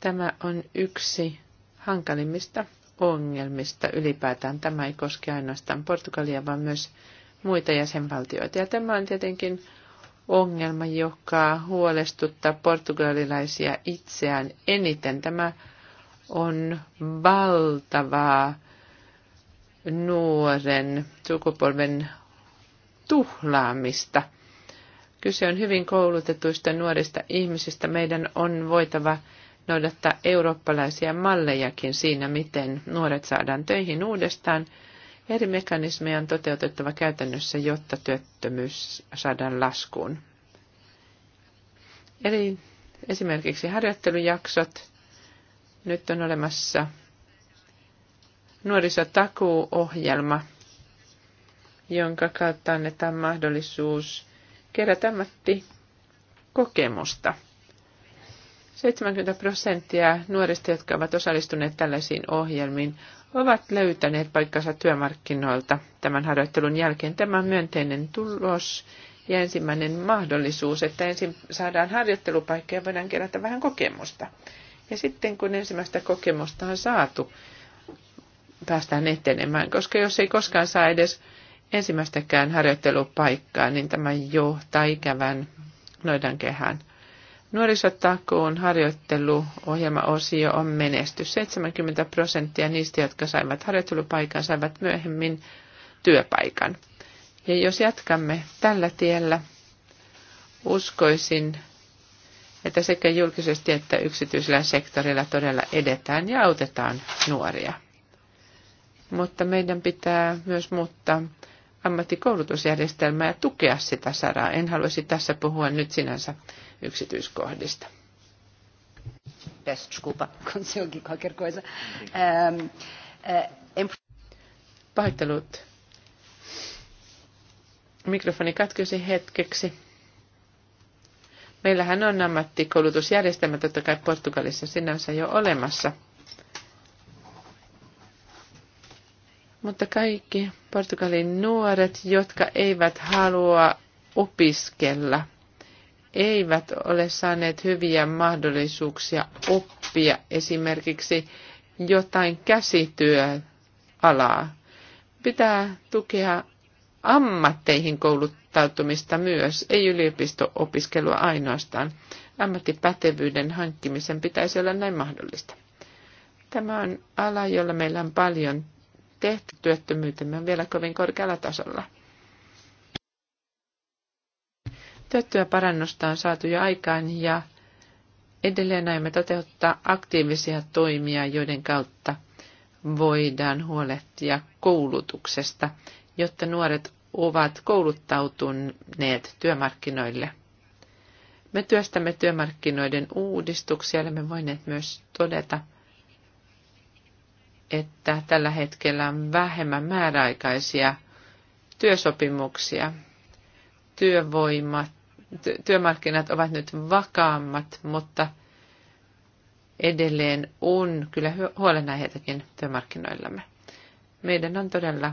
Tämä on yksi hankalimmista ongelmista ylipäätään. Tämä ei koske ainoastaan Portugalia, vaan myös muita jäsenvaltioita. Ja tämä on tietenkin ongelma, joka huolestuttaa portugalilaisia itseään eniten. Tämä on valtavaa nuoren sukupolven tuhlaamista. Kyse on hyvin koulutetuista nuorista ihmisistä. Meidän on voitava noudattaa eurooppalaisia mallejakin siinä, miten nuoret saadaan töihin uudestaan. Eri mekanismeja on toteutettava käytännössä, jotta työttömyys saadaan laskuun. Eli esimerkiksi harjoittelujaksot. Nyt on olemassa nuorisotakuuohjelma, jonka kautta annetaan mahdollisuus kerätä kokemusta 70 prosenttia nuorista, jotka ovat osallistuneet tällaisiin ohjelmiin, ovat löytäneet paikkansa työmarkkinoilta tämän harjoittelun jälkeen. Tämä on myönteinen tulos ja ensimmäinen mahdollisuus, että ensin saadaan harjoittelupaikka ja voidaan kerätä vähän kokemusta. Ja sitten kun ensimmäistä kokemusta on saatu, päästään etenemään, koska jos ei koskaan saa edes ensimmäistäkään harjoittelupaikkaa, niin tämä johtaa ikävän noidan kehään Nuorisotakuun harjoitteluohjelmaosio on menestys. 70 prosenttia niistä, jotka saivat harjoittelupaikan, saivat myöhemmin työpaikan. Ja jos jatkamme tällä tiellä, uskoisin, että sekä julkisesti että yksityisellä sektorilla todella edetään ja autetaan nuoria. Mutta meidän pitää myös muuttaa ammattikoulutusjärjestelmää ja tukea sitä saraa. En haluaisi tässä puhua nyt sinänsä yksityiskohdista. Niin. Ähm, äh, Pahoittelut. Mikrofoni katkesi hetkeksi. Meillähän on ammattikoulutusjärjestelmä totta kai Portugalissa sinänsä jo olemassa. Mutta kaikki Portugalin nuoret, jotka eivät halua opiskella – eivät ole saaneet hyviä mahdollisuuksia oppia esimerkiksi jotain käsityöalaa. Pitää tukea ammatteihin kouluttautumista myös, ei yliopisto-opiskelua ainoastaan. Ammattipätevyyden hankkimisen pitäisi olla näin mahdollista. Tämä on ala, jolla meillä on paljon tehty. Työttömyytemme on vielä kovin korkealla tasolla. Tiettyä parannusta on saatu jo aikaan ja edelleen näemme toteuttaa aktiivisia toimia, joiden kautta voidaan huolehtia koulutuksesta, jotta nuoret ovat kouluttautuneet työmarkkinoille. Me työstämme työmarkkinoiden uudistuksia, ja me voineet myös todeta, että tällä hetkellä on vähemmän määräaikaisia työsopimuksia. Työvoimat työmarkkinat ovat nyt vakaammat, mutta edelleen on kyllä huolenaiheitakin työmarkkinoillamme. Meidän on todella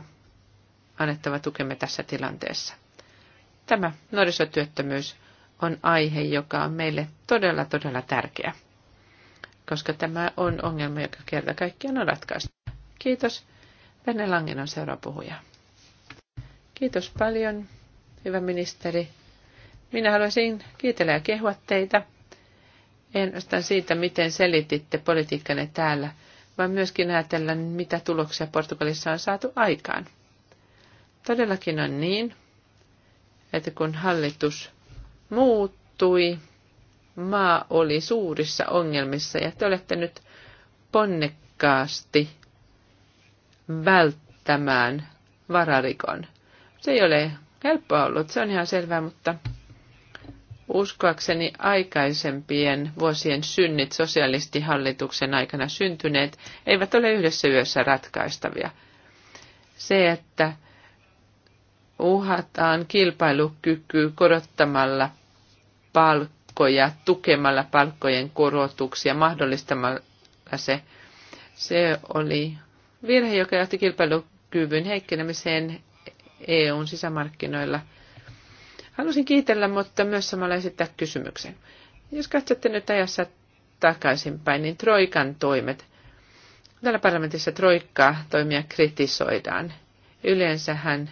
annettava tukemme tässä tilanteessa. Tämä nuorisotyöttömyys on aihe, joka on meille todella, todella tärkeä, koska tämä on ongelma, joka kerta kaikkiaan on ratkaista. Kiitos. Venne Langen on seuraava puhuja. Kiitos paljon, hyvä ministeri. Minä haluaisin kiitellä ja kehua teitä. En ostan siitä, miten selititte politiikkanne täällä, vaan myöskin ajatella, mitä tuloksia Portugalissa on saatu aikaan. Todellakin on niin, että kun hallitus muuttui, maa oli suurissa ongelmissa ja te olette nyt ponnekkaasti välttämään vararikon. Se ei ole helppoa ollut, se on ihan selvää, mutta uskoakseni aikaisempien vuosien synnit sosialistihallituksen aikana syntyneet eivät ole yhdessä yössä ratkaistavia. Se, että uhataan kilpailukykyä korottamalla palkkoja, tukemalla palkkojen korotuksia, mahdollistamalla se, se oli virhe, joka johti kilpailukyvyn heikkenemiseen EUn sisämarkkinoilla – Halusin kiitellä, mutta myös samalla esittää kysymyksen. Jos katsotte nyt ajassa takaisinpäin, niin Troikan toimet. Täällä parlamentissa Troikkaa toimia kritisoidaan. Yleensähän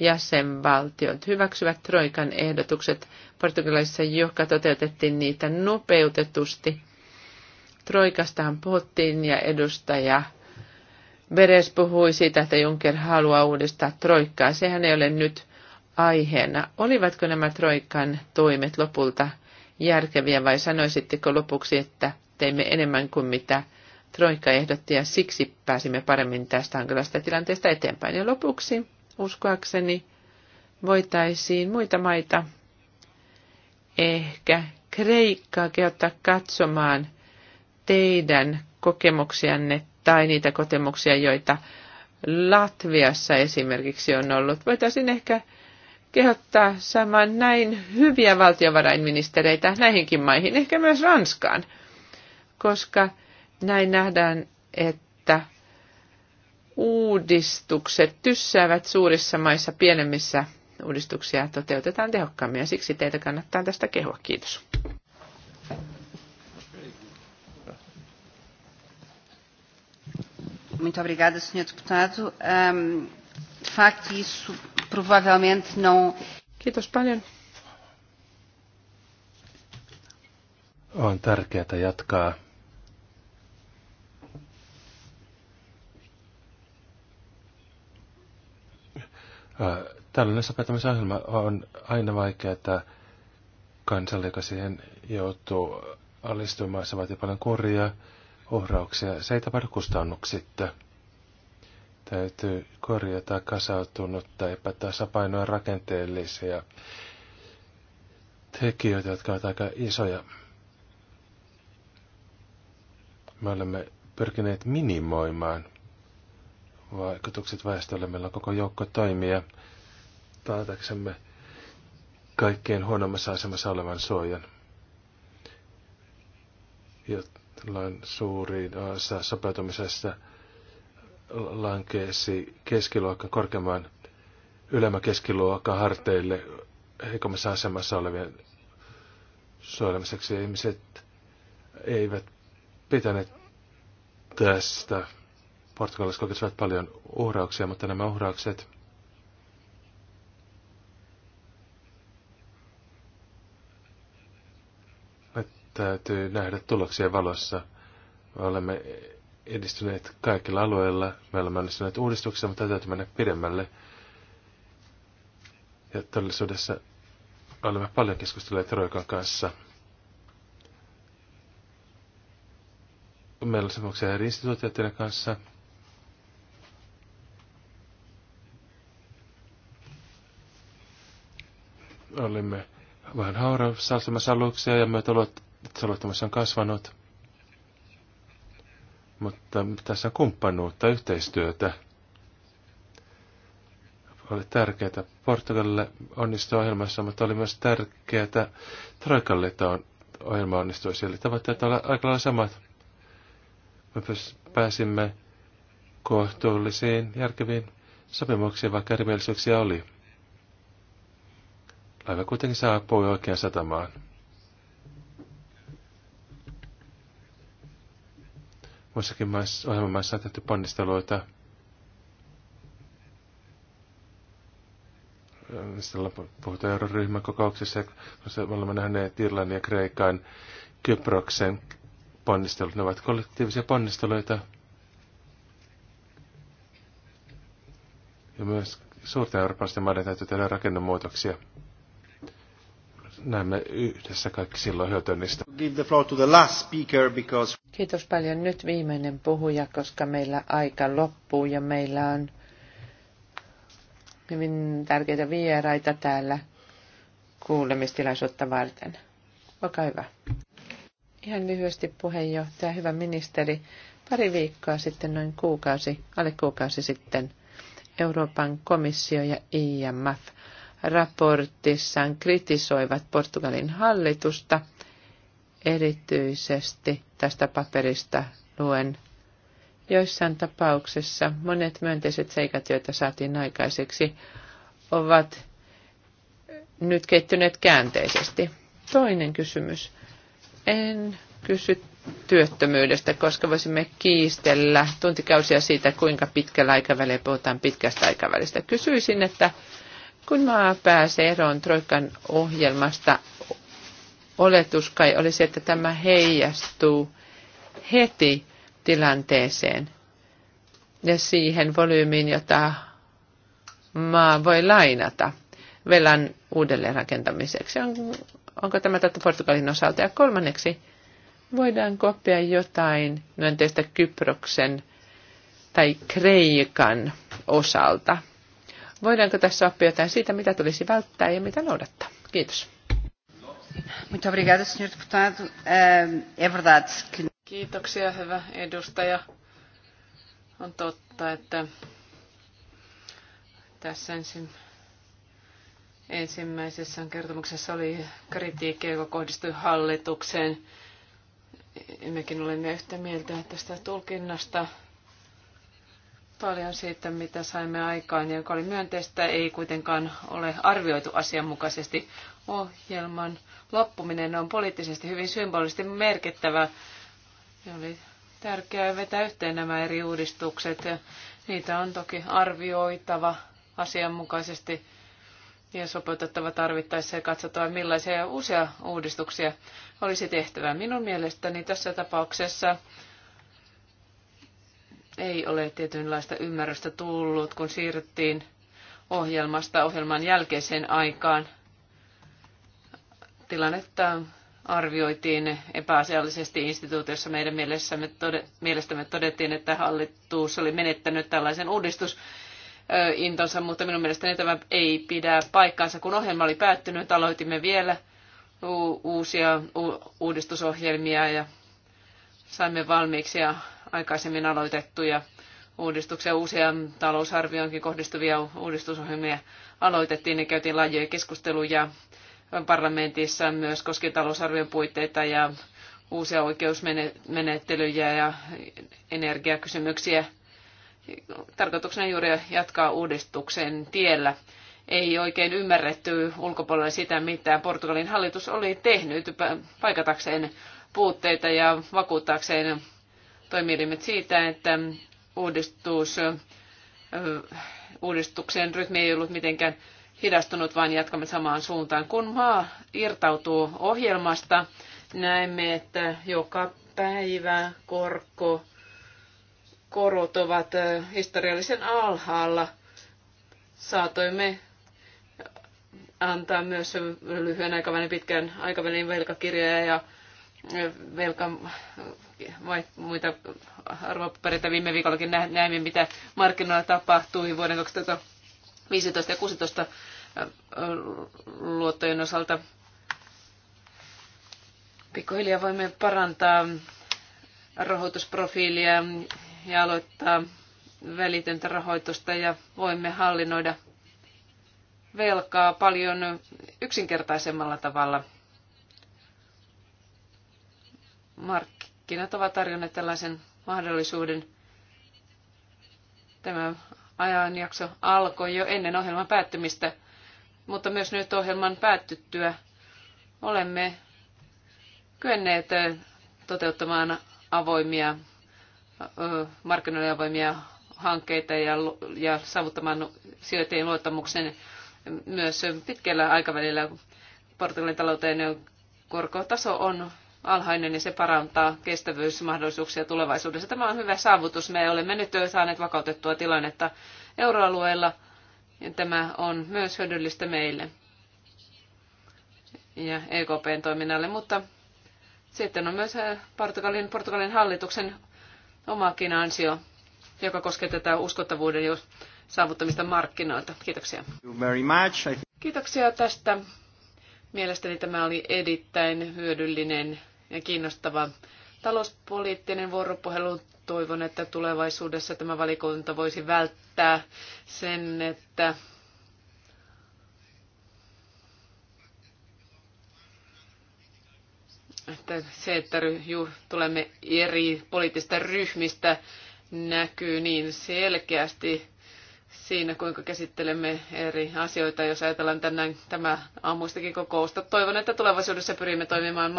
jäsenvaltiot hyväksyvät Troikan ehdotukset Portugalissa, joka toteutettiin niitä nopeutetusti. Troikastahan puhuttiin ja edustaja Beres puhui siitä, että Juncker haluaa uudistaa Troikkaa. Sehän ei ole nyt aiheena. Olivatko nämä Troikan toimet lopulta järkeviä vai sanoisitteko lopuksi, että teimme enemmän kuin mitä Troika ehdotti ja siksi pääsimme paremmin tästä hankalasta tilanteesta eteenpäin. Ja lopuksi, uskoakseni, voitaisiin muita maita, ehkä Kreikkaa, kehottaa katsomaan teidän kokemuksianne tai niitä kokemuksia, joita Latviassa esimerkiksi on ollut. Voitaisiin ehkä kehottaa saamaan näin hyviä valtiovarainministereitä näihinkin maihin, ehkä myös Ranskaan, koska näin nähdään, että uudistukset tyssäävät suurissa maissa, pienemmissä uudistuksia toteutetaan tehokkaammin ja siksi teitä kannattaa tästä kehua. Kiitos. Muito obrigada, senhor deputado. Um facto e isso provavelmente não. Kiitos paljon. On tärkeää jatkaa. Tällainen sopeutumisohjelma on aina vaikeaa kansalle, joka siihen joutuu alistumaan. Se vaatii paljon kurjaa, uhrauksia. Se ei tapahdu kustannuksitta. Täytyy korjata kasautunutta epätasapainoa rakenteellisia tekijöitä, jotka ovat aika isoja. Me olemme pyrkineet minimoimaan vaikutukset väestölle. Meillä on koko joukko toimia taataksemme kaikkein huonommassa asemassa olevan suojan, jolla on suuri osa sopeutumisesta – lankeesi keskiluokan korkeamman ylemmän keskiluokan harteille heikommassa asemassa olevien suojelemiseksi. Ihmiset eivät pitäneet tästä. Portugalissa kokisivat paljon uhrauksia, mutta nämä uhraukset täytyy nähdä tuloksien valossa. Me olemme edistyneet kaikilla alueilla. Me olemme onnistuneet uudistuksessa, mutta täytyy mennä pidemmälle. Ja todellisuudessa olemme paljon keskustelleet Roikan kanssa. Meillä on sopimuksia eri instituutioiden kanssa. Olimme vähän hauraus aluksia ja myötä luottamassa on kasvanut. Mutta tässä on kumppanuutta, yhteistyötä. Oli tärkeää Portugalille onnistua ohjelmassa, mutta oli myös tärkeää Troikalle, että on ohjelma onnistui siellä. Tavoitteet olla aika lailla samat. Me pääsimme kohtuullisiin, järkeviin sopimuksiin, vaikka erimielisyyksiä oli. Laiva kuitenkin saapui oikean satamaan. Muissakin maissa, ohjelmamaissa on tehty ponnisteluita. Sillä puhutaan euroryhmän kokouksessa, koska me olemme nähneet Irlannin ja Kreikan, Kyproksen ponnistelut. Ne ovat kollektiivisia ponnisteluita. Ja myös suurten eurooppalaisten maiden täytyy tehdä rakennemuutoksia näemme yhdessä kaikki silloin hyötyä Kiitos paljon. Nyt viimeinen puhuja, koska meillä aika loppuu ja meillä on hyvin tärkeitä vieraita täällä kuulemistilaisuutta varten. Olkaa hyvä. Ihan lyhyesti puheenjohtaja, hyvä ministeri. Pari viikkoa sitten, noin kuukausi, alle kuukausi sitten, Euroopan komissio ja IMF raportissaan kritisoivat Portugalin hallitusta. Erityisesti tästä paperista luen joissain tapauksessa monet myönteiset seikat, joita saatiin aikaiseksi, ovat nyt kettyneet käänteisesti. Toinen kysymys. En kysy työttömyydestä, koska voisimme kiistellä tuntikausia siitä, kuinka pitkällä aikavälillä puhutaan pitkästä aikavälistä. Kysyisin, että kun maa pääsee eroon Troikan ohjelmasta, oletus kai olisi, että tämä heijastuu heti tilanteeseen ja siihen volyymiin, jota maa voi lainata velan uudelleenrakentamiseksi. On, onko tämä totta Portugalin osalta? Ja kolmanneksi, voidaan kopia jotain myönteistä Kyproksen tai Kreikan osalta Voidaanko tässä oppia jotain siitä, mitä tulisi välttää ja mitä noudattaa? Kiitos. Muito obrigada, senhor deputado. Ehm, é verdade que... Kiitoksia, hyvä edustaja. On totta, että tässä ensin, ensimmäisessä kertomuksessa oli kritiikki, joka kohdistui hallitukseen. Mekin olemme yhtä mieltä tästä tulkinnasta paljon siitä, mitä saimme aikaan, ja joka oli myönteistä, ei kuitenkaan ole arvioitu asianmukaisesti. Ohjelman loppuminen on poliittisesti hyvin symbolisesti merkittävä. Ja oli tärkeää vetää yhteen nämä eri uudistukset. Ja niitä on toki arvioitava asianmukaisesti ja sopeutettava tarvittaessa ja katsotaan millaisia uusia uudistuksia olisi tehtävä. Minun mielestäni tässä tapauksessa ei ole tietynlaista ymmärrystä tullut, kun siirryttiin ohjelmasta ohjelman jälkeiseen aikaan. Tilannetta arvioitiin epäasiallisesti instituutiossa. Meidän mielessämme, tode, mielestämme todettiin, että hallitus oli menettänyt tällaisen uudistus intonsa, mutta minun mielestäni tämä ei pidä paikkaansa. Kun ohjelma oli päättynyt, aloitimme vielä uusia uudistusohjelmia ja saimme valmiiksi ja aikaisemmin aloitettuja uudistuksia, uusia talousarvioonkin kohdistuvia uudistusohjelmia aloitettiin ja käytiin laajoja keskusteluja parlamentissa myös koskien talousarvion puitteita ja uusia oikeusmenettelyjä ja energiakysymyksiä. Tarkoituksena juuri jatkaa uudistuksen tiellä. Ei oikein ymmärretty ulkopuolella sitä, mitä Portugalin hallitus oli tehnyt paikatakseen puutteita ja vakuuttaakseen toimielimet siitä, että uudistus, uudistuksen rytmi ei ollut mitenkään hidastunut, vaan jatkamme samaan suuntaan. Kun maa irtautuu ohjelmasta, näemme, että joka päivä korko, korot ovat historiallisen alhaalla. Saatoimme antaa myös lyhyen aikavälin pitkän aikavälin velkakirjoja ja velka vai muita arvopapereita. Viime viikollakin näimme, mitä markkinoilla tapahtui vuoden 2015 ja 16 äh, luottojen osalta. Pikkuhiljaa voimme parantaa rahoitusprofiilia ja aloittaa välitöntä rahoitusta ja voimme hallinnoida velkaa paljon yksinkertaisemmalla tavalla – Markkinat ovat tarjonneet tällaisen mahdollisuuden. Tämä ajanjakso alkoi jo ennen ohjelman päättymistä, mutta myös nyt ohjelman päättyttyä olemme kyenneet toteuttamaan avoimia, markkinoille avoimia hankkeita ja, ja saavuttamaan sijoittajien luottamuksen myös pitkällä aikavälillä Portugalin talouteen korkotaso on alhainen niin se parantaa kestävyysmahdollisuuksia tulevaisuudessa. Tämä on hyvä saavutus. Me olemme nyt saaneet vakautettua tilannetta euroalueella ja tämä on myös hyödyllistä meille ja EKPn toiminnalle, mutta sitten on myös äh, Portugalin, Portugalin hallituksen omakin ansio, joka koskee tätä uskottavuuden ja saavuttamista markkinoilta. Kiitoksia. Kiitoksia tästä. Mielestäni tämä oli erittäin hyödyllinen ja kiinnostava talouspoliittinen vuoropuhelu. Toivon, että tulevaisuudessa tämä valikunta voisi välttää sen, että että se, että ju, tulemme eri poliittista ryhmistä, näkyy niin selkeästi siinä, kuinka käsittelemme eri asioita, jos ajatellaan tänään tämä aamuistakin kokousta. Toivon, että tulevaisuudessa pyrimme toimimaan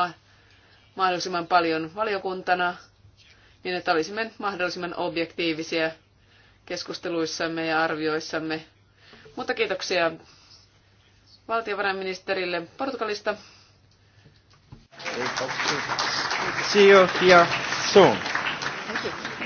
mahdollisimman paljon valiokuntana, niin että olisimme mahdollisimman objektiivisia keskusteluissamme ja arvioissamme. Mutta kiitoksia valtiovarainministerille Portugalista. See you here soon. Thank you.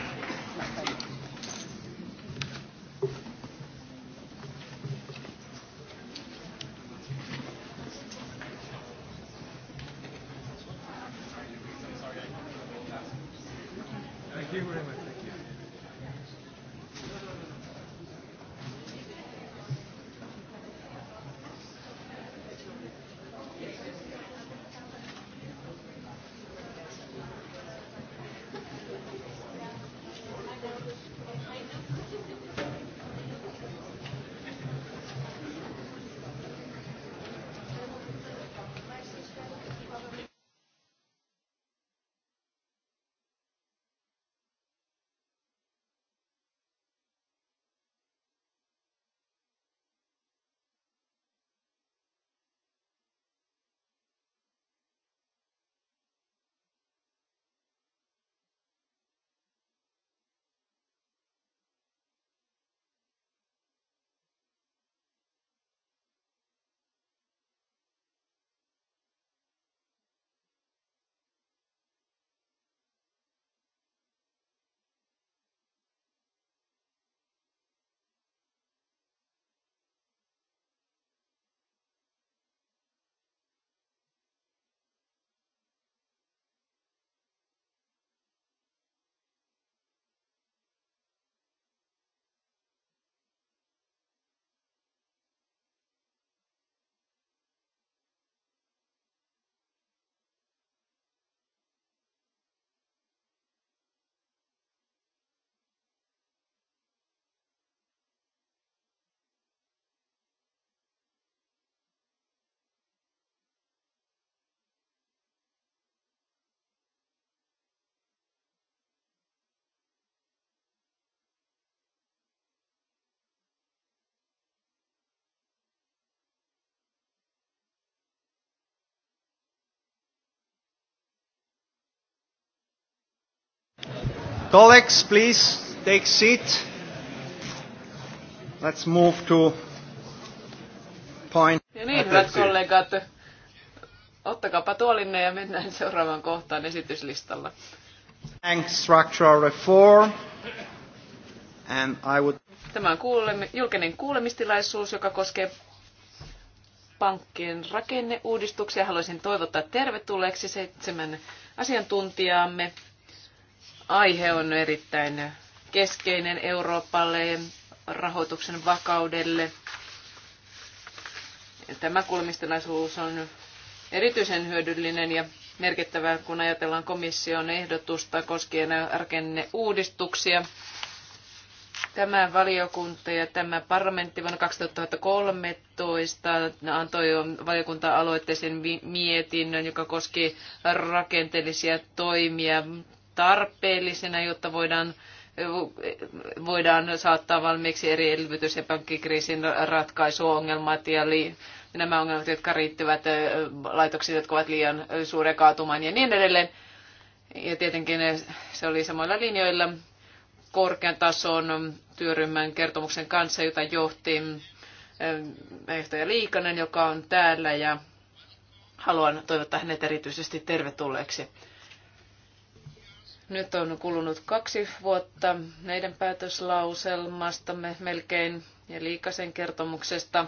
Colleagues, please take seat. Let's move to point. Ja niin, hyvät kollegat, ottakaapa tuolinne ja mennään seuraavaan kohtaan esityslistalla. Bank structural reform. And I would... Tämä on kuulemi, julkinen kuulemistilaisuus, joka koskee pankkien rakenneuudistuksia. Haluaisin toivottaa tervetulleeksi seitsemän asiantuntijaamme aihe on erittäin keskeinen Euroopalle, rahoituksen vakaudelle. Tämä kulmistelaisuus on erityisen hyödyllinen ja merkittävä, kun ajatellaan komission ehdotusta koskien rakenneuudistuksia. Tämä valiokunta ja tämä parlamentti vuonna 2013 antoi valiokunta-aloitteisen mietinnön, joka koski rakenteellisia toimia tarpeellisena, jotta voidaan voidaan saattaa valmiiksi eri elvytys- ja pankkikriisin ratkaisuongelmat ja li- nämä ongelmat, jotka riittyvät laitoksiin, jotka ovat liian suuren kaatumaan ja niin edelleen. Ja tietenkin se oli samoilla linjoilla korkean tason työryhmän kertomuksen kanssa, jota johti ehtoja Liikanen, joka on täällä ja haluan toivottaa hänet erityisesti tervetulleeksi. Nyt on kulunut kaksi vuotta meidän päätöslauselmastamme melkein ja liikasen kertomuksesta.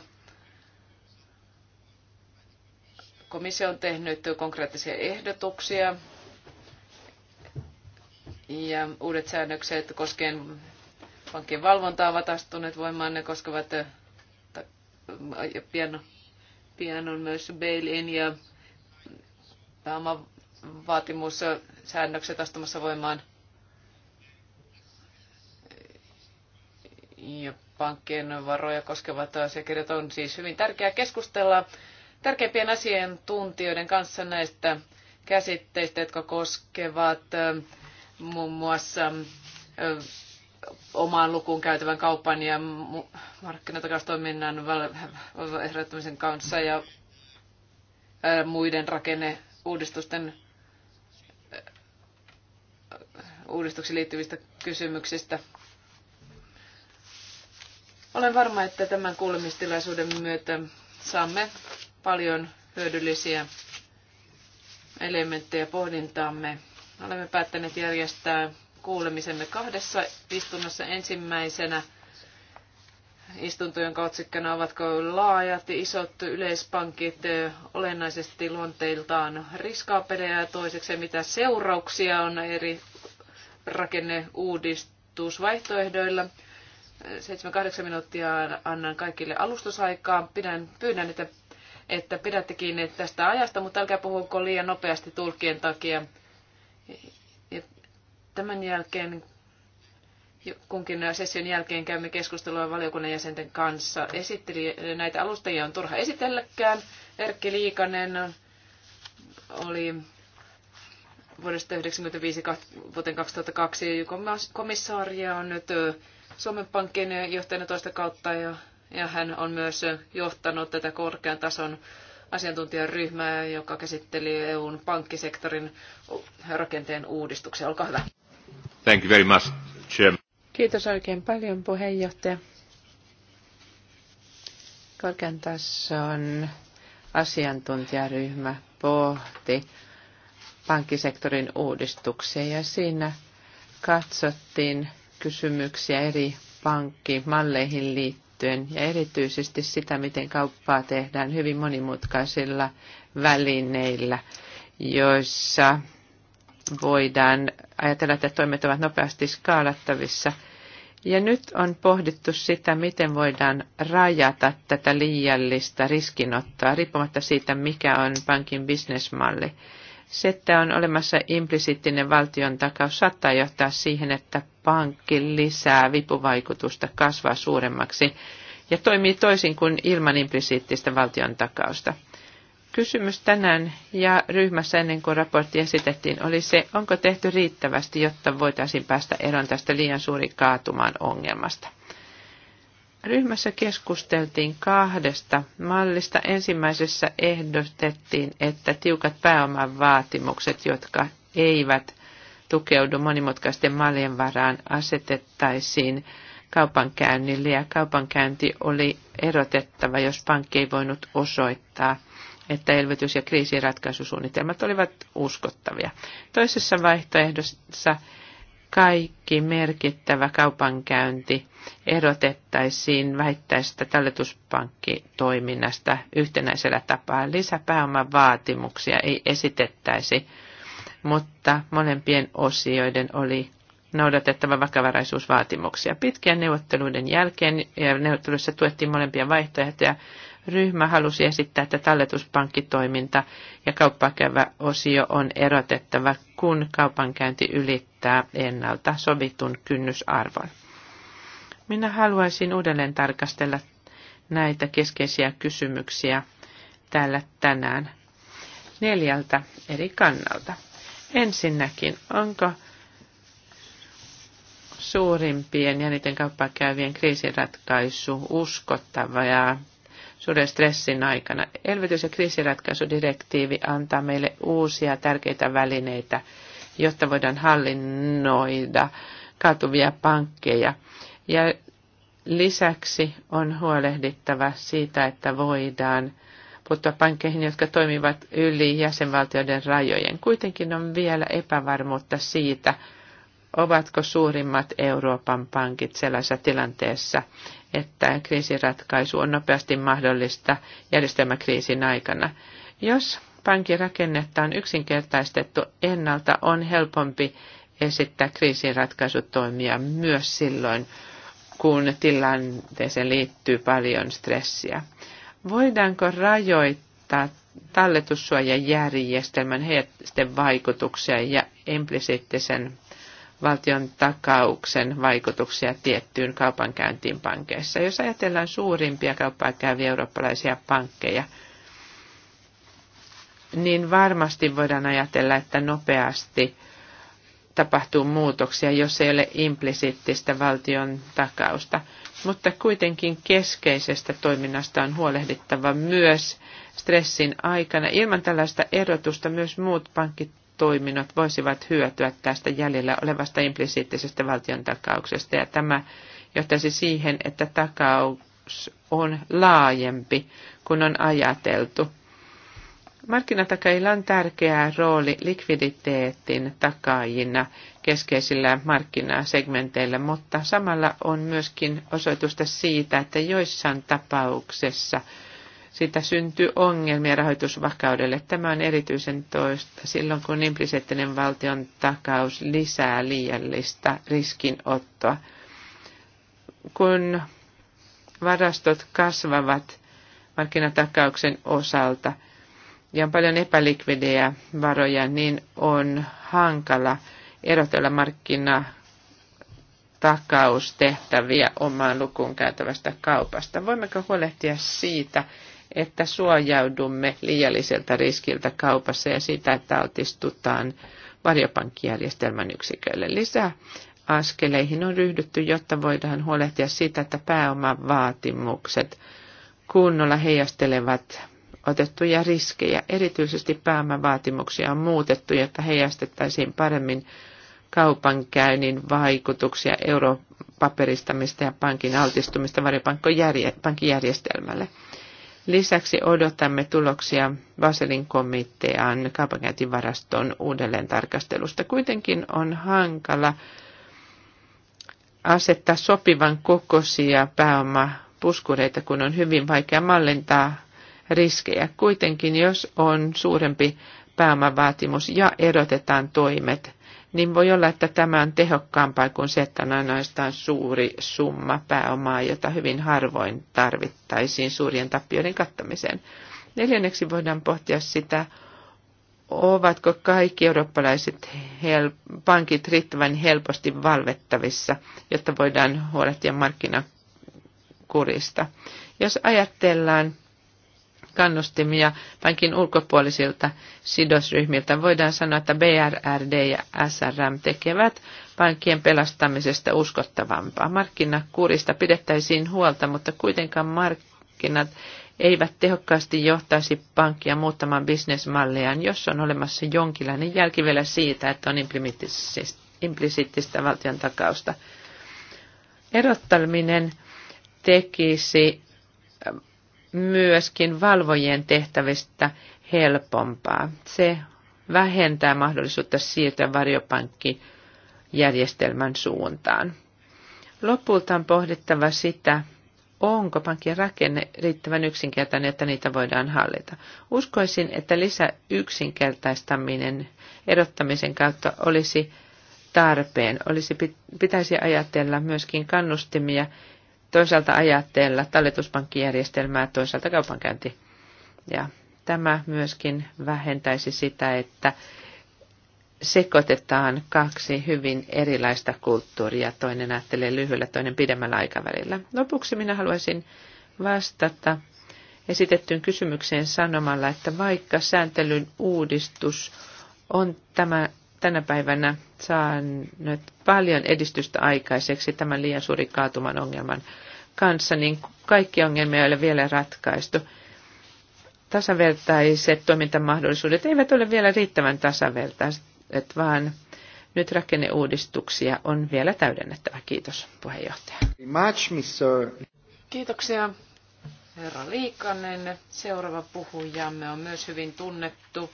Komissio on tehnyt konkreettisia ehdotuksia ja uudet säännökset koskien pankkien valvontaa ovat astuneet voimaan. Ne koskevat pian, pian on myös bail-in ja pääoman vaatimussäännökset astumassa voimaan ja pankkien varoja koskevat asiakirjat on siis hyvin tärkeää keskustella tärkeimpien asiantuntijoiden kanssa näistä käsitteistä, jotka koskevat muun muassa omaan lukuun käytävän kaupan ja markkinatakaustoiminnan ehdottamisen kanssa ja muiden rakenneuudistusten uudistuksiin liittyvistä kysymyksistä. Olen varma, että tämän kuulemistilaisuuden myötä saamme paljon hyödyllisiä elementtejä pohdintaamme. Olemme päättäneet järjestää kuulemisemme kahdessa istunnossa ensimmäisenä istuntojen otsikkana ovatko laajat isot yleispankit olennaisesti luonteiltaan riskaapelejä ja toiseksi mitä seurauksia on eri rakenneuudistusvaihtoehdoilla. 7-8 minuuttia annan kaikille alustusaikaa. Pidän, pyydän, että, että pidätte kiinni tästä ajasta, mutta älkää puhuko liian nopeasti tulkien takia. Ja tämän jälkeen kunkin session jälkeen käymme keskustelua valiokunnan jäsenten kanssa. Esitteli, näitä alustajia on turha esitelläkään. Erkki Liikanen oli vuodesta 1995 vuoteen 2002 komissaaria on nyt Suomen Pankin johtajana toista kautta ja, ja hän on myös johtanut tätä korkean tason asiantuntijaryhmää, joka käsitteli EUn pankkisektorin rakenteen uudistuksia. Olkaa hyvä. Thank you very much, Jim. Kiitos oikein paljon puheenjohtaja. Korkean tason asiantuntijaryhmä pohti pankkisektorin uudistuksia ja siinä katsottiin kysymyksiä eri pankkimalleihin liittyen ja erityisesti sitä, miten kauppaa tehdään hyvin monimutkaisilla välineillä, joissa voidaan ajatella, että toimet ovat nopeasti skaalattavissa. Ja nyt on pohdittu sitä, miten voidaan rajata tätä liiallista riskinottoa, riippumatta siitä, mikä on pankin bisnesmalli se, että on olemassa implisiittinen valtion takaus, saattaa johtaa siihen, että pankki lisää vipuvaikutusta, kasvaa suuremmaksi ja toimii toisin kuin ilman implisiittistä valtion takausta. Kysymys tänään ja ryhmässä ennen kuin raportti esitettiin oli se, onko tehty riittävästi, jotta voitaisiin päästä eroon tästä liian suuri kaatumaan ongelmasta. Ryhmässä keskusteltiin kahdesta mallista. Ensimmäisessä ehdotettiin, että tiukat pääoman vaatimukset, jotka eivät tukeudu monimutkaisten mallien varaan, asetettaisiin kaupankäynnille ja kaupankäynti oli erotettava, jos pankki ei voinut osoittaa, että elvytys- ja kriisiratkaisusuunnitelmat olivat uskottavia. Toisessa vaihtoehdossa kaikki merkittävä kaupankäynti erotettaisiin vähittäisestä talletuspankkitoiminnasta yhtenäisellä tapaa. Lisäpääoman vaatimuksia ei esitettäisi, mutta molempien osioiden oli noudatettava vakavaraisuusvaatimuksia. Pitkien neuvotteluiden jälkeen ja neuvotteluissa tuettiin molempia vaihtoehtoja. Ryhmä halusi esittää, että talletuspankkitoiminta ja kauppakäyvä osio on erotettava, kun kaupankäynti ylittää ylittää ennalta sovitun kynnysarvon. Minä haluaisin uudelleen tarkastella näitä keskeisiä kysymyksiä täällä tänään neljältä eri kannalta. Ensinnäkin, onko suurimpien ja niiden kauppaa käyvien kriisiratkaisu uskottava ja suuren stressin aikana. Elvytys- ja kriisiratkaisudirektiivi antaa meille uusia tärkeitä välineitä jotta voidaan hallinnoida kaatuvia pankkeja. Ja lisäksi on huolehdittava siitä, että voidaan puuttua pankkeihin, jotka toimivat yli jäsenvaltioiden rajojen. Kuitenkin on vielä epävarmuutta siitä, ovatko suurimmat Euroopan pankit sellaisessa tilanteessa, että kriisiratkaisu on nopeasti mahdollista järjestelmäkriisin aikana. Jos pankirakennetta on yksinkertaistettu ennalta, on helpompi esittää kriisinratkaisutoimia myös silloin, kun tilanteeseen liittyy paljon stressiä. Voidaanko rajoittaa talletussuojajärjestelmän heidän vaikutuksia ja implisiittisen valtion takauksen vaikutuksia tiettyyn kaupankäyntiin pankeissa. Jos ajatellaan suurimpia kauppaa käyviä eurooppalaisia pankkeja – niin varmasti voidaan ajatella, että nopeasti tapahtuu muutoksia, jos ei ole implisiittistä valtion takausta. Mutta kuitenkin keskeisestä toiminnasta on huolehdittava myös stressin aikana. Ilman tällaista erotusta myös muut pankit toiminnot voisivat hyötyä tästä jäljellä olevasta implisiittisestä valtion takauksesta. Ja tämä johtaisi siihen, että takaus on laajempi kuin on ajateltu. Markkinatakailla on tärkeä rooli likviditeetin takaajina keskeisillä markkinasegmenteillä, mutta samalla on myöskin osoitusta siitä, että joissain tapauksessa sitä syntyy ongelmia rahoitusvakaudelle. Tämä on erityisen toista silloin, kun impliseettinen valtion takaus lisää liiallista riskinottoa. Kun varastot kasvavat markkinatakauksen osalta – ja on paljon epälikvidejä varoja, niin on hankala erotella markkina omaan lukuun käytävästä kaupasta. Voimmeko huolehtia siitä, että suojaudumme liialliselta riskiltä kaupassa ja sitä, että altistutaan varjopankkijärjestelmän yksiköille lisää? Askeleihin on ryhdytty, jotta voidaan huolehtia siitä, että pääomavaatimukset kunnolla heijastelevat otettuja riskejä. Erityisesti pääomavaatimuksia on muutettu, jotta heijastettaisiin paremmin kaupankäynnin vaikutuksia europaperistamista ja pankin altistumista varjopankkijärjestelmälle. Lisäksi odotamme tuloksia Vaselin komitean kaupankäyntivaraston uudelleen tarkastelusta. Kuitenkin on hankala asettaa sopivan kokoisia pääomapuskureita, kun on hyvin vaikea mallintaa riskejä. Kuitenkin, jos on suurempi pääomavaatimus ja erotetaan toimet, niin voi olla, että tämä on tehokkaampaa kuin se, että on ainoastaan suuri summa pääomaa, jota hyvin harvoin tarvittaisiin suurien tappioiden kattamiseen. Neljänneksi voidaan pohtia sitä, ovatko kaikki eurooppalaiset hel- pankit riittävän helposti valvettavissa, jotta voidaan huolehtia markkinakurista. Jos ajatellaan kannustimia pankin ulkopuolisilta sidosryhmiltä. Voidaan sanoa, että BRRD ja SRM tekevät pankkien pelastamisesta uskottavampaa. Markkinakurista pidettäisiin huolta, mutta kuitenkaan markkinat eivät tehokkaasti johtaisi pankkia muuttamaan bisnesmalliaan, jos on olemassa jonkinlainen jälkivelä siitä, että on implisiittistä valtion takausta. Erottaminen tekisi myöskin valvojien tehtävistä helpompaa. Se vähentää mahdollisuutta siirtyä varjopankkijärjestelmän suuntaan. Lopulta on pohdittava sitä, onko pankin rakenne riittävän yksinkertainen, että niitä voidaan hallita. Uskoisin, että lisä yksinkertaistaminen erottamisen kautta olisi tarpeen. Olisi, pitäisi ajatella myöskin kannustimia toisaalta ajatella talletuspankkijärjestelmää, toisaalta kaupankäynti. Ja tämä myöskin vähentäisi sitä, että sekoitetaan kaksi hyvin erilaista kulttuuria. Toinen ajattelee lyhyellä, toinen pidemmällä aikavälillä. Lopuksi minä haluaisin vastata esitettyyn kysymykseen sanomalla, että vaikka sääntelyn uudistus on tämä tänä päivänä saanut paljon edistystä aikaiseksi tämän liian suuri kaatuman ongelman kanssa, niin kaikki ongelmia ei ole vielä ratkaistu. Tasavertaiset toimintamahdollisuudet eivät ole vielä riittävän tasavertaiset, vaan nyt rakenneuudistuksia on vielä täydennettävä. Kiitos puheenjohtaja. Kiitoksia herra Liikanen. Seuraava puhujamme on myös hyvin tunnettu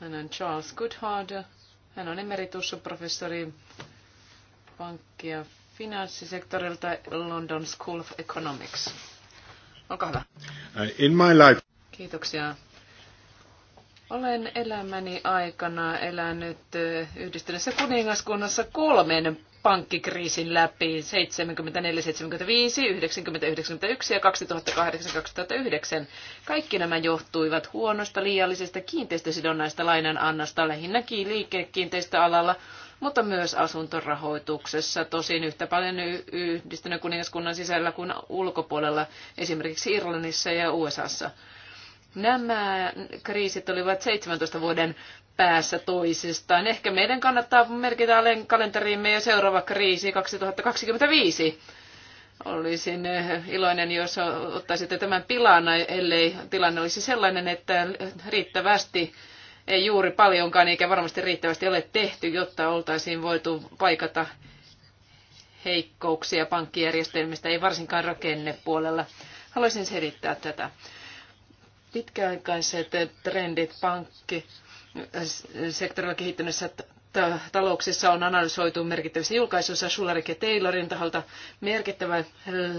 Hän on Charles Goodhard. Hän on emeritusprofessori pankki- ja finanssisektorilta London School of Economics. Olkaa hyvä. Uh, in my life. Kiitoksia. Olen elämäni aikana elänyt uh, yhdistyneessä kuningaskunnassa kolmen pankkikriisin läpi 74, 75, 90, 91 ja 2008, 2009. Kaikki nämä johtuivat huonosta liiallisesta kiinteistösidonnaista lainanannasta lähinnä liikekiinteistöalalla, mutta myös asuntorahoituksessa, tosin yhtä paljon yhdistyneen kuningaskunnan sisällä kuin ulkopuolella, esimerkiksi Irlannissa ja USAssa. Nämä kriisit olivat 17 vuoden päässä toisistaan. Ehkä meidän kannattaa merkitä kalenteriimme jo seuraava kriisi 2025. Olisin eh, iloinen, jos ottaisitte tämän pilana, ellei tilanne olisi sellainen, että riittävästi ei juuri paljonkaan eikä varmasti riittävästi ole tehty, jotta oltaisiin voitu paikata heikkouksia pankkijärjestelmistä, ei varsinkaan rakennepuolella. Haluaisin selittää tätä. Pitkäaikaiset trendit pankki sektorilla kehittyneissä talouksissa on analysoitu merkittävissä julkaisuissa Schulerik ja Taylorin taholta. Merkittävä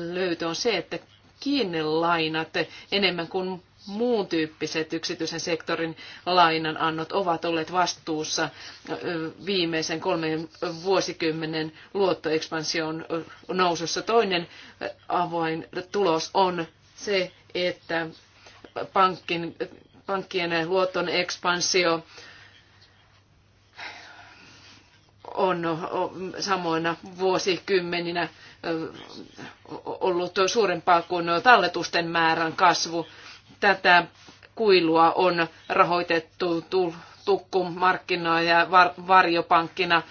löytö on se, että kiinnelainat enemmän kuin muun tyyppiset yksityisen sektorin lainanannot ovat olleet vastuussa viimeisen kolmen vuosikymmenen luottoekspansion nousussa. Toinen avoin tulos on se, että pankin pankkien luoton ekspansio on samoina vuosikymmeninä ollut suurempaa kuin talletusten määrän kasvu. Tätä kuilua on rahoitettu tukkumarkkinoilla ja varjopankkina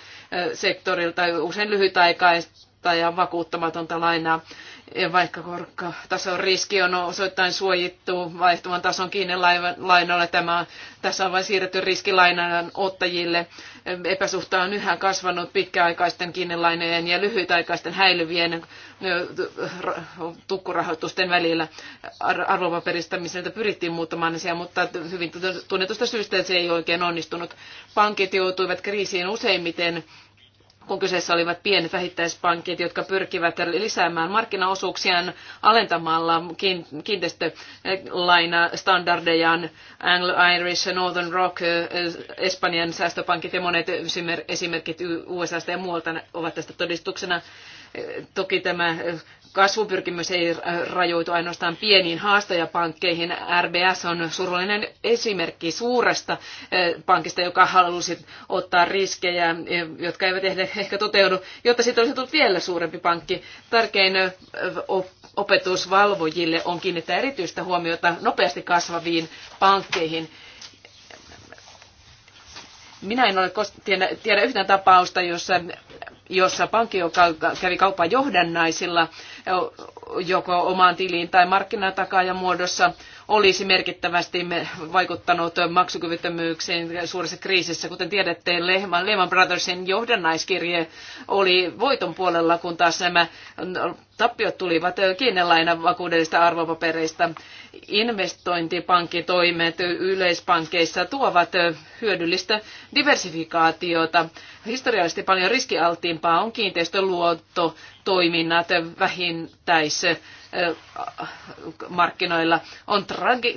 sektorilta usein lyhytaikaista ja vakuuttamatonta lainaa vaikka korkotason riski on osoittain suojittu vaihtuvan tason kiinni lainalle tämä, tässä on vain siirretty riski lainan ottajille. Epäsuhta on yhä kasvanut pitkäaikaisten kiinnelainojen ja lyhytaikaisten häilyvien tukkurahoitusten välillä. Arvopaperistamiselta pyrittiin muuttamaan asiaa, mutta hyvin tunnetusta syystä se ei oikein onnistunut. Pankit joutuivat kriisiin useimmiten kun kyseessä olivat pienet vähittäispankit, jotka pyrkivät lisäämään markkinaosuuksiaan alentamalla kiinteistölainastandardejaan Anglo-Irish, Northern Rock, Espanjan säästöpankit ja monet esimerkit USAsta ja muualta ovat tästä todistuksena. Toki tämä kasvupyrkimys ei rajoitu ainoastaan pieniin haastajapankkeihin. RBS on surullinen esimerkki suuresta eh, pankista, joka halusi ottaa riskejä, eh, jotka eivät ehkä toteudu, jotta siitä olisi tullut vielä suurempi pankki. Tärkein eh, opetus valvojille on kiinnittää erityistä huomiota nopeasti kasvaviin pankkeihin. Minä en ole tiedä yhtään tapausta, jossa jossa pankki joka kävi kauppaa johdannaisilla joko omaan tiliin tai markkinatakaajan muodossa, olisi merkittävästi vaikuttanut maksukyvyttömyyksiin suuressa kriisissä. Kuten tiedätte, Lehman, Lehman Brothersin johdannaiskirje oli voiton puolella, kun taas nämä tappiot tulivat kiinnelainan vakuudellisista arvopapereista. Investointipankkitoimet yleispankkeissa tuovat hyödyllistä diversifikaatiota Historiallisesti paljon riskialtiimpaa on kiinteistöluotto, toiminnat vähintäis markkinoilla. On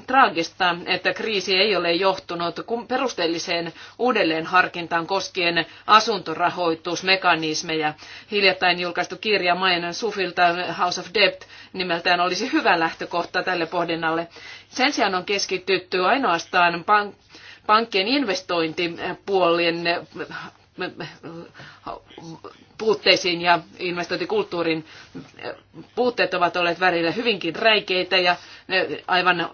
traagista, että kriisi ei ole johtunut perusteelliseen uudelleenharkintaan koskien asuntorahoitusmekanismeja. Hiljattain julkaistu kirja Mainen Sufilta House of Debt nimeltään olisi hyvä lähtökohta tälle pohdinnalle. Sen sijaan on keskitytty ainoastaan pankkien investointipuolien puutteisiin ja investointikulttuurin puutteet ovat olleet välillä hyvinkin räikeitä ja aivan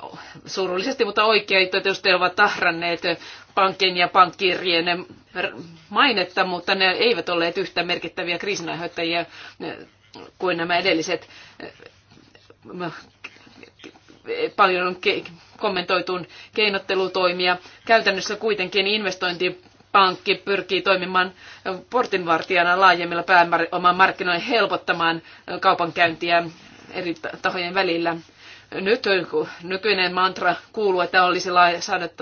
surullisesti, mutta oikein tietysti ovat tahranneet pankin ja pankkiirien mainetta, mutta ne eivät olleet yhtä merkittäviä kriisinaiheuttajia kuin nämä edelliset paljon kommentoitun keinottelutoimia. Käytännössä kuitenkin investointi pankki pyrkii toimimaan portinvartijana laajemmilla pääomamarkkinoilla markkinoilla helpottamaan kaupankäyntiä eri tahojen välillä nyt nykyinen mantra kuuluu, että olisi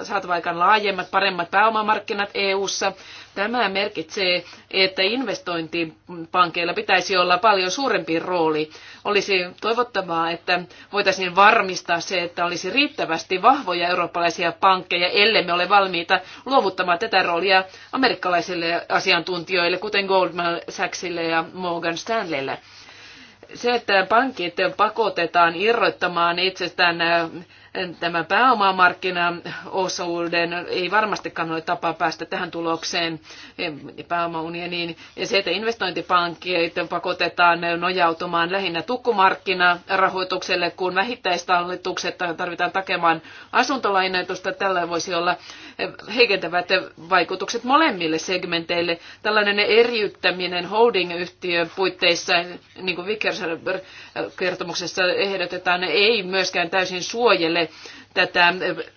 saatava aikaan laajemmat, paremmat pääomamarkkinat EU:ssa. Tämä merkitsee, että investointipankeilla pitäisi olla paljon suurempi rooli. Olisi toivottavaa, että voitaisiin varmistaa se, että olisi riittävästi vahvoja eurooppalaisia pankkeja, ellei me ole valmiita luovuttamaan tätä roolia amerikkalaisille asiantuntijoille, kuten Goldman Sachsille ja Morgan Stanleylle se, että pankit pakotetaan irrottamaan itsestään tämä pääomamarkkinaosuuden ei varmastikaan ole tapa päästä tähän tulokseen pääomaunioniin. Ja se, että investointipankkeet pakotetaan nojautumaan lähinnä tukkumarkkinarahoitukselle, kun vähittäistallitukset tarvitaan takemaan asuntolainoitusta, tällä voisi olla heikentävät vaikutukset molemmille segmenteille. Tällainen eriyttäminen holding-yhtiön puitteissa, niin kuin Vickers kertomuksessa ehdotetaan, ei myöskään täysin suojele tätä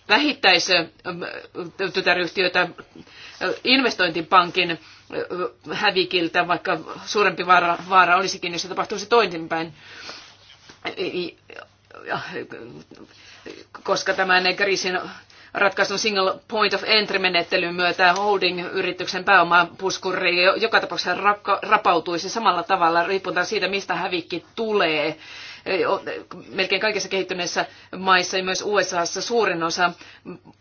vähittäistytäryhtiötä investointipankin hävikiltä, vaikka suurempi vaara, vaara olisikin, jos se tapahtuisi toisinpäin koska tämän kriisin ratkaisun single point of entry-menettelyn myötä holding-yrityksen pääomapuskuri joka tapauksessa rapautuisi samalla tavalla riippuen siitä, mistä hävikki tulee melkein kaikissa kehittyneissä maissa ja myös USAssa suurin osa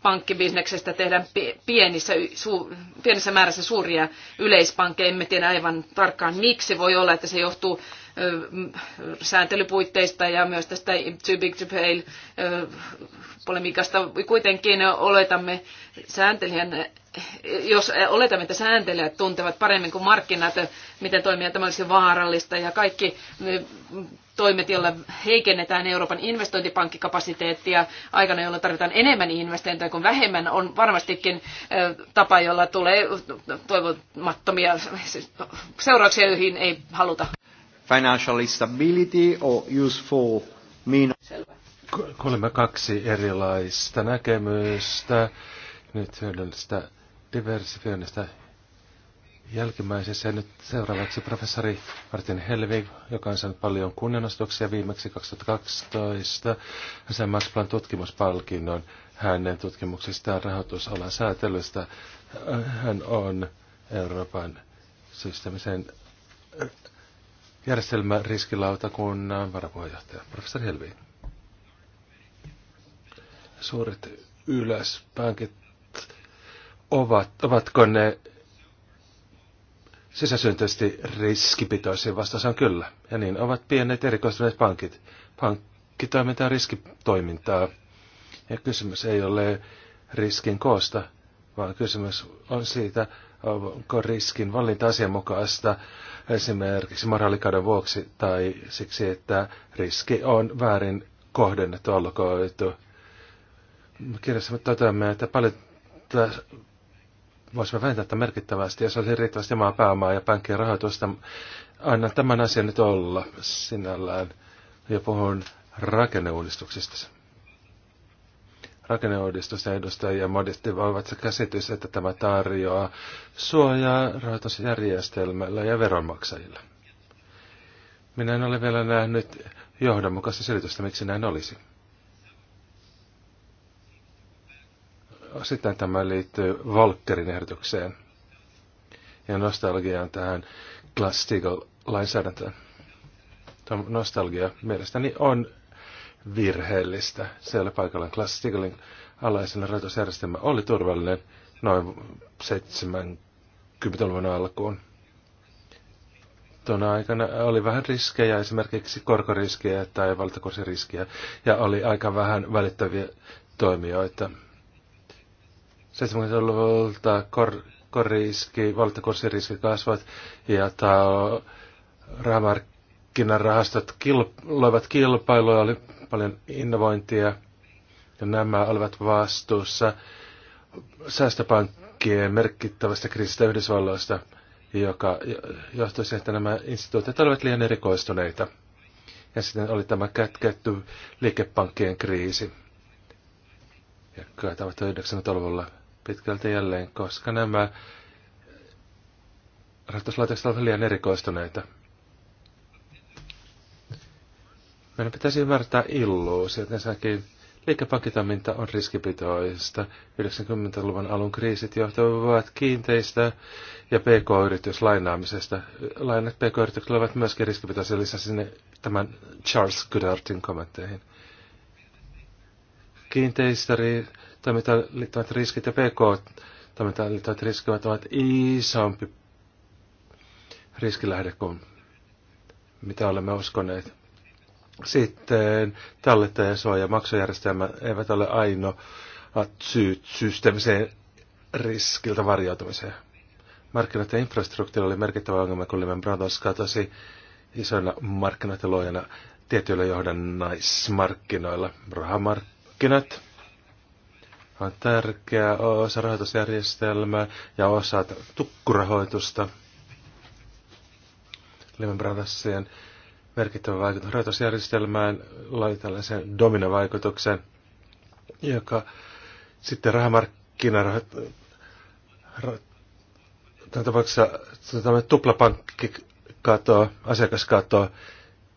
pankkibisneksestä tehdään pienissä, su, pienessä määrässä suuria yleispankkeja. Emme tiedä aivan tarkkaan miksi. Voi olla, että se johtuu sääntelypuitteista ja myös tästä too big to fail polemiikasta. Kuitenkin oletamme sääntelijän jos oletamme, että sääntelijät tuntevat paremmin kuin markkinat, miten toimia, tämä olisi vaarallista ja kaikki toimet, joilla heikennetään Euroopan investointipankkikapasiteettia aikana, jolloin tarvitaan enemmän investointeja kuin vähemmän, on varmastikin tapa, jolla tulee toivomattomia seurauksia, joihin ei haluta. Financial stability or useful mean... Selvä. Kuulemme kaksi erilaista näkemystä, nyt hyödyllistä diversifioinnista jälkimmäisessä. Ja nyt seuraavaksi professori Martin Helvig, joka on saanut paljon kunnianostuksia viimeksi 2012. Hän sai Max Planck tutkimuspalkinnon hänen tutkimuksistaan rahoitusalan säätelystä. Hän on Euroopan systeemisen järjestelmäriskilautakunnan varapuheenjohtaja. Professori Helvig. Suuret ylöspänkit ovat, ovatko ne sisäsyntäisesti riskipitoisiin vastaus on kyllä. Ja niin ovat pienet erikoistuneet pankit. Pankkitoiminta on riskitoimintaa. Ja kysymys ei ole riskin koosta, vaan kysymys on siitä, onko riskin valinta asianmukaista esimerkiksi moraalikauden vuoksi tai siksi, että riski on väärin kohdennettu allokoitu. Kirjassa me toteamme, että paljon voisimme vähentää tätä merkittävästi, jos olisi riittävästi omaa pääomaa ja pankkien rahoitusta. Anna tämän asian nyt olla sinällään ja puhun rakenneuudistuksista. Rakenneuudistusten edustajia modisti voivat se käsitys, että tämä tarjoaa suojaa rahoitusjärjestelmällä ja veronmaksajilla. Minä en ole vielä nähnyt johdonmukaista selitystä, miksi näin olisi. Sitten tämä liittyy Volkkerin ehdotukseen ja nostalgiaan tähän Glass-Steagall-lainsäädäntöön. Tämä nostalgia mielestäni on virheellistä. Se ei ole paikallaan. Glass-Steagallin alaisena rajoitusjärjestelmä oli turvallinen noin 70-luvun alkuun. Tuona aikana oli vähän riskejä, esimerkiksi korkoriskejä tai valtakurssiriskejä, ja oli aika vähän välittäviä toimijoita. 70-luvulta kor, koriski, valtakurssiriski kasvavat ja tao, rahamarkkinarahastot kilp, loivat kilpailua, oli paljon innovointia ja nämä olivat vastuussa säästöpankkien merkittävästä kriisistä Yhdysvalloista, joka johtui siihen, että nämä instituutiot olivat liian erikoistuneita. Ja sitten oli tämä kätketty liikepankkien kriisi, joka tapahtui 90-luvulla pitkälti jälleen, koska nämä rahoituslaitokset ovat liian erikoistuneita. Meidän pitäisi ymmärtää illuusio, että ensinnäkin liikepankkitoiminta on riskipitoista. 90-luvun alun kriisit johtuvat kiinteistä ja pk-yrityslainaamisesta. Lainat pk yritykset ovat myöskin riskipitoisia lisäksi sinne tämän Charles Goodartin kommentteihin. Kiinteistä toimintaan liittyvät riskit ja PK-toimintaan liittyvät riskit ovat isompi riskilähde kuin mitä olemme uskoneet. Sitten tallettajan ja maksujärjestelmä eivät ole ainoa syyt systeemiseen riskiltä varjautumiseen. ja infrastruktuuri oli merkittävä ongelma, kun Lehman Brothers katosi isoina markkinoiden luojana tietyillä johdannaismarkkinoilla. Rahamarkkinat, on tärkeä osa rahoitusjärjestelmää ja osa tukkurahoitusta. Lehman Brothersien merkittävä vaikutus rahoitusjärjestelmään loi tällaisen dominovaikutuksen, joka sitten rahamarkkina tapauksessa tämä tuplapankki katoaa, asiakas katoaa,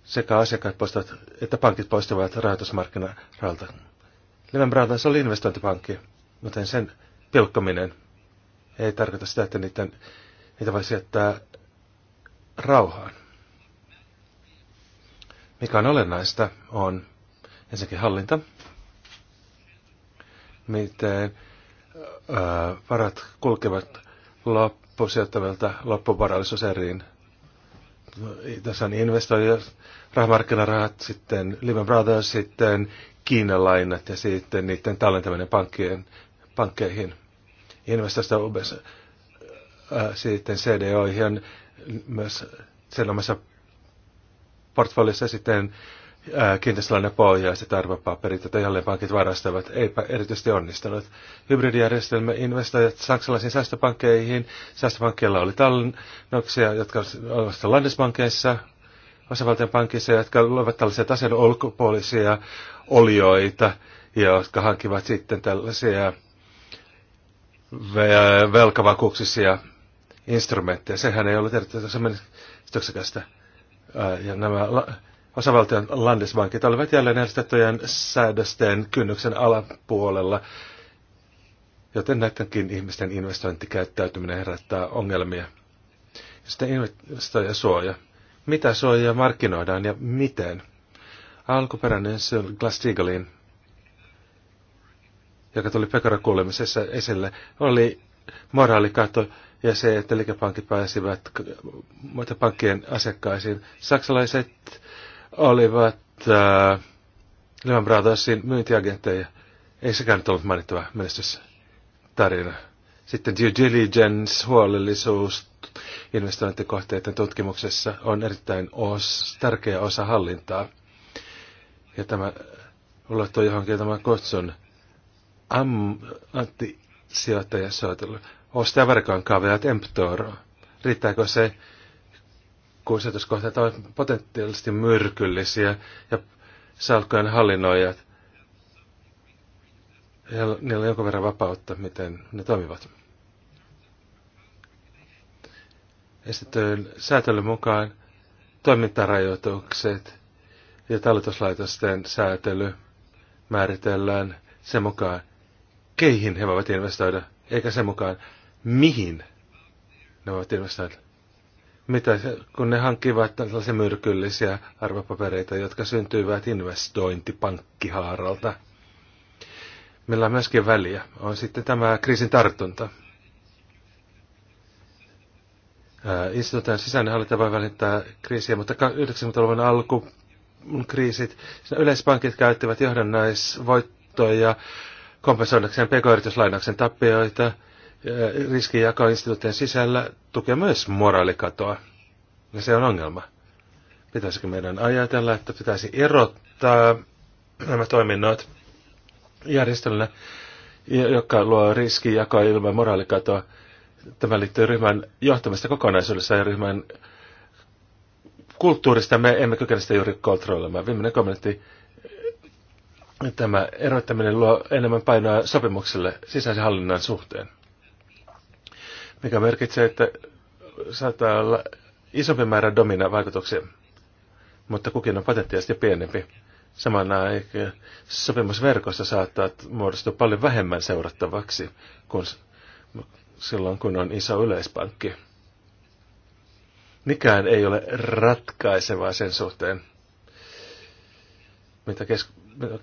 sekä asiakkaat poistavat, että pankit poistavat rahoitusmarkkinaralta. Lehman Brothers oli investointipankki, joten sen pilkkominen ei tarkoita sitä, että niitä, niitä voisi jättää rauhaan. Mikä on olennaista on ensinnäkin hallinta, miten ää, varat kulkevat loppusijoittavilta loppuvarallisuuseriin. Tässä on investoijat, rahamarkkinarahat, sitten Lehman Brothers, sitten lainat ja sitten niiden tallentaminen pankkien, pankkeihin. Investoista UBS äh, sitten CDOihin myös sen omassa portfoliossa sitten kiinteistölainen pohja ja sitten äh, arvopaperit, joita jälleen pankit varastavat, eipä erityisesti onnistunut. Hybridijärjestelmä investoijat saksalaisiin säästöpankkeihin. Säästöpankkeilla oli tallennuksia, jotka olivat Landesbankeissa, osavaltion pankissa, jotka luovat tällaisia taseen ulkopuolisia olioita, jotka hankivat sitten tällaisia velkavakuuksisia instrumentteja. Sehän ei ollut erittäin semmoinen Ja nämä osavaltion landesbankit olivat jälleen eristettyjen säädösten kynnyksen alapuolella, joten näidenkin ihmisten investointikäyttäytyminen herättää ongelmia. Ja sitten investoijasuoja. suoja mitä suojaa markkinoidaan ja miten. Alkuperäinen Sir glass joka tuli Pekara-kuulemisessa esille, oli moraalikato ja se, että liikepankit pääsivät muita pankkien asiakkaisiin. Saksalaiset olivat äh, Lehman Brothersin myyntiagentteja. Ei sekään nyt ollut mainittava menestystarina. Sitten due diligence, huolellisuus investointikohteiden tutkimuksessa on erittäin os, tärkeä osa hallintaa. Ja tämä ulottuu johonkin tämä kutsun am, anttisijoittajasoitelu. Ostaja verkon kaveat emptor. Riittääkö se, kun sijoituskohteet ovat potentiaalisesti myrkyllisiä ja salkkojen hallinnoijat niillä on jonkun verran vapautta, miten ne toimivat. Esitettyyn säätelyn mukaan toimintarajoitukset ja talletuslaitosten säätely määritellään sen mukaan, keihin he voivat investoida, eikä sen mukaan, mihin ne voivat investoida. Mitä, kun ne hankkivat tällaisia myrkyllisiä arvopapereita, jotka syntyivät investointipankkihaaralta – millä on myöskin väliä, on sitten tämä kriisin tartunta. Instituutin sisäinen hallinta voi välittää kriisiä, mutta 90-luvun alku kriisit, yleispankit käyttivät johdannaisvoittoja kompensoidakseen pk-yrityslainauksen tappioita, riskijako instituutin sisällä tukee myös moraalikatoa. Ja se on ongelma. Pitäisikö meidän ajatella, että pitäisi erottaa nämä toiminnot järjestölle, joka luo riskijakoa ilman moraalikatoa. Tämä liittyy ryhmän johtamista kokonaisuudessa ja ryhmän kulttuurista me emme kykene sitä juuri kontrolloimaan. Viimeinen kommentti. Tämä erottaminen luo enemmän painoa sopimukselle sisäisen hallinnan suhteen, mikä merkitsee, että saattaa olla isompi määrä domina vaikutuksia, mutta kukin on potentiaalisesti pienempi. Samana aikaan sopimusverkossa saattaa muodostua paljon vähemmän seurattavaksi kuin silloin, kun on iso yleispankki. Mikään ei ole ratkaisevaa sen suhteen, mitä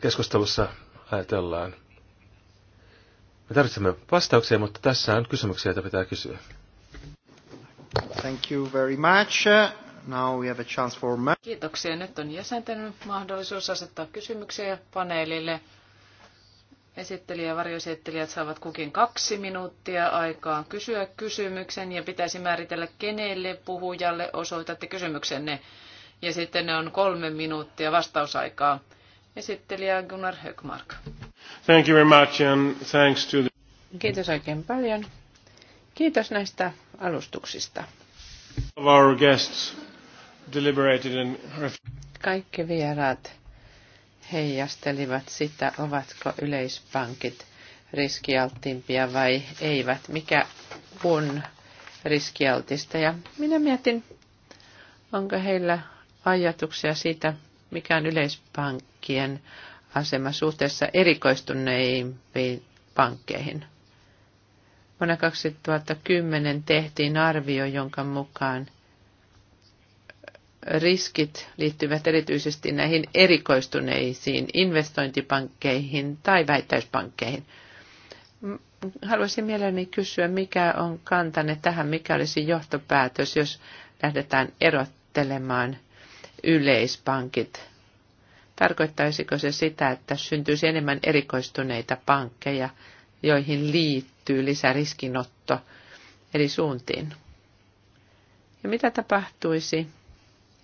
keskustelussa ajatellaan. Me tarvitsemme vastauksia, mutta tässä on kysymyksiä, joita pitää kysyä. Thank you very much. Now we have a chance for... Kiitoksia. Nyt on jäsenten mahdollisuus asettaa kysymyksiä paneelille. Esittelijä ja varjoesittelijät saavat kukin kaksi minuuttia aikaa kysyä kysymyksen ja pitäisi määritellä, kenelle puhujalle osoitatte kysymyksenne. Ja sitten ne on kolme minuuttia vastausaikaa. Esittelijä Gunnar Högmark. Thank you very much and thanks to the... Kiitos oikein paljon. Kiitos näistä alustuksista. Of our guests deliberated and... Kaikki vieraat heijastelivat sitä, ovatko yleispankit riskialtimpia vai eivät, mikä on riskialtista. Ja minä mietin, onko heillä ajatuksia siitä, mikä on yleispankkien asema suhteessa erikoistuneimpiin pankkeihin. Vuonna 2010 tehtiin arvio, jonka mukaan riskit liittyvät erityisesti näihin erikoistuneisiin investointipankkeihin tai väittäyspankkeihin. Haluaisin mielelläni kysyä, mikä on kantanne tähän, mikä olisi johtopäätös, jos lähdetään erottelemaan yleispankit. Tarkoittaisiko se sitä, että syntyisi enemmän erikoistuneita pankkeja, joihin liittyy lisäriskinotto eri suuntiin? Ja mitä tapahtuisi,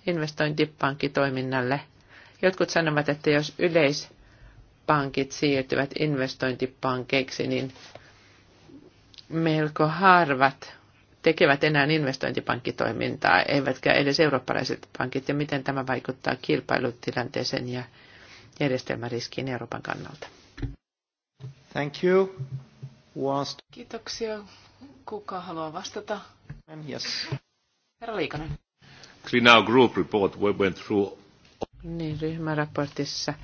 investointipankkitoiminnalle. Jotkut sanovat, että jos yleispankit siirtyvät investointipankkeiksi, niin melko harvat tekevät enää investointipankkitoimintaa, eivätkä edes eurooppalaiset pankit, ja miten tämä vaikuttaa kilpailutilanteeseen ja järjestelmäriskiin Euroopan kannalta. Thank you. Once... Kiitoksia. Kuka haluaa vastata? Yes. Herra Liikanen. Group report went through... Niin, ryhmäraportissa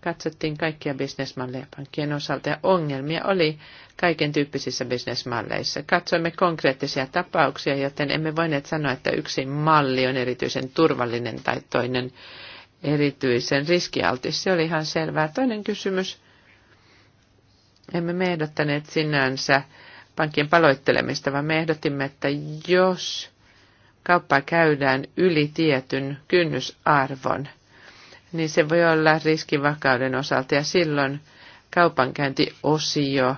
katsottiin kaikkia bisnesmalleja pankkien osalta ja ongelmia oli kaiken tyyppisissä bisnesmalleissa. Katsoimme konkreettisia tapauksia, joten emme voineet sanoa, että yksi malli on erityisen turvallinen tai toinen erityisen riskialtis. Se oli ihan selvää. Toinen kysymys. Emme me ehdottaneet sinänsä pankkien paloittelemista, vaan me ehdotimme, että jos kauppa käydään yli tietyn kynnysarvon, niin se voi olla riskivakauden osalta ja silloin kaupankäyntiosio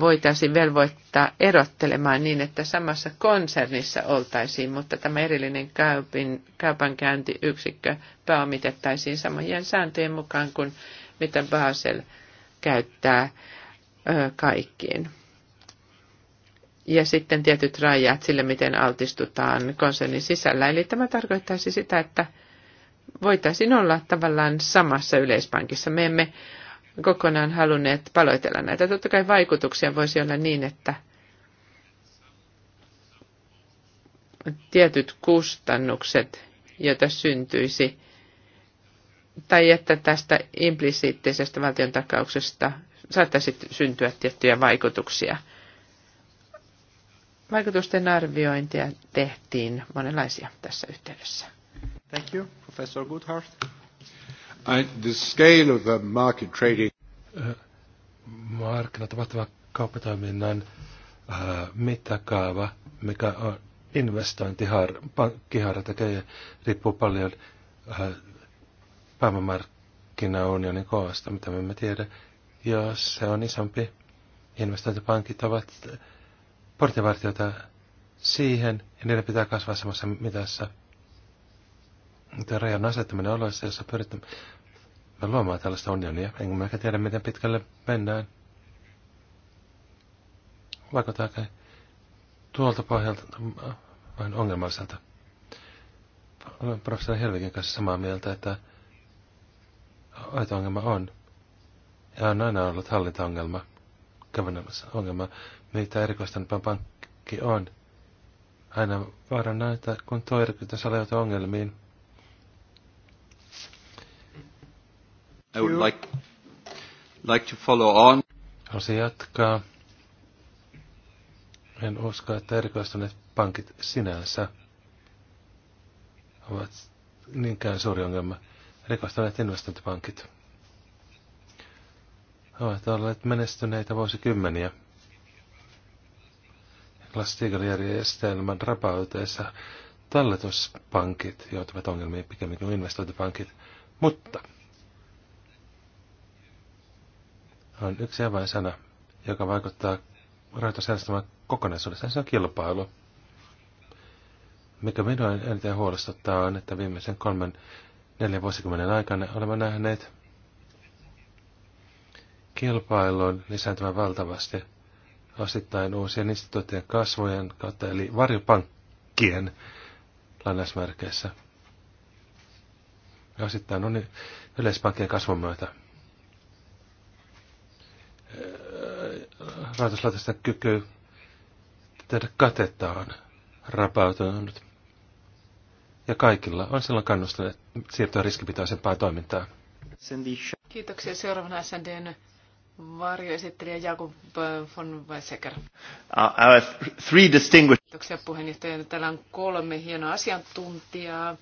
voitaisiin velvoittaa erottelemaan niin, että samassa konsernissa oltaisiin, mutta tämä erillinen kaupin, kaupankäyntiyksikkö pääomitettaisiin samojen sääntöjen mukaan kuin mitä Basel käyttää ö, kaikkiin ja sitten tietyt rajat sille, miten altistutaan konsernin sisällä. Eli tämä tarkoittaisi sitä, että voitaisiin olla tavallaan samassa yleispankissa. Me emme kokonaan halunneet paloitella näitä. Totta kai vaikutuksia voisi olla niin, että tietyt kustannukset, joita syntyisi, tai että tästä implisiittisestä valtion takauksesta saattaisi syntyä tiettyjä vaikutuksia – Vaikutusten arviointia tehtiin monenlaisia tässä yhteydessä. Thank you, Professor Goodhart. the scale of the market trading. Markkinat ovat kauppatoiminnan mittakaava, mikä on investointihaara tekee, riippuu paljon pääomamarkkinaunionin koosta, mitä me emme tiedä. Jos se on isompi, investointipankit ovat portinvartijoita siihen, ja niiden pitää kasvaa samassa mitassa. Tämä rajan asettaminen oloissa, jossa pyritään luomaan tällaista unionia, enkä mä tiedä, miten pitkälle mennään. Vaikuttaa kai tuolta pohjalta no, vähän ongelmalliselta. Olen professori Helvikin kanssa samaa mieltä, että aito ongelma on. Ja on aina ollut hallintaongelma, governance ongelma mitä erikoistanpa pankki on. Aina vaaran näitä kun tuo erikoistansa joutuu ongelmiin. I would like, like to follow on. Haluaisin jatkaa. En usko, että erikoistuneet pankit sinänsä ovat niinkään suuri ongelma. Erikoistuneet investointipankit ovat olleet menestyneitä vuosikymmeniä. Glass-Steagall-järjestelmän rapauteessa talletuspankit joutuvat ongelmiin pikemmin kuin investointipankit, mutta on yksi avainsana, joka vaikuttaa rahoitusjärjestelmän kokonaisuudessaan, se on kilpailu. Mikä minua eniten huolestuttaa on, että viimeisen kolmen, neljän vuosikymmenen aikana olemme nähneet kilpailun lisääntyvän valtavasti – osittain uusien instituutien kasvojen kautta, eli varjopankkien lainausmerkeissä. Ja on yleispankkien kasvun myötä. Rahoituslaitosten kyky tehdä on rapautunut. Ja kaikilla on silloin kannustaneet siirtyä riskipitoisempaan toimintaan. Kiitoksia seuraavana SNDn varjoesittelijä Jakob äh, von Weissecker. Uh, our three distinguished... Kiitoksia puheenjohtaja. Täällä on kolme hienoa asiantuntijaa.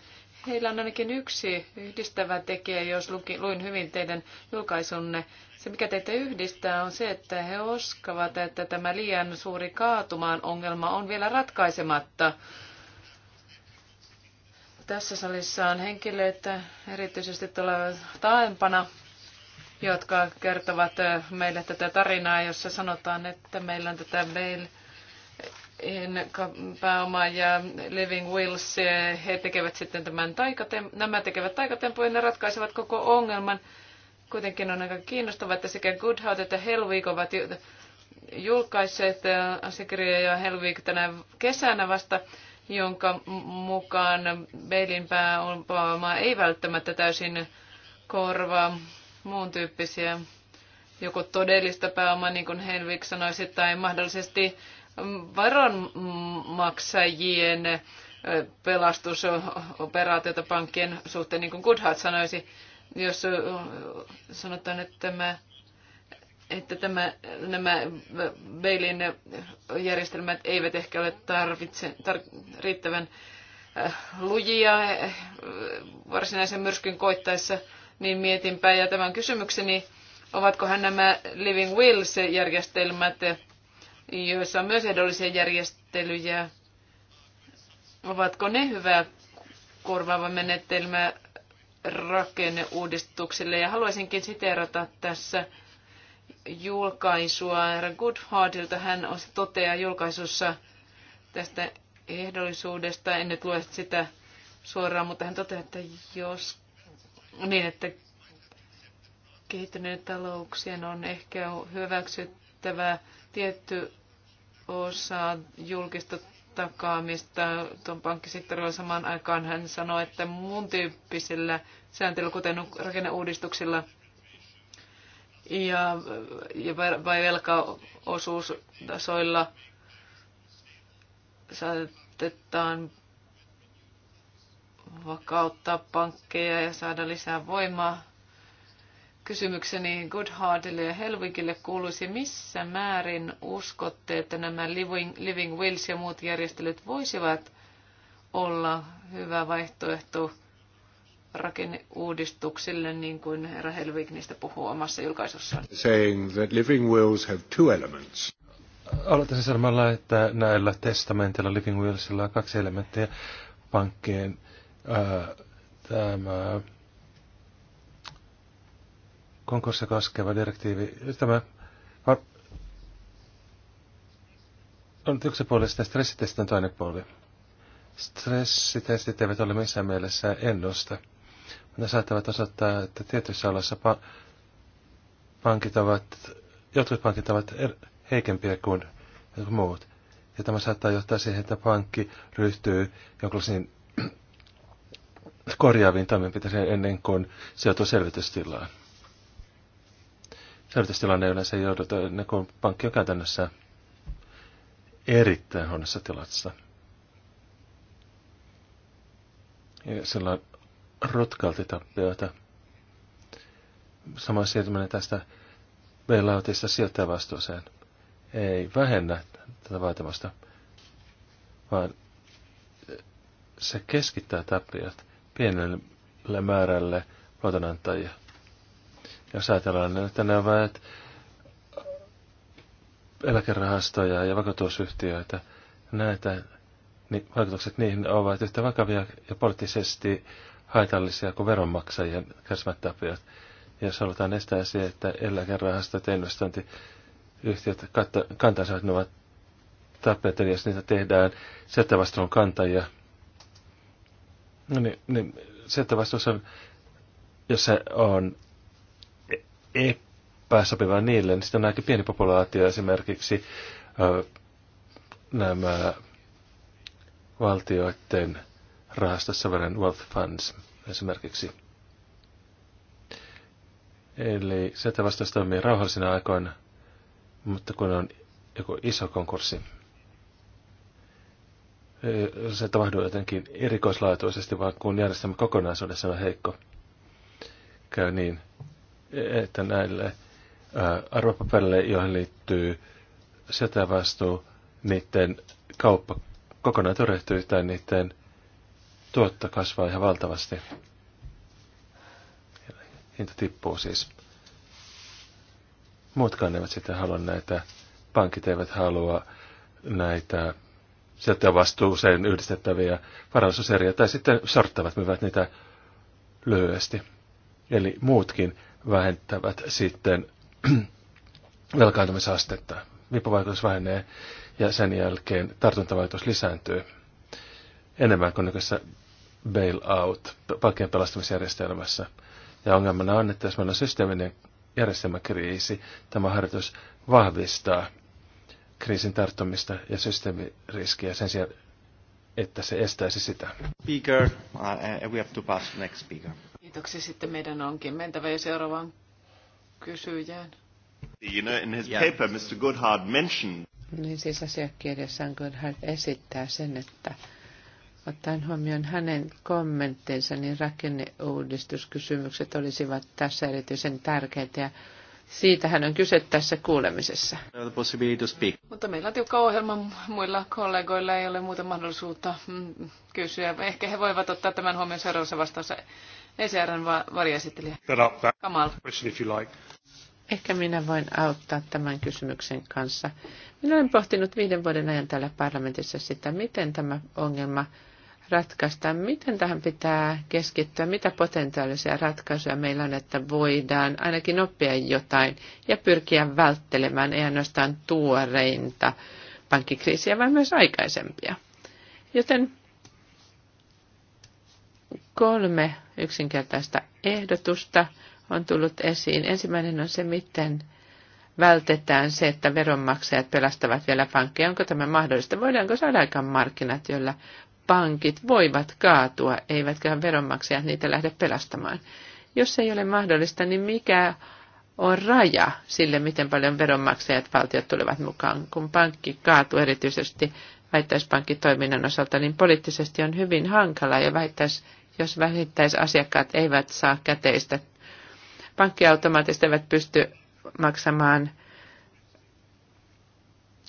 Heillä on ainakin yksi yhdistävä tekijä, jos luin hyvin teidän julkaisunne. Se, mikä teitä yhdistää, on se, että he oskavat, että tämä liian suuri kaatumaan ongelma on vielä ratkaisematta. Tässä salissa on henkilöitä, erityisesti tuolla taempana, jotka kertovat meille tätä tarinaa, jossa sanotaan, että meillä on tätä Bale pääoma ja Living Wills, he tekevät sitten tämän taikatem- nämä tekevät taikatempoja ja ne ratkaisevat koko ongelman. Kuitenkin on aika kiinnostavaa, että sekä Heart että Helwig ovat julkaisseet asiakirjoja ja Helwig tänä kesänä vasta, jonka mukaan Beilin pääomaa ei välttämättä täysin korvaa muun tyyppisiä, joko todellista pääomaa, niin kuin Henrik sanoisi, tai mahdollisesti varonmaksajien pelastusoperaatiota pankkien suhteen, niin kuin Goodhart sanoisi, jos sanotaan, että tämä että tämä, nämä Beilin järjestelmät eivät ehkä ole tarvitse, tar, riittävän lujia varsinaisen myrskyn koittaessa niin mietinpä ja tämän kysymykseni, ovatkohan nämä Living Wills-järjestelmät, joissa on myös ehdollisia järjestelyjä, ovatko ne hyvä korvaava menetelmä rakenneuudistuksille. Ja haluaisinkin siteerata tässä julkaisua Goodhardilta. Hän toteaa julkaisussa tästä ehdollisuudesta. En nyt lue sitä suoraan, mutta hän toteaa, että jos niin, että kehittyneiden talouksien on ehkä hyväksyttävä tietty osa julkista takaamista tuon pankkisektorilla samaan aikaan. Hän sanoi, että muun tyyppisillä sääntelyllä, kuten rakenneuudistuksilla ja, ja vai velkaosuustasoilla saatetaan vakauttaa pankkeja ja saada lisää voimaa. Kysymykseni Goodhardille ja Helwigille kuuluisi, missä määrin uskotte, että nämä Living, Living Wills ja muut järjestelyt voisivat olla hyvä vaihtoehto rakenneuudistuksille, niin kuin herra Helvig niistä puhuu omassa julkaisussaan. Saying that living wills have two elements. Aloitaisin sanomalla, että näillä testamentilla Living Willsilla on kaksi elementtiä pankkien Äh, tämä konkurssia koskeva direktiivi, siis tämä on yksi puoli sitä stressitestin toinen puoli. Stressitestit eivät ole missään mielessä ennuste. Ne saattavat osoittaa, että tietyissä oloissa pa- pankit ovat, jotkut pankit ovat er- heikempiä kuin muut. Ja tämä saattaa johtaa siihen, että pankki ryhtyy jonkinlaisiin korjaaviin toimenpiteisiin ennen kuin joutuu selvitystilaan. Selvitystilanne ei yleensä jouduta ennen kuin pankki on käytännössä erittäin huonossa tilassa. Ja sillä on rotkalti tappioita. Samoin siirtyminen tästä bailoutista sijoittajavastuuseen ei vähennä tätä vaatimusta, vaan se keskittää tappiot pienelle määrälle luotonantajia. Jos ajatellaan, niin että ne ovat eläkerahastoja ja vakuutusyhtiöitä, näitä niin vaikutukset niihin ovat yhtä vakavia ja poliittisesti haitallisia kuin veronmaksajien kärsimät tapiot. Jos halutaan estää se, että eläkerahastot ja investointiyhtiöt kantaisivat, ne ovat tapetelias niitä tehdään setävastuun kantajia. No niin, niin se, että vastaus on, jos se on epäsopiva niille, niin sitten on aika pieni populaatio esimerkiksi ö, nämä valtioiden rahastossa veren wealth funds esimerkiksi. Eli se, että vastaus toimii rauhallisina aikoina, mutta kun on joku iso konkurssi, se tapahtuu jotenkin erikoislaatuisesti, vaan kun järjestelmä kokonaisuudessaan on heikko, käy niin, että näille arvopaperille, joihin liittyy sitä vastuu, niiden kauppa kokonaan törehtyy tai niiden tuotto kasvaa ihan valtavasti. Hinta tippuu siis. Muutkaan eivät sitten halua näitä, pankit eivät halua näitä sieltä vastuuseen yhdistettäviä varallisuuseriä, tai sitten sorttavat myyvät niitä lyhyesti. Eli muutkin vähentävät sitten velkaantumisastetta. Vipuvaikutus vähenee ja sen jälkeen tartuntavaikutus lisääntyy enemmän kuin nykyisessä bailout pankkien pelastamisjärjestelmässä. Ja ongelmana on, että jos meillä on systeeminen järjestelmäkriisi, tämä harjoitus vahvistaa kriisin tarttumista ja systeemiriskiä sen sijaan, että se estäisi sitä. Speaker, uh, we have to pass next speaker. Kiitoksia. Sitten meidän onkin mentävä jo seuraavaan kysyjään. You know, in his yeah. paper, Mr. Goodhart mentioned... Niin siis asiakirjassaan Goodhart esittää sen, että ottaen huomioon hänen kommenttinsa, niin rakenneuudistuskysymykset olisivat tässä erityisen tärkeitä ja Siitähän on kyse tässä kuulemisessa. Mutta meillä on tiukka ohjelma. Muilla kollegoilla ei ole muuta mahdollisuutta mm, kysyä. Ehkä he voivat ottaa tämän huomioon seuraavassa vastaansa. ECRn varjaesittelijä. Kamal. Ehkä minä voin auttaa tämän kysymyksen kanssa. Minä olen pohtinut viiden vuoden ajan täällä parlamentissa sitä, miten tämä ongelma – ratkaista, miten tähän pitää keskittyä, mitä potentiaalisia ratkaisuja meillä on, että voidaan ainakin oppia jotain ja pyrkiä välttelemään ei ainoastaan tuoreinta pankkikriisiä, vaan myös aikaisempia. Joten kolme yksinkertaista ehdotusta on tullut esiin. Ensimmäinen on se, miten vältetään se, että veronmaksajat pelastavat vielä pankkeja. Onko tämä mahdollista? Voidaanko saada aikaan markkinat, joilla pankit voivat kaatua, eivätkä veronmaksajat niitä lähde pelastamaan. Jos ei ole mahdollista, niin mikä on raja sille, miten paljon veronmaksajat valtiot tulevat mukaan. Kun pankki kaatuu erityisesti väittäispankkitoiminnan osalta, niin poliittisesti on hyvin hankala ja väittäis, jos vähittäisasiakkaat eivät saa käteistä, pankkiautomaatit eivät pysty maksamaan –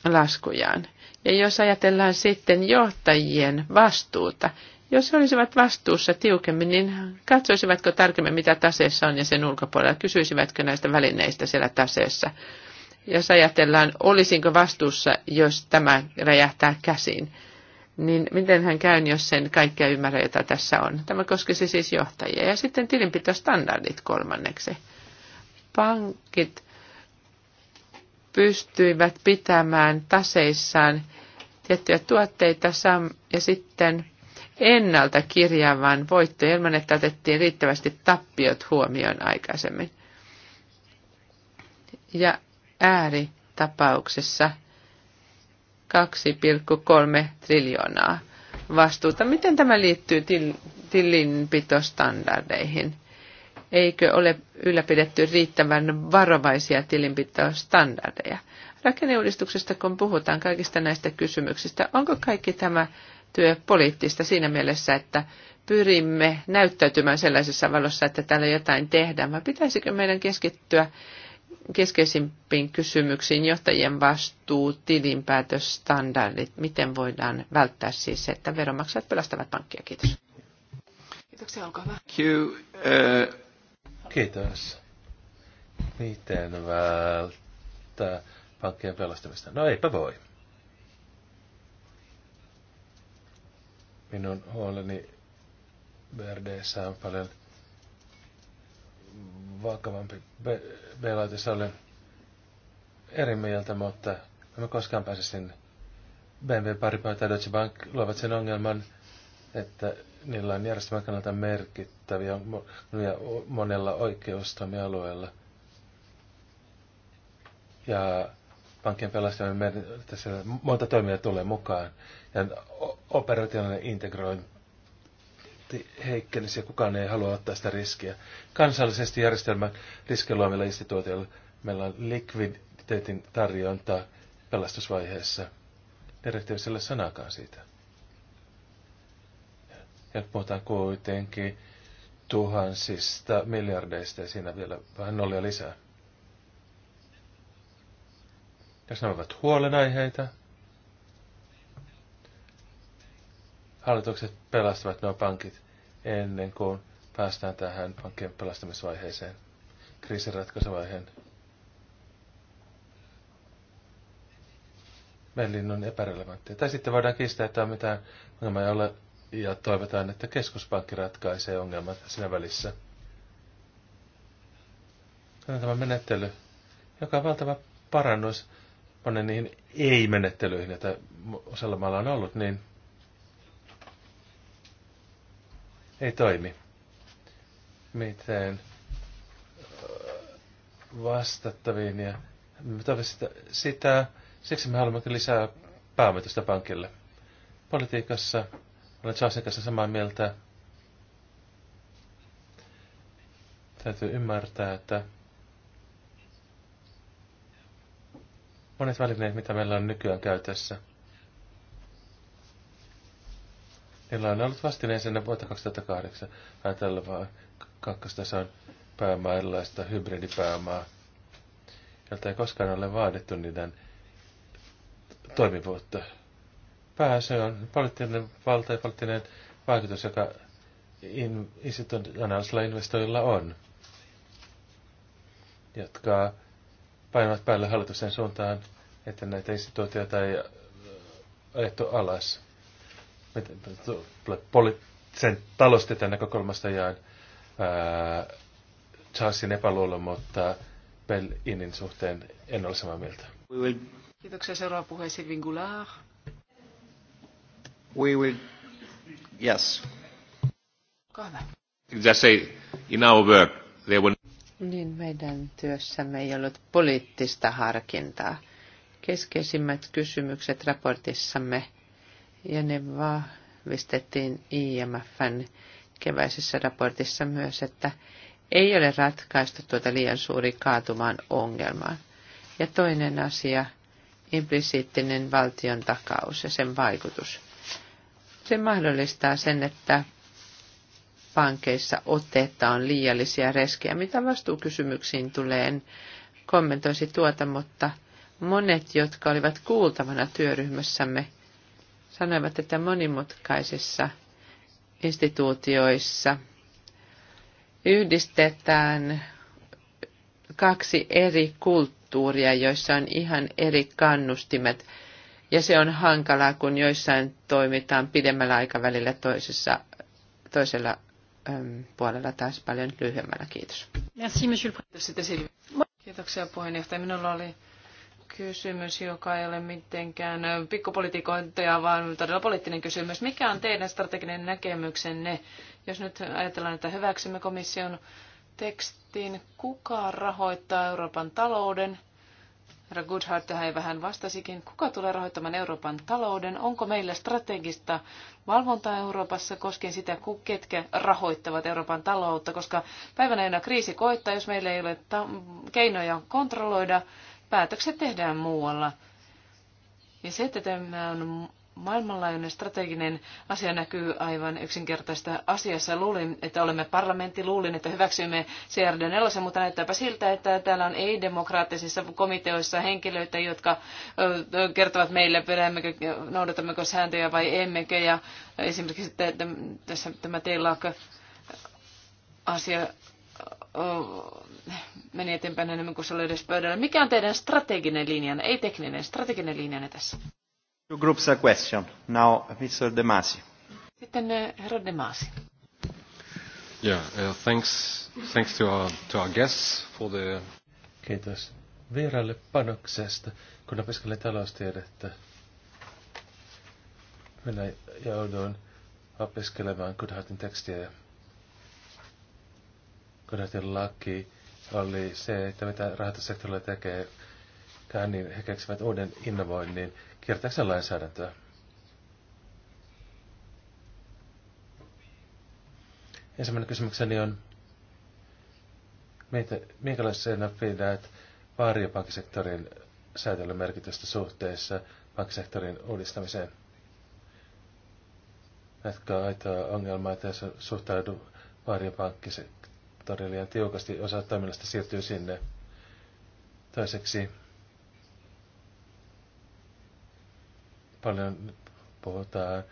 laskujaan. Ja jos ajatellaan sitten johtajien vastuuta, jos he olisivat vastuussa tiukemmin, niin katsoisivatko tarkemmin, mitä taseessa on ja sen ulkopuolella, kysyisivätkö näistä välineistä siellä taseessa. Jos ajatellaan, olisinko vastuussa, jos tämä räjähtää käsiin, niin miten hän käy, jos sen kaikkea ymmärrä, jota tässä on. Tämä koskisi siis johtajia. Ja sitten tilinpitostandardit kolmanneksi. Pankit pystyivät pitämään taseissaan tiettyjä tuotteita ja sitten ennalta kirjaavan voitto ilman, että otettiin riittävästi tappiot huomioon aikaisemmin. Ja ääritapauksessa 2,3 triljoonaa vastuuta. Miten tämä liittyy til, tilinpitostandardeihin? Eikö ole ylläpidetty riittävän varovaisia tilinpitostandardeja? Rakenneuudistuksesta, kun puhutaan kaikista näistä kysymyksistä, onko kaikki tämä työ poliittista siinä mielessä, että pyrimme näyttäytymään sellaisessa valossa, että täällä jotain tehdään, vai pitäisikö meidän keskittyä keskeisimpiin kysymyksiin, johtajien vastuu, tilinpäätösstandardit, miten voidaan välttää siis se, että veronmaksajat pelastavat pankkia. Kiitos. Kiitoksia, olkaa hyvä. Thank you. Uh, Kiitos. Miten välttää pankkien pelastamista? No eipä voi. Minun huoleni Verdeessä on paljon vakavampi. b be- olen eri mieltä, mutta en koskaan pääse sinne. BMW Paribas ja Deutsche Bank luovat sen ongelman, että niillä on järjestelmän kannalta merkit tehtäviä monella oikeustoimialueella. Ja pankkien pelastaminen meidän tässä monta toimia tulee mukaan. Ja operationaalinen integrointi heikkenisi ja kukaan ei halua ottaa sitä riskiä. Kansallisesti järjestelmän riskiluomilla instituutioilla meillä on likviditeetin tarjonta pelastusvaiheessa. Direktiivisellä sanakaan siitä. Ja puhutaan kuitenkin tuhansista miljardeista ja siinä vielä vähän nollia lisää. Jos nämä ovat huolenaiheita, hallitukset pelastavat nuo pankit ennen kuin päästään tähän pankkien pelastamisvaiheeseen, kriisinratkaisuvaiheen. Meillä on epärelevanttia. Tai sitten voidaan kiistää, että on mitään ongelmaa, ei ole ja toivotaan, että keskuspankki ratkaisee ongelmat siinä välissä. Tämä menettely, joka on valtava parannus monen niihin ei-menettelyihin, joita osalla maalla on ollut, niin ei toimi. Miten äh, vastattaviin ja sitä, sitä, siksi me haluamme lisää pääomitusta pankille. Politiikassa olen Charlesin kanssa samaa mieltä. Täytyy ymmärtää, että monet välineet, mitä meillä on nykyään käytössä, niillä on ollut vastineen sen vuotta 2008 ajatellaan kakkostason pääomaa, erilaista hybridipääomaa, jolta ei koskaan ole vaadittu niiden toimivuutta pääsy on poliittinen valta ja poliittinen vaikutus, joka in, institutionaalisilla investoijilla on, jotka painavat päälle hallituksen suuntaan, että näitä instituutioita ei ajettu alas. sen talostetään näkökulmasta jaan Charlesin epäluulo, mutta Bell Innin suhteen en ole samaa mieltä. Kiitoksia seuraava puhe Sylvin Goulart. We will... Yes. Just say, in our work, there were... Niin meidän työssämme ei ollut poliittista harkintaa. Keskeisimmät kysymykset raportissamme ja ne vahvistettiin IMFn keväisessä raportissa myös, että ei ole ratkaistu tuota liian suuri kaatumaan ongelmaa. Ja toinen asia, implisiittinen valtion takaus ja sen vaikutus. Se mahdollistaa sen, että pankeissa otetaan liiallisia reskejä. Mitä vastuukysymyksiin tulee, en kommentoisi tuota, mutta monet, jotka olivat kuultavana työryhmässämme, sanoivat, että monimutkaisissa instituutioissa yhdistetään kaksi eri kulttuuria, joissa on ihan eri kannustimet – ja se on hankalaa, kun joissain toimitaan pidemmällä aikavälillä toisessa, toisella äm, puolella taas paljon lyhyemmällä. Kiitos. Merci, monsieur Kiitoksia puheenjohtaja. Minulla oli kysymys, joka ei ole mitenkään pikkupolitiikointeja, vaan todella poliittinen kysymys. Mikä on teidän strateginen näkemyksenne, jos nyt ajatellaan, että hyväksymme komission tekstin, kuka rahoittaa Euroopan talouden – Herra Goodhart tähän vähän vastasikin. Kuka tulee rahoittamaan Euroopan talouden? Onko meillä strategista valvontaa Euroopassa koskien sitä, ketkä rahoittavat Euroopan taloutta? Koska päivänä, aina kriisi koittaa, jos meillä ei ole keinoja kontrolloida, päätökset tehdään muualla. Ja se, että tämä on maailmanlaajuinen strateginen asia näkyy aivan yksinkertaista asiassa. Luulin, että olemme parlamentti, luulin, että hyväksymme CRD 4, mutta näyttääpä siltä, että täällä on ei-demokraattisissa komiteoissa henkilöitä, jotka kertovat meille, pidämmekö, noudatammeko sääntöjä vai emmekö. Ja esimerkiksi tässä tämä teillä asia meni eteenpäin enemmän kuin se oli edes pöydällä. Mikä on teidän strateginen linjanne, ei tekninen, strateginen linjanne tässä? Two groups a question. Now, Mr. De Masi. Sitten eh, herra De Masi. Yeah, uh, thanks, thanks to our, to our guests for the... Kiitos vieraille panoksesta, kun opiskelin taloustiedettä. Minä jouduin opiskelemaan Goodhartin tekstiä ja Goodhartin laki oli se, että mitä rahoitussektorilla tekee käy, niin he keksivät uuden innovoinnin se lainsäädäntöä. Ensimmäinen kysymykseni on, meitä, minkälaisena pidät pankkisektorin säätelyn merkitystä suhteessa pankkisektorin uudistamiseen? Näetkö aitoa ongelmaa, että jos suhtaudu pankkisektorin liian tiukasti, osa toiminnasta siirtyy sinne? Toiseksi, paljon puhutaan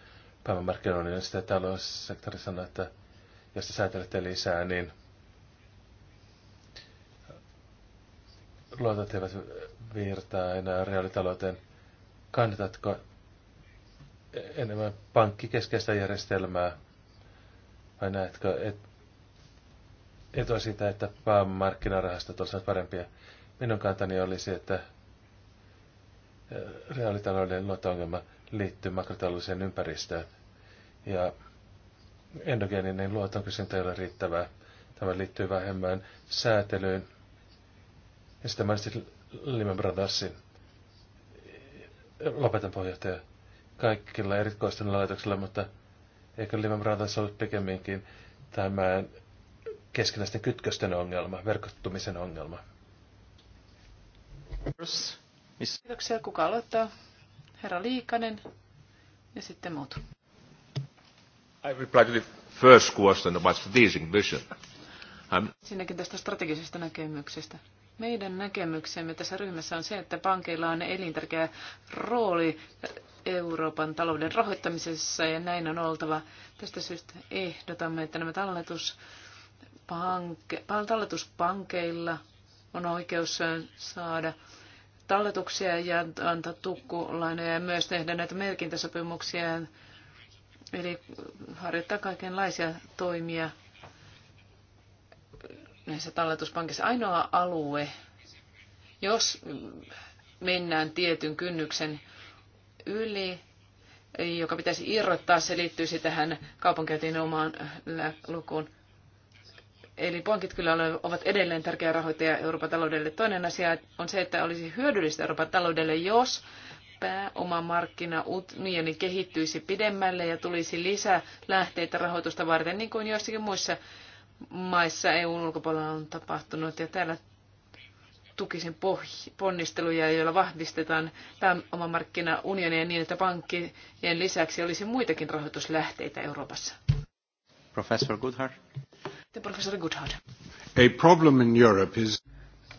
pääomamarkkinoinnin ja taloussektori sanoo, että jos te säätelette lisää, niin luotot eivät virtaa enää reaalitalouteen. Kannatatko enemmän pankkikeskeistä järjestelmää vai näetkö, et etua siitä, että pääomamarkkinarahastot olisivat parempia? Minun kantani olisi, että reaalitalouden luonto-ongelma liittyy makrotaloudelliseen ympäristöön. Ja endogeeninen luotonkysyntä ei ole riittävää. Tämä liittyy vähemmän säätelyyn. Ja sitten mainitsin Lehman Brothersin. Lopetan pohjohtaja Kaikilla erikoistuneilla laitoksilla, mutta eikö Lehman Brothers ollut pikemminkin tämän keskinäisten kytkösten ongelma, verkottumisen ongelma? Miss... Kiitoksia. Kuka aloittaa? Herra Liikanen ja sitten muut. I reply to the first question about strategic vision. I'm... Sinnekin tästä strategisesta näkemyksestä. Meidän näkemyksemme tässä ryhmässä on se, että pankeilla on elintärkeä rooli Euroopan talouden rahoittamisessa ja näin on oltava. Tästä syystä ehdotamme, että nämä talletuspanke, talletuspankeilla on oikeus saada talletuksia ja antaa tukkulainoja ja myös tehdä näitä merkintäsopimuksia, eli harjoittaa kaikenlaisia toimia näissä talletuspankissa. Ainoa alue, jos mennään tietyn kynnyksen yli, joka pitäisi irrottaa, se liittyisi tähän kaupankäyntiin omaan lukuun. Eli pankit kyllä ovat edelleen tärkeä rahoittaja Euroopan taloudelle. Toinen asia on se, että olisi hyödyllistä Euroopan taloudelle, jos pääomamarkkina unioni kehittyisi pidemmälle ja tulisi lisää lähteitä rahoitusta varten, niin kuin joissakin muissa maissa EUn ulkopuolella on tapahtunut. Ja täällä tukisin ponnisteluja, joilla vahvistetaan unionia niin, että pankkien lisäksi olisi muitakin rahoituslähteitä Euroopassa. Professor Goodhart te professori Goodhart. A problem in Europe is...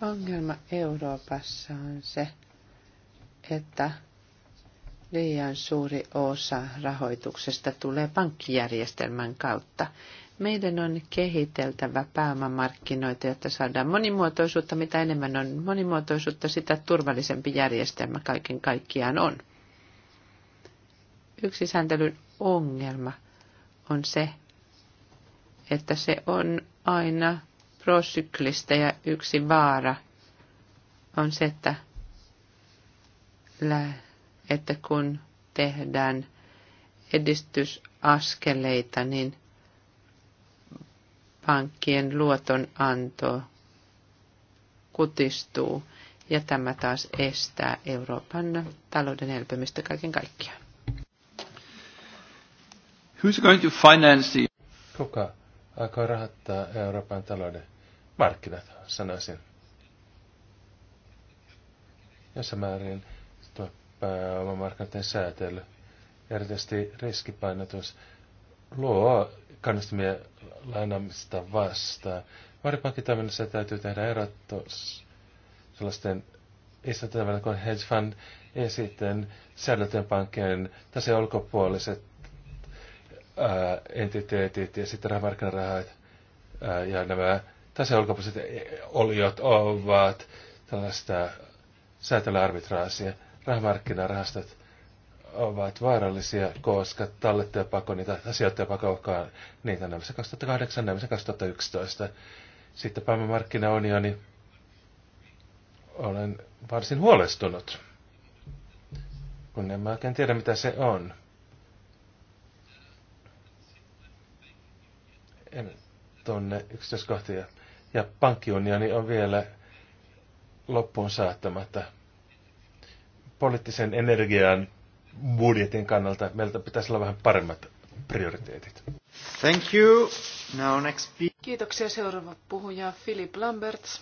Ongelma Euroopassa on se, että liian suuri osa rahoituksesta tulee pankkijärjestelmän kautta. Meidän on kehiteltävä pääomamarkkinoita, jotta saadaan monimuotoisuutta. Mitä enemmän on monimuotoisuutta, sitä turvallisempi järjestelmä kaiken kaikkiaan on. Yksi sääntelyn ongelma on se, että se on aina prosyklistä ja yksi vaara on se, että, että kun tehdään edistysaskeleita, niin pankkien luotonanto kutistuu ja tämä taas estää Euroopan talouden elpymistä kaiken kaikkiaan. Who's going to finance the... Kuka alkoi rahoittaa Euroopan talouden markkinat, sanoisin. jossa määrin tuo pääomamarkkinoiden säätely, erityisesti riskipainotus, luo kannustimia lainaamista vastaan. Varipankitoiminnassa täytyy tehdä erotus sellaisten istutettavilla kuin hedge fund ja sitten säädeltyjen pankkien tase ulkopuoliset entiteetit ja sitten ää, ja nämä taseolkopuoliset oliot ovat tällaista säätelyarbitraasia. Rahamarkkinarahastot ovat vaarallisia, koska tallettajapako, niitä sijoittajapakokaan, niitä näissä 2008, näissä 2011. Sitten pääomamarkkinaunioni, olen varsin huolestunut, kun en mä oikein tiedä mitä se on. en tunne yksityiskohtia. Ja pankkiunioni on vielä loppuun saattamatta. Poliittisen energian budjetin kannalta meiltä pitäisi olla vähän paremmat prioriteetit. Thank you. Now next Kiitoksia seuraava puhuja Philip Lambert.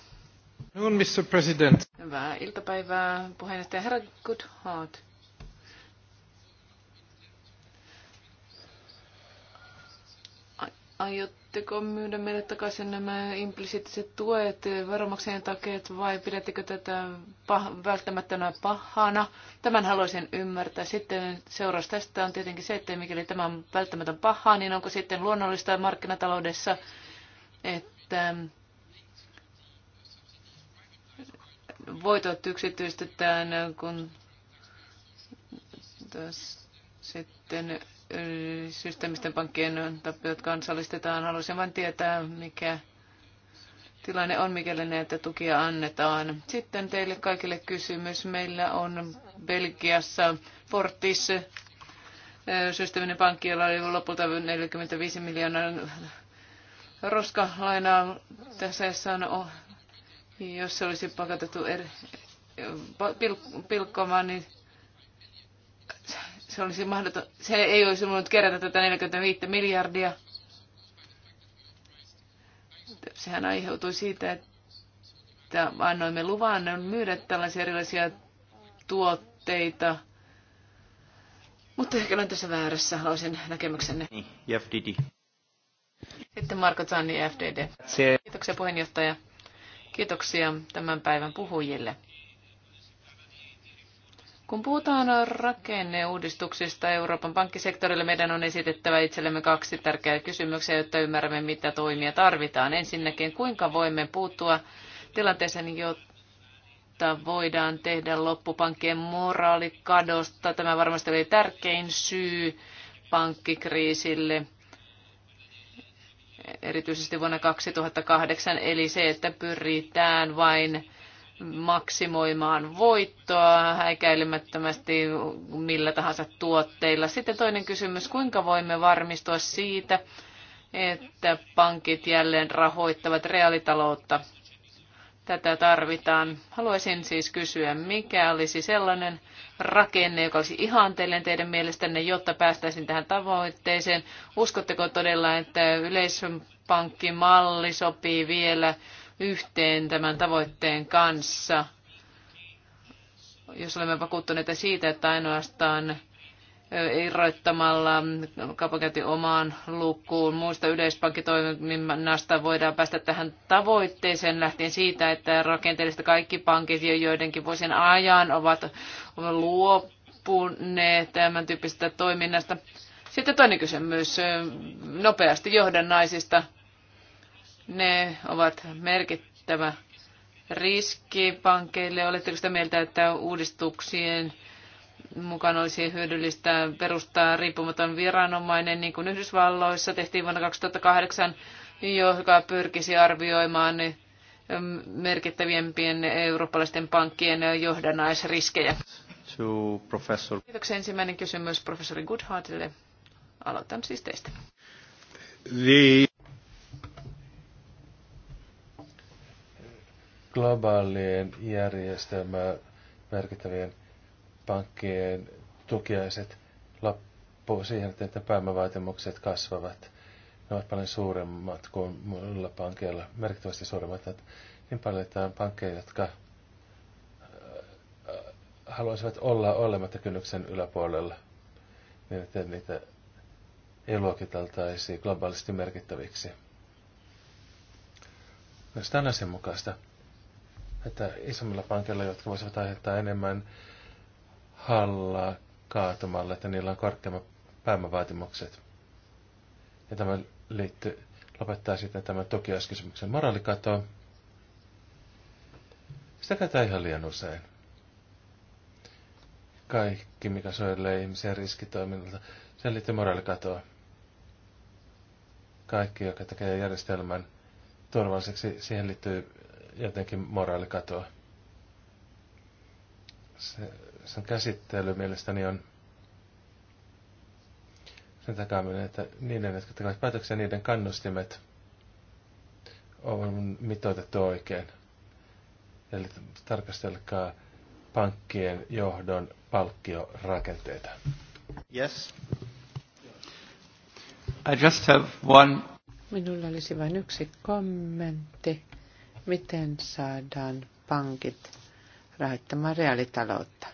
Noon, Mr. President. Hyvää iltapäivää puheenjohtaja herra Goodhart. Aiotteko myydä meille takaisin nämä implisiittiset tuet, veronmaksajien takia vai pidättekö tätä pah- välttämättönä pahana? Tämän haluaisin ymmärtää. Sitten seuraus tästä on tietenkin se, että mikäli tämä on välttämätön paha, niin onko sitten luonnollista markkinataloudessa, että voitot yksityistetään, kun sitten systeemisten pankkien tappiot kansallistetaan. Haluaisin vain tietää, mikä tilanne on, mikäli näitä tukia annetaan. Sitten teille kaikille kysymys. Meillä on Belgiassa Fortis systeeminen pankki, jolla oli lopulta 45 miljoonaa roskalainaa tässä on, jos se olisi pakotettu er, pilkkomaan, niin se, olisi mahdoton, se ei olisi voinut kerätä tätä 45 miljardia. Sehän aiheutui siitä, että annoimme luvan myydä tällaisia erilaisia tuotteita. Mutta ehkä olen tässä väärässä, haluaisin näkemyksenne. Niin, FDD. Sitten Marko Zanni, FDD. Kiitoksia puheenjohtaja. Kiitoksia tämän päivän puhujille. Kun puhutaan rakenneuudistuksista Euroopan pankkisektorilla, meidän on esitettävä itsellemme kaksi tärkeää kysymyksiä, jotta ymmärrämme, mitä toimia tarvitaan. Ensinnäkin, kuinka voimme puuttua tilanteeseen, jotta voidaan tehdä loppupankkien moraalikadosta. Tämä varmasti oli tärkein syy pankkikriisille erityisesti vuonna 2008, eli se, että pyritään vain maksimoimaan voittoa häikäilemättömästi millä tahansa tuotteilla. Sitten toinen kysymys, kuinka voimme varmistua siitä, että pankit jälleen rahoittavat reaalitaloutta? Tätä tarvitaan. Haluaisin siis kysyä, mikä olisi sellainen rakenne, joka olisi ihanteellinen teidän mielestänne, jotta päästäisiin tähän tavoitteeseen? Uskotteko todella, että yleispankkimalli sopii vielä yhteen tämän tavoitteen kanssa. Jos olemme vakuuttuneita siitä, että ainoastaan irroittamalla kaupankäynti omaan lukuun muista yleispankkitoiminnasta voidaan päästä tähän tavoitteeseen lähtien siitä, että rakenteellisesti kaikki pankit jo joidenkin vuosien ajan ovat luopuneet tämän tyyppisestä toiminnasta. Sitten toinen kysymys nopeasti johdannaisista ne ovat merkittävä riski pankeille. Oletteko sitä mieltä, että uudistuksien mukaan olisi hyödyllistä perustaa riippumaton viranomainen, niin kuin Yhdysvalloissa tehtiin vuonna 2008, joka pyrkisi arvioimaan merkittävimpien eurooppalaisten pankkien johdannaisriskejä? professor. Kiitoksia. Ensimmäinen kysymys professori Goodhartille. Aloitan siis teistä. The... globaalien järjestelmää merkittävien pankkien tukiaiset loppuu siihen, että pääomavaatimukset kasvavat. Ne ovat paljon suuremmat kuin muilla pankeilla, merkittävästi suuremmat. Niin paljon, että on pankkeja, jotka äh, äh, haluaisivat olla olematta kynnyksen yläpuolella, niin että niitä ei luokiteltaisi globaalisti merkittäviksi. Myös tämä on asianmukaista että isommilla pankeilla, jotka voisivat aiheuttaa enemmän hallaa kaatumalle, että niillä on korkeammat pääomavaatimukset. Ja tämä liittyy, lopettaa sitten tämän tukiaiskysymyksen moraalikatoa. Sitä käytetään ihan liian usein. Kaikki, mikä suojelee ihmisiä riskitoiminnalta, sen liittyy moraalikatoa. Kaikki, joka tekee järjestelmän turvalliseksi, siihen liittyy jotenkin moraalikatoa. Se, sen käsittely mielestäni on sen takaminen, että niiden, jotka tekevät päätöksiä, niiden kannustimet on mitoitettu oikein. Eli tarkastelkaa pankkien johdon palkkiorakenteita. Yes. I just have one. Minulla olisi vain yksi kommentti miten saadaan pankit rahoittamaan reaalitaloutta.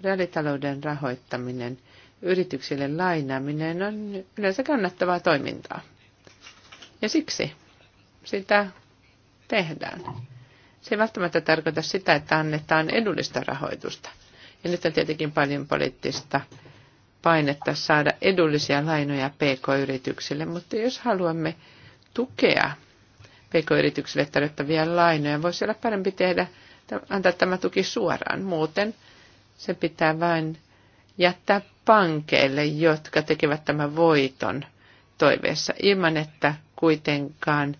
Reaalitalouden rahoittaminen, yrityksille lainaaminen on yleensä kannattavaa toimintaa. Ja siksi sitä tehdään. Se ei välttämättä tarkoita sitä, että annetaan edullista rahoitusta. Ja nyt on tietenkin paljon poliittista painetta saada edullisia lainoja pk-yrityksille, mutta jos haluamme tukea pk-yrityksille tarjottavia lainoja. Voisi olla parempi tehdä, antaa tämä tuki suoraan. Muuten se pitää vain jättää pankeille, jotka tekevät tämän voiton toiveessa, ilman että kuitenkaan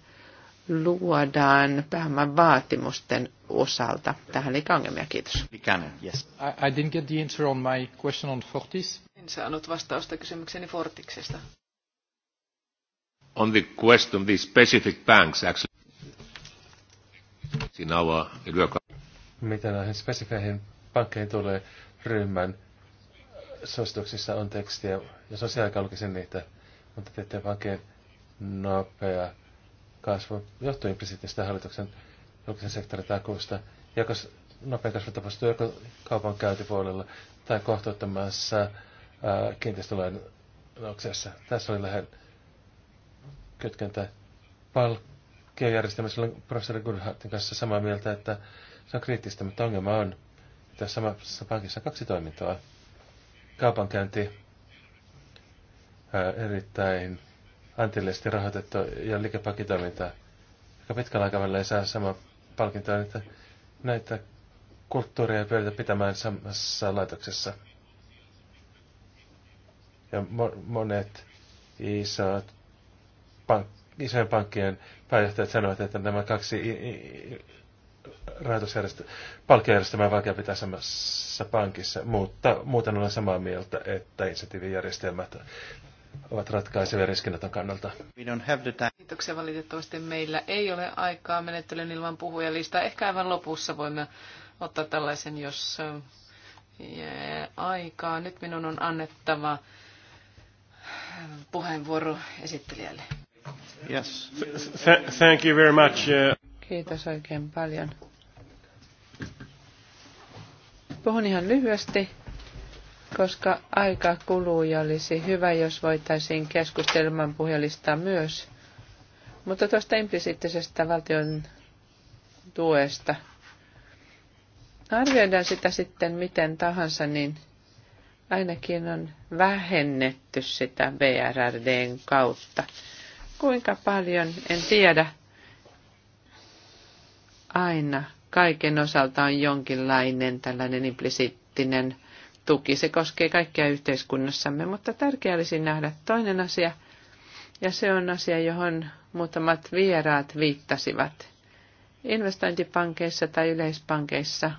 luodaan pääoman vaatimusten osalta. Tähän oli ongelmia, kiitos. Yes. I, I didn't get the answer on my question on Fortis. En saanut vastausta kysymykseni Fortiksesta on the question, of these specific banks actually in our work. Mitä näihin spesifeihin pankkeihin tulee ryhmän suosituksissa on tekstiä, jos on siellä lukisin niitä, mutta tiettyjen pankkien nopea kasvu johtuu implisiittistä hallituksen julkisen sektorin takuusta, joko nopea kasvu tapahtuu joko kaupan käyntipuolella tai kohtuuttomassa kiinteistölainauksessa. Tässä oli lähellä kytkentä palkkiojärjestelmässä olen professori Gurhartin kanssa samaa mieltä, että se on kriittistä, mutta ongelma on, että samassa pankissa on kaksi toimintoa. Kaupankäynti erittäin antillisesti rahoitettu ja liikepankitoiminta, joka pitkällä aikavälillä ei saa samaa palkintoa, niin että näitä kulttuuria ja pitämään samassa laitoksessa. Ja monet isot pank, isojen pankkien pääjohtajat sanoivat, että nämä kaksi palkkajärjestelmää on vaikea pitää samassa pankissa, mutta muuten olen samaa mieltä, että insentiivijärjestelmät ovat ratkaisevia riskinoton kannalta. Kiitoksia valitettavasti. Meillä ei ole aikaa menettelyn ilman puhujalista. Ehkä aivan lopussa voimme ottaa tällaisen, jos eh, jää aikaa. Nyt minun on annettava puheenvuoro esittelijälle. Yes. Th- thank you very much. Uh, Kiitos oikein paljon. Puhun ihan lyhyesti, koska aika kuluu ja olisi hyvä, jos voitaisiin keskustelman puhujalistaa myös. Mutta tuosta implisiittisestä valtion tuesta. Arvioidaan sitä sitten miten tahansa, niin ainakin on vähennetty sitä BRRDn kautta. Kuinka paljon, en tiedä. Aina kaiken osalta on jonkinlainen tällainen implisiittinen tuki. Se koskee kaikkia yhteiskunnassamme, mutta tärkeää olisi nähdä toinen asia, ja se on asia, johon muutamat vieraat viittasivat. Investointipankeissa tai yleispankeissa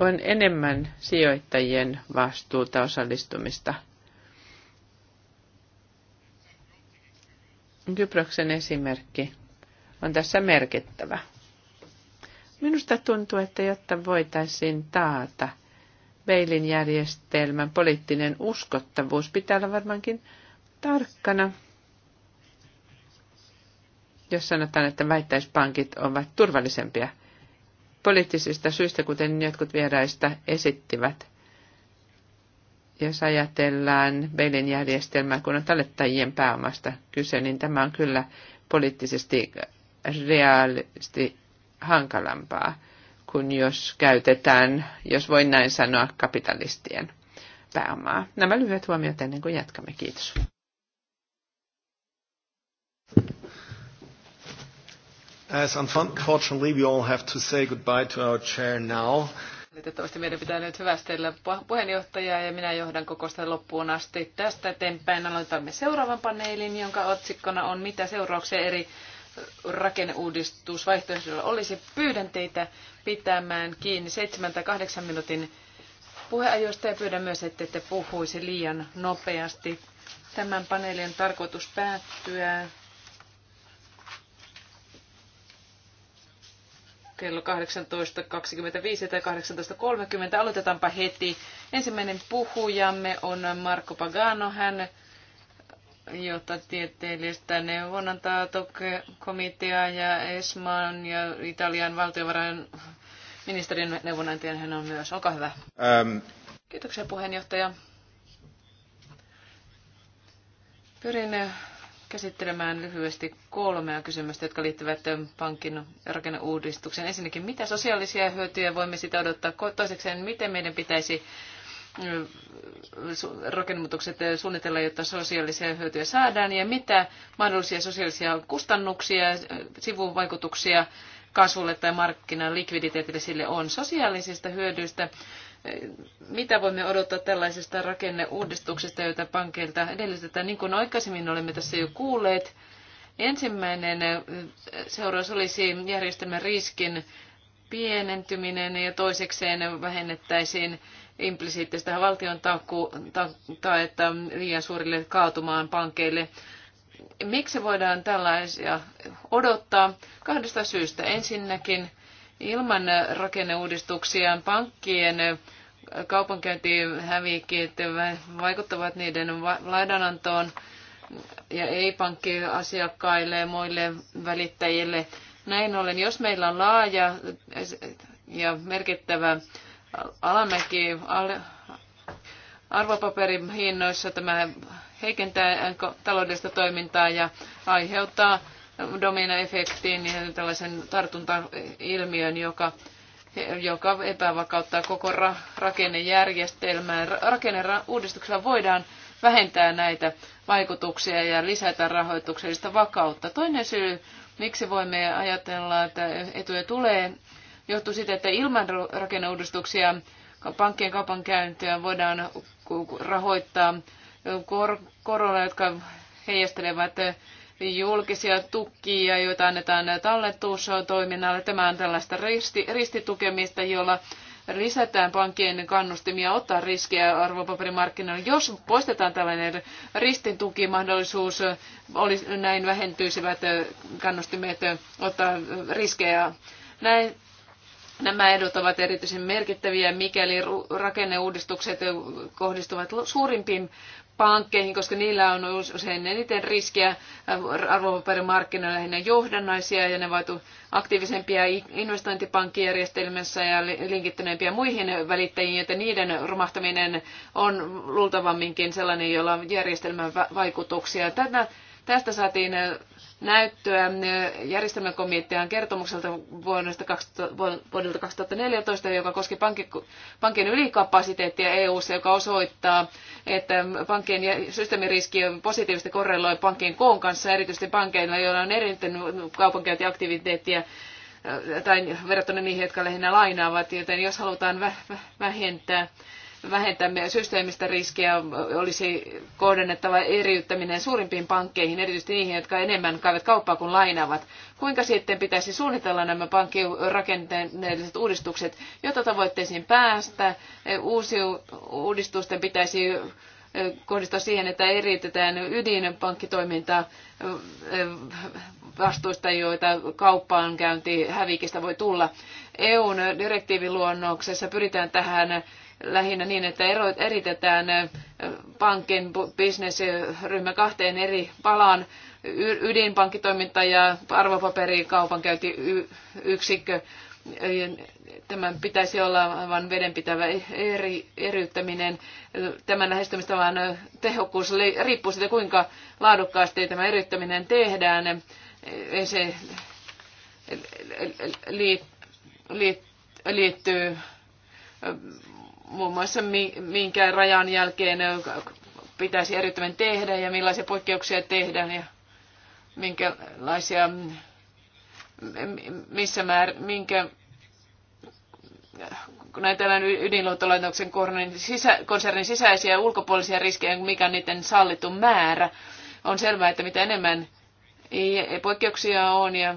on enemmän sijoittajien vastuuta osallistumista – Kyproksen esimerkki on tässä merkittävä. Minusta tuntuu, että jotta voitaisiin taata Veilin järjestelmän poliittinen uskottavuus, pitää olla varmaankin tarkkana. Jos sanotaan, että väittäispankit ovat turvallisempia poliittisista syistä, kuten jotkut vieraista esittivät – jos ajatellaan Beilin järjestelmää, kun on tallettajien pääomasta kyse, niin tämä on kyllä poliittisesti reaalisti hankalampaa kuin jos käytetään, jos voin näin sanoa, kapitalistien pääomaa. Nämä lyhyet huomiot ennen kuin jatkamme. Kiitos. As unfortunately we all have to say goodbye to our chair now. Valitettavasti meidän pitää nyt hyvästellä puheenjohtajaa ja minä johdan kokousta loppuun asti. Tästä eteenpäin aloitamme seuraavan paneelin, jonka otsikkona on mitä seurauksia eri rakenneuudistusvaihtoehdolla olisi. Pyydän teitä pitämään kiinni 7-8 minuutin puheajoista ja pyydän myös, että te puhuisi liian nopeasti. Tämän paneelin tarkoitus päättyä kello 18.25 tai 18.30. Aloitetaanpa heti. Ensimmäinen puhujamme on Marko Pagano. Hän jota tieteellistä neuvonantaa komitea ja ESMAN ja Italian valtiovarainministerin neuvonantajan hän on myös. Olkaa hyvä. Ähm. Kiitoksia puheenjohtaja. Pyrin käsittelemään lyhyesti kolmea kysymystä, jotka liittyvät pankin rakenneuudistukseen. Ensinnäkin, mitä sosiaalisia hyötyjä voimme sitä odottaa? Toisekseen, miten meidän pitäisi rakennemuutokset suunnitella, jotta sosiaalisia hyötyjä saadaan, ja mitä mahdollisia sosiaalisia kustannuksia, sivuvaikutuksia kasvulle tai markkinan likviditeetille sille on sosiaalisista hyödyistä mitä voimme odottaa tällaisesta rakenneuudistuksesta, jota pankeilta edellytetään, niin kuin aikaisemmin olemme tässä jo kuulleet. Ensimmäinen eh, seuraus olisi järjestelmän riskin pienentyminen ja toisekseen vähennettäisiin implisiittistä valtion taetta liian suurille kaatumaan pankeille. Miksi voidaan tällaisia odottaa? Kahdesta syystä. Ensinnäkin ilman rakenneuudistuksia pankkien kaupankäyntihävikit vaikuttavat niiden lainanantoon ja ei-pankkiasiakkaille ja muille välittäjille. Näin ollen, jos meillä on laaja ja merkittävä alamäki arvopaperin hinnoissa, tämä heikentää taloudellista toimintaa ja aiheuttaa dominoefektiin ja tällaisen tartuntailmiön, joka joka epävakauttaa koko ra- rakennejärjestelmää. Rakenneuudistuksella voidaan vähentää näitä vaikutuksia ja lisätä rahoituksellista vakautta. Toinen syy, miksi voimme ajatella, että etuja tulee, johtuu siitä, että ilman rakenneuudistuksia pankkien kaupankäyntiä voidaan rahoittaa korolla, jotka heijastelevat julkisia tukia, joita annetaan talletustoiminnalle. Tämä on tällaista risti, ristitukemista, jolla lisätään pankkien kannustimia ottaa riskejä arvopaperimarkkinoilla. Jos poistetaan tällainen ristin olisi, näin vähentyisivät kannustimet ottaa riskejä. Näin, Nämä edut ovat erityisen merkittäviä, mikäli rakenneuudistukset kohdistuvat suurimpiin pankkeihin, koska niillä on usein eniten riskiä äh, arvopaperimarkkinoilla lähinnä johdannaisia ja ne ovat aktiivisempia investointipankkijärjestelmässä ja linkittyneempiä muihin välittäjiin, joten niiden romahtaminen on luultavamminkin sellainen, jolla on järjestelmän vaikutuksia. Tätä, tästä saatiin äh, näyttöä äh, järjestelmäkomitean kertomukselta vuodesta, vuodelta 2014, joka koski pankin ylikapasiteettia EU-ssa, joka osoittaa, että pankkien systeemiriski positiivisesti korreloi pankkien koon kanssa, erityisesti pankeilla, joilla on erityinen kaupankäyntiaktiviteettia äh, tai verrattuna niihin, jotka lähinnä lainaavat, joten jos halutaan vähentää vähentämme systeemistä riskiä olisi kohdennettava eriyttäminen suurimpiin pankkeihin, erityisesti niihin, jotka enemmän käyvät kauppaa kuin lainaavat. Kuinka sitten pitäisi suunnitella nämä pankkirakenteelliset uudistukset, jotta tavoitteisiin päästä? Uusi uudistusten pitäisi kohdistaa siihen, että eriytetään ydinpankkitoimintaa vastuista, joita kauppaan käynti hävikistä voi tulla. EUn direktiiviluonnoksessa pyritään tähän lähinnä niin, että eroit, eritetään pankin bisnesryhmä kahteen eri palaan, ydinpankkitoiminta ja arvopaperikaupan käynti yksikkö. Tämän pitäisi olla aivan vedenpitävä eri, eriyttäminen. Tämän lähestymistavan tehokkuus riippuu siitä, kuinka laadukkaasti tämä eriyttäminen tehdään. Se liittyy liittyy muun muassa minkä rajan jälkeen pitäisi erittäin tehdä ja millaisia poikkeuksia tehdään ja minkälaisia, missä määr, minkä näitä ydinluottolaitoksen konsernin sisäisiä ja ulkopuolisia riskejä, mikä on niiden sallittu määrä. On selvää, että mitä enemmän poikkeuksia on ja,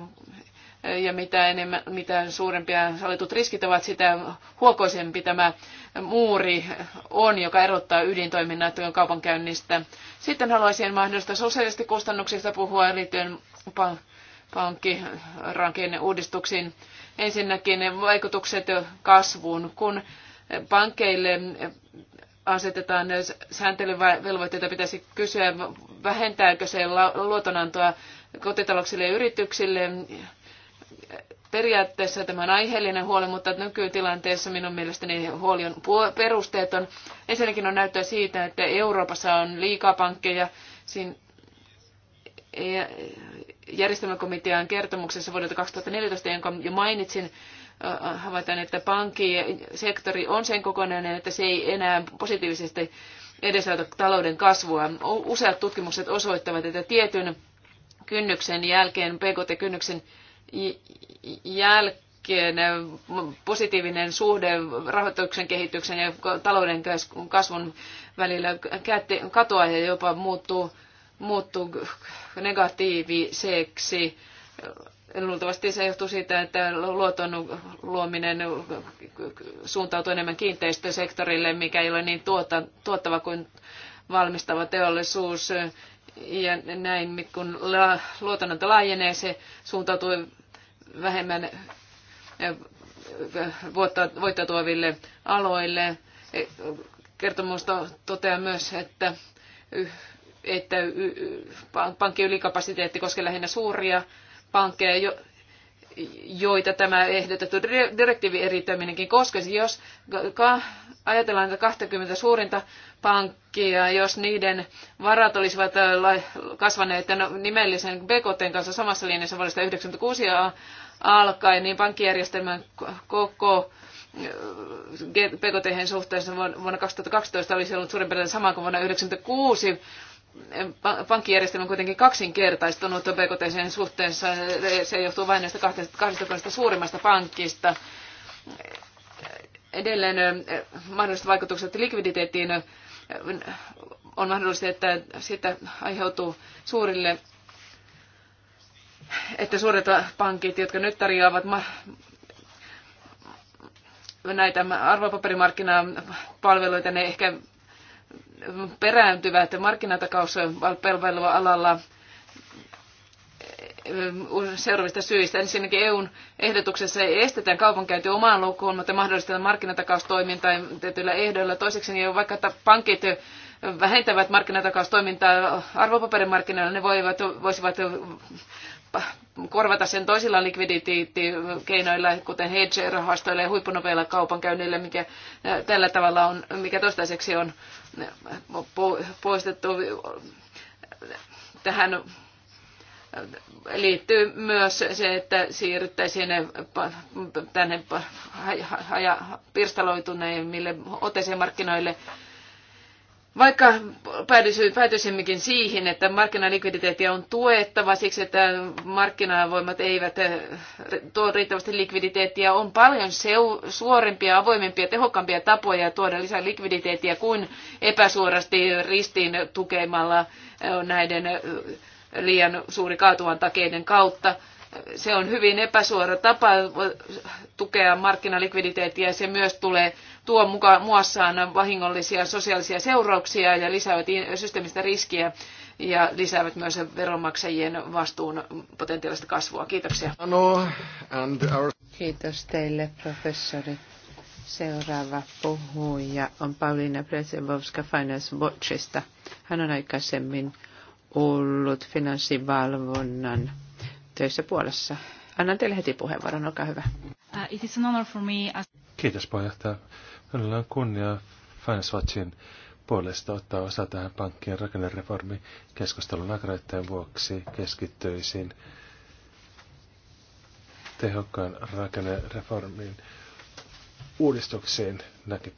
ja mitä, enemmän, mitä suurempia sallitut riskit ovat, sitä huokoisempi tämä muuri on, joka erottaa ydintoiminnat kaupankäynnistä. Sitten haluaisin mahdollista sosiaalisesti kustannuksista puhua liittyen pankkirakenneuudistuksiin. Ensinnäkin vaikutukset kasvuun, kun pankeille asetetaan sääntelyvelvoitteita, pitäisi kysyä, vähentääkö se luotonantoa kotitalouksille ja yrityksille Periaatteessa tämä on aiheellinen huoli, mutta nykytilanteessa minun mielestäni huoli on perusteeton. Ensinnäkin on näyttöä siitä, että Euroopassa on liikaa pankkeja. Siin e- järjestelmäkomitean kertomuksessa vuodelta 2014, jonka jo mainitsin, havaitaan, että pankkisektori on sen kokonainen, että se ei enää positiivisesti edesauta talouden kasvua. Useat tutkimukset osoittavat, että tietyn kynnyksen jälkeen, PKT-kynnyksen jälkeen eh, positiivinen suhde rahoituksen kehityksen ja talouden kasvun välillä katoaa ja jopa muuttuu, muuttuu negatiiviseksi. Luultavasti se johtuu siitä, että luoton luominen suuntautuu enemmän kiinteistösektorille, mikä ei ole niin tuota, tuottava kuin valmistava teollisuus. Ja näin, kun luotonanto laajenee, se suuntautuu vähemmän voittoa tuoville aloille. E, Kertomus toteaa myös, että, että pankkien ylikapasiteetti koskee lähinnä suuria pankkeja, joita tämä ehdotettu direktiivi erittäminenkin koskisi. Jos ajatellaan että 20 suurinta pankkia, jos niiden varat olisivat kasvaneet no, nimellisen BKT kanssa samassa linjassa vuodesta 1996 alkaen, niin pankkijärjestelmän koko eh, PKT suhteessa vuonna 2012 olisi ollut suurin piirtein sama kuin vuonna 1996. Eh, pankkijärjestelmä on kuitenkin kaksinkertaistunut BKT suhteessa. Eh, se johtuu vain näistä 20 suurimmasta pankista. Edelleen mahdolliset vaikutukset likviditeettiin on mahdollista, että siitä aiheutuu suurille että suuret pankit, jotka nyt tarjoavat näitä arvopaperimarkkinapalveluita, ne ehkä perääntyvät markkinatakauspalvelua alalla seuraavista syistä. Ensinnäkin EUn ehdotuksessa estetään kaupankäynti omaan lukuun, mutta mahdollistetaan markkinatakaustoimintaa tietyillä ehdoilla. Toiseksi niin vaikka pankit vähentävät markkinatakaustoimintaa arvopaperimarkkinoilla, ne voivat, voisivat korvata sen toisilla likviditeettikeinoilla, kuten hedge-rahastoilla ja huippunopeilla kaupankäynnillä, mikä tällä tavalla on, mikä toistaiseksi on poistettu tähän liittyy myös se, että siirryttäisiin tänne pirstaloituneimmille OTC-markkinoille vaikka päätyisimmekin siihen, että markkinalikviditeettiä on tuettava siksi, että markkinavoimat eivät eh, tuo riittävästi likviditeettiä, on paljon seu- suorempia, avoimempia, tehokkaampia tapoja tuoda lisää likviditeettiä kuin epäsuorasti ristiin tukemalla eh, näiden eh, liian suuri kaatuvan takeiden kautta. Se on hyvin epäsuora tapa tukea markkinalikviditeettiä ja se myös tulee tuo mukaan muassaan vahingollisia sosiaalisia seurauksia ja lisäävät systeemistä riskiä ja lisäävät myös veronmaksajien vastuun potentiaalista kasvua. Kiitoksia. Kiitos teille, professori. Seuraava puhuja on Pauliina Presebowska Finance Watchista. Hän on aikaisemmin ollut finanssivalvonnan töissä puolessa. Annan teille heti puheenvuoron, olkaa hyvä. Uh, it is an honor for me as... Kiitos puheenjohtaja. Minulla on kunnia Fanswatchin puolesta ottaa osa tähän pankkien rakennereformikeskustelun agraitteen vuoksi keskittyisin tehokkaan rakennereformin uudistuksiin näkö,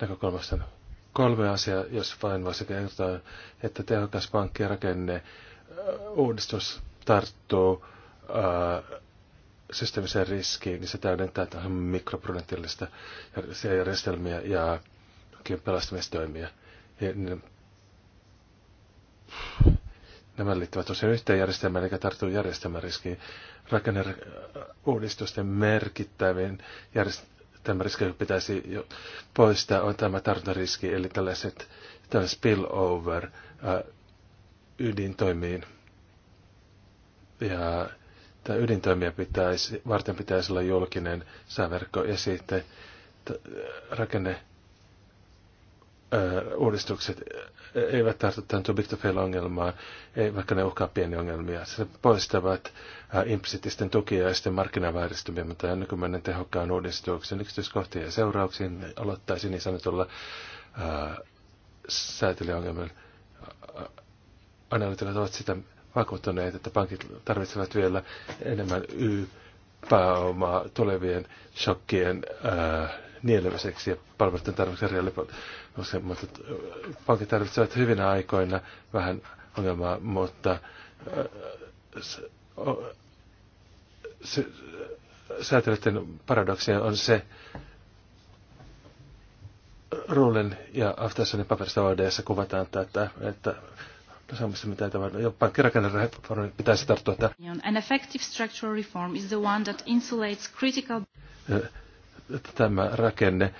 näkökulmasta kolme asiaa, jos vain voisi kertoa, että tehokas pankkien rakenne uudistus tarttuu ää, systeemiseen riskiin, niin se täydentää tähän mikroprudentiaalista järjestelmiä ja pelastamistoimia. Ja nämä liittyvät tosiaan yhteen järjestelmään eli tarttuu järjestelmän riskiin. Rakenneuudistusten merkittävin joka pitäisi jo poistaa on tämä tartuntariski, eli tällaiset tällainen spillover äh, ydintoimiin. Ja että ydintoimia pitäisi, varten pitäisi olla julkinen sääverkko ja sitten rakenne uudistukset eivät tartu tähän too big to fail ongelmaan, ei, vaikka ne uhkaa pieniä ongelmia. Se poistavat ää, ja sitten markkinavääristymiä, mutta nykyinen tehokkaan uudistuksen yksityiskohtien ja seurauksiin aloittaisi niin sanotulla säätelijäongelmilla. Analyytikot ovat sitä vakuuttuneet, että pankit tarvitsevat vielä enemmän Y-pääomaa tulevien shokkien ää, äh, nielemiseksi ja palveluiden tarvitsevat Mutta äh, pankit tarvitsevat hyvinä aikoina vähän ongelmaa, mutta äh, säätelyiden paradoksia on se, Ruulen ja Aftersonin paperista ODS kuvataan tätä, että osaamista, mitä tavalla jopa pitäisi tarttua tähän. An effective structural reform is the one that insulates critical... Tämä rakenne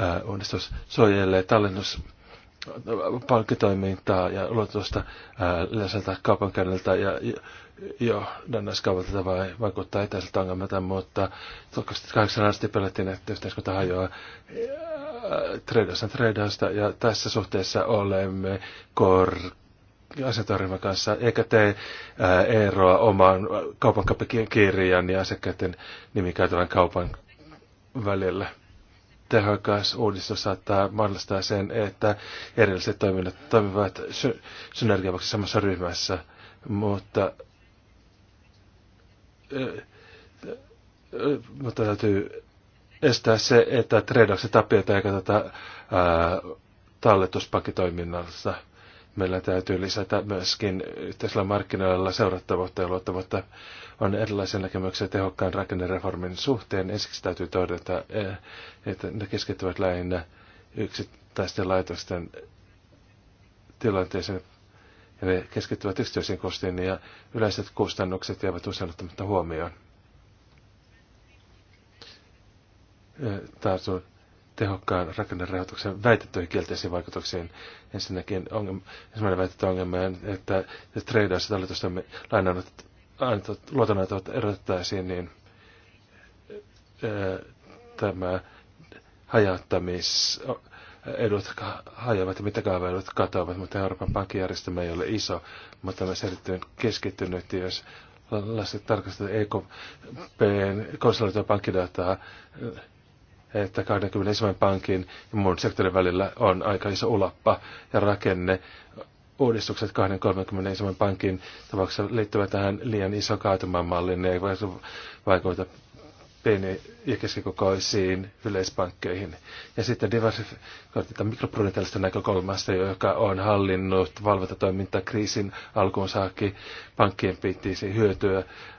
äh, siis suojelee tallennus palkkitoimintaa ja luotosta yleiseltä kaupankäynniltä ja jo dannaskauvalta vai vaikuttaa etäiseltä ongelmalta, mutta 2008 asti pelättiin, että yhteiskunta hajoaa treidassa treidasta ja tässä suhteessa olemme kor- asetorjuvan kanssa, eikä tee ää, eroa oman kaupankirjan ja asiakkaiden nimikäytävän kaupan välillä. Tehokas uudistus saattaa mahdollistaa sen, että erilaiset toiminnot toimivat sy- synergiavaksi samassa ryhmässä, mutta, ää, mutta täytyy estää se, että trade-offset tapioita eikä tätä ää, meillä täytyy lisätä myöskin yhteisellä markkinoilla seurattavuutta ja luottavuutta. On erilaisia näkemyksiä tehokkaan rakennereformin suhteen. Ensiksi täytyy todeta, eh, että ne keskittyvät lähinnä yksittäisten laitosten tilanteeseen ja ne keskittyvät yksityisiin kustiin ja yleiset kustannukset jäävät usein ottamatta huomioon. Eh, Tartun tehokkaan rakennerahoituksen väitettyihin kielteisiin vaikutuksiin. Ensinnäkin ongelma, ensimmäinen väitetty ongelma on, että jos treidaus ja talletusten luotonantot erotettaisiin, niin ää, tämä hajauttamis edut hajoavat ja mittakaavaedut katoavat, mutta Euroopan pankkijärjestelmä ei ole iso, mutta myös erittäin keskittynyt, jos lasket tarkastetaan EKPn konsolidoitua pankkidataa että 21 pankin ja muun sektorin välillä on aika iso ulappa ja rakenne. Uudistukset 21 pankin tapauksessa liittyvät tähän liian iso kaatumaan malliin, ne ei vaikuta pieni- ja keskikokoisiin yleispankkeihin. Ja sitten diversifikoitetaan mikroprudentelista näkökulmasta, joka on hallinnut valvontatoimintaa kriisin alkuun saakki. Pankkien piti hyötyä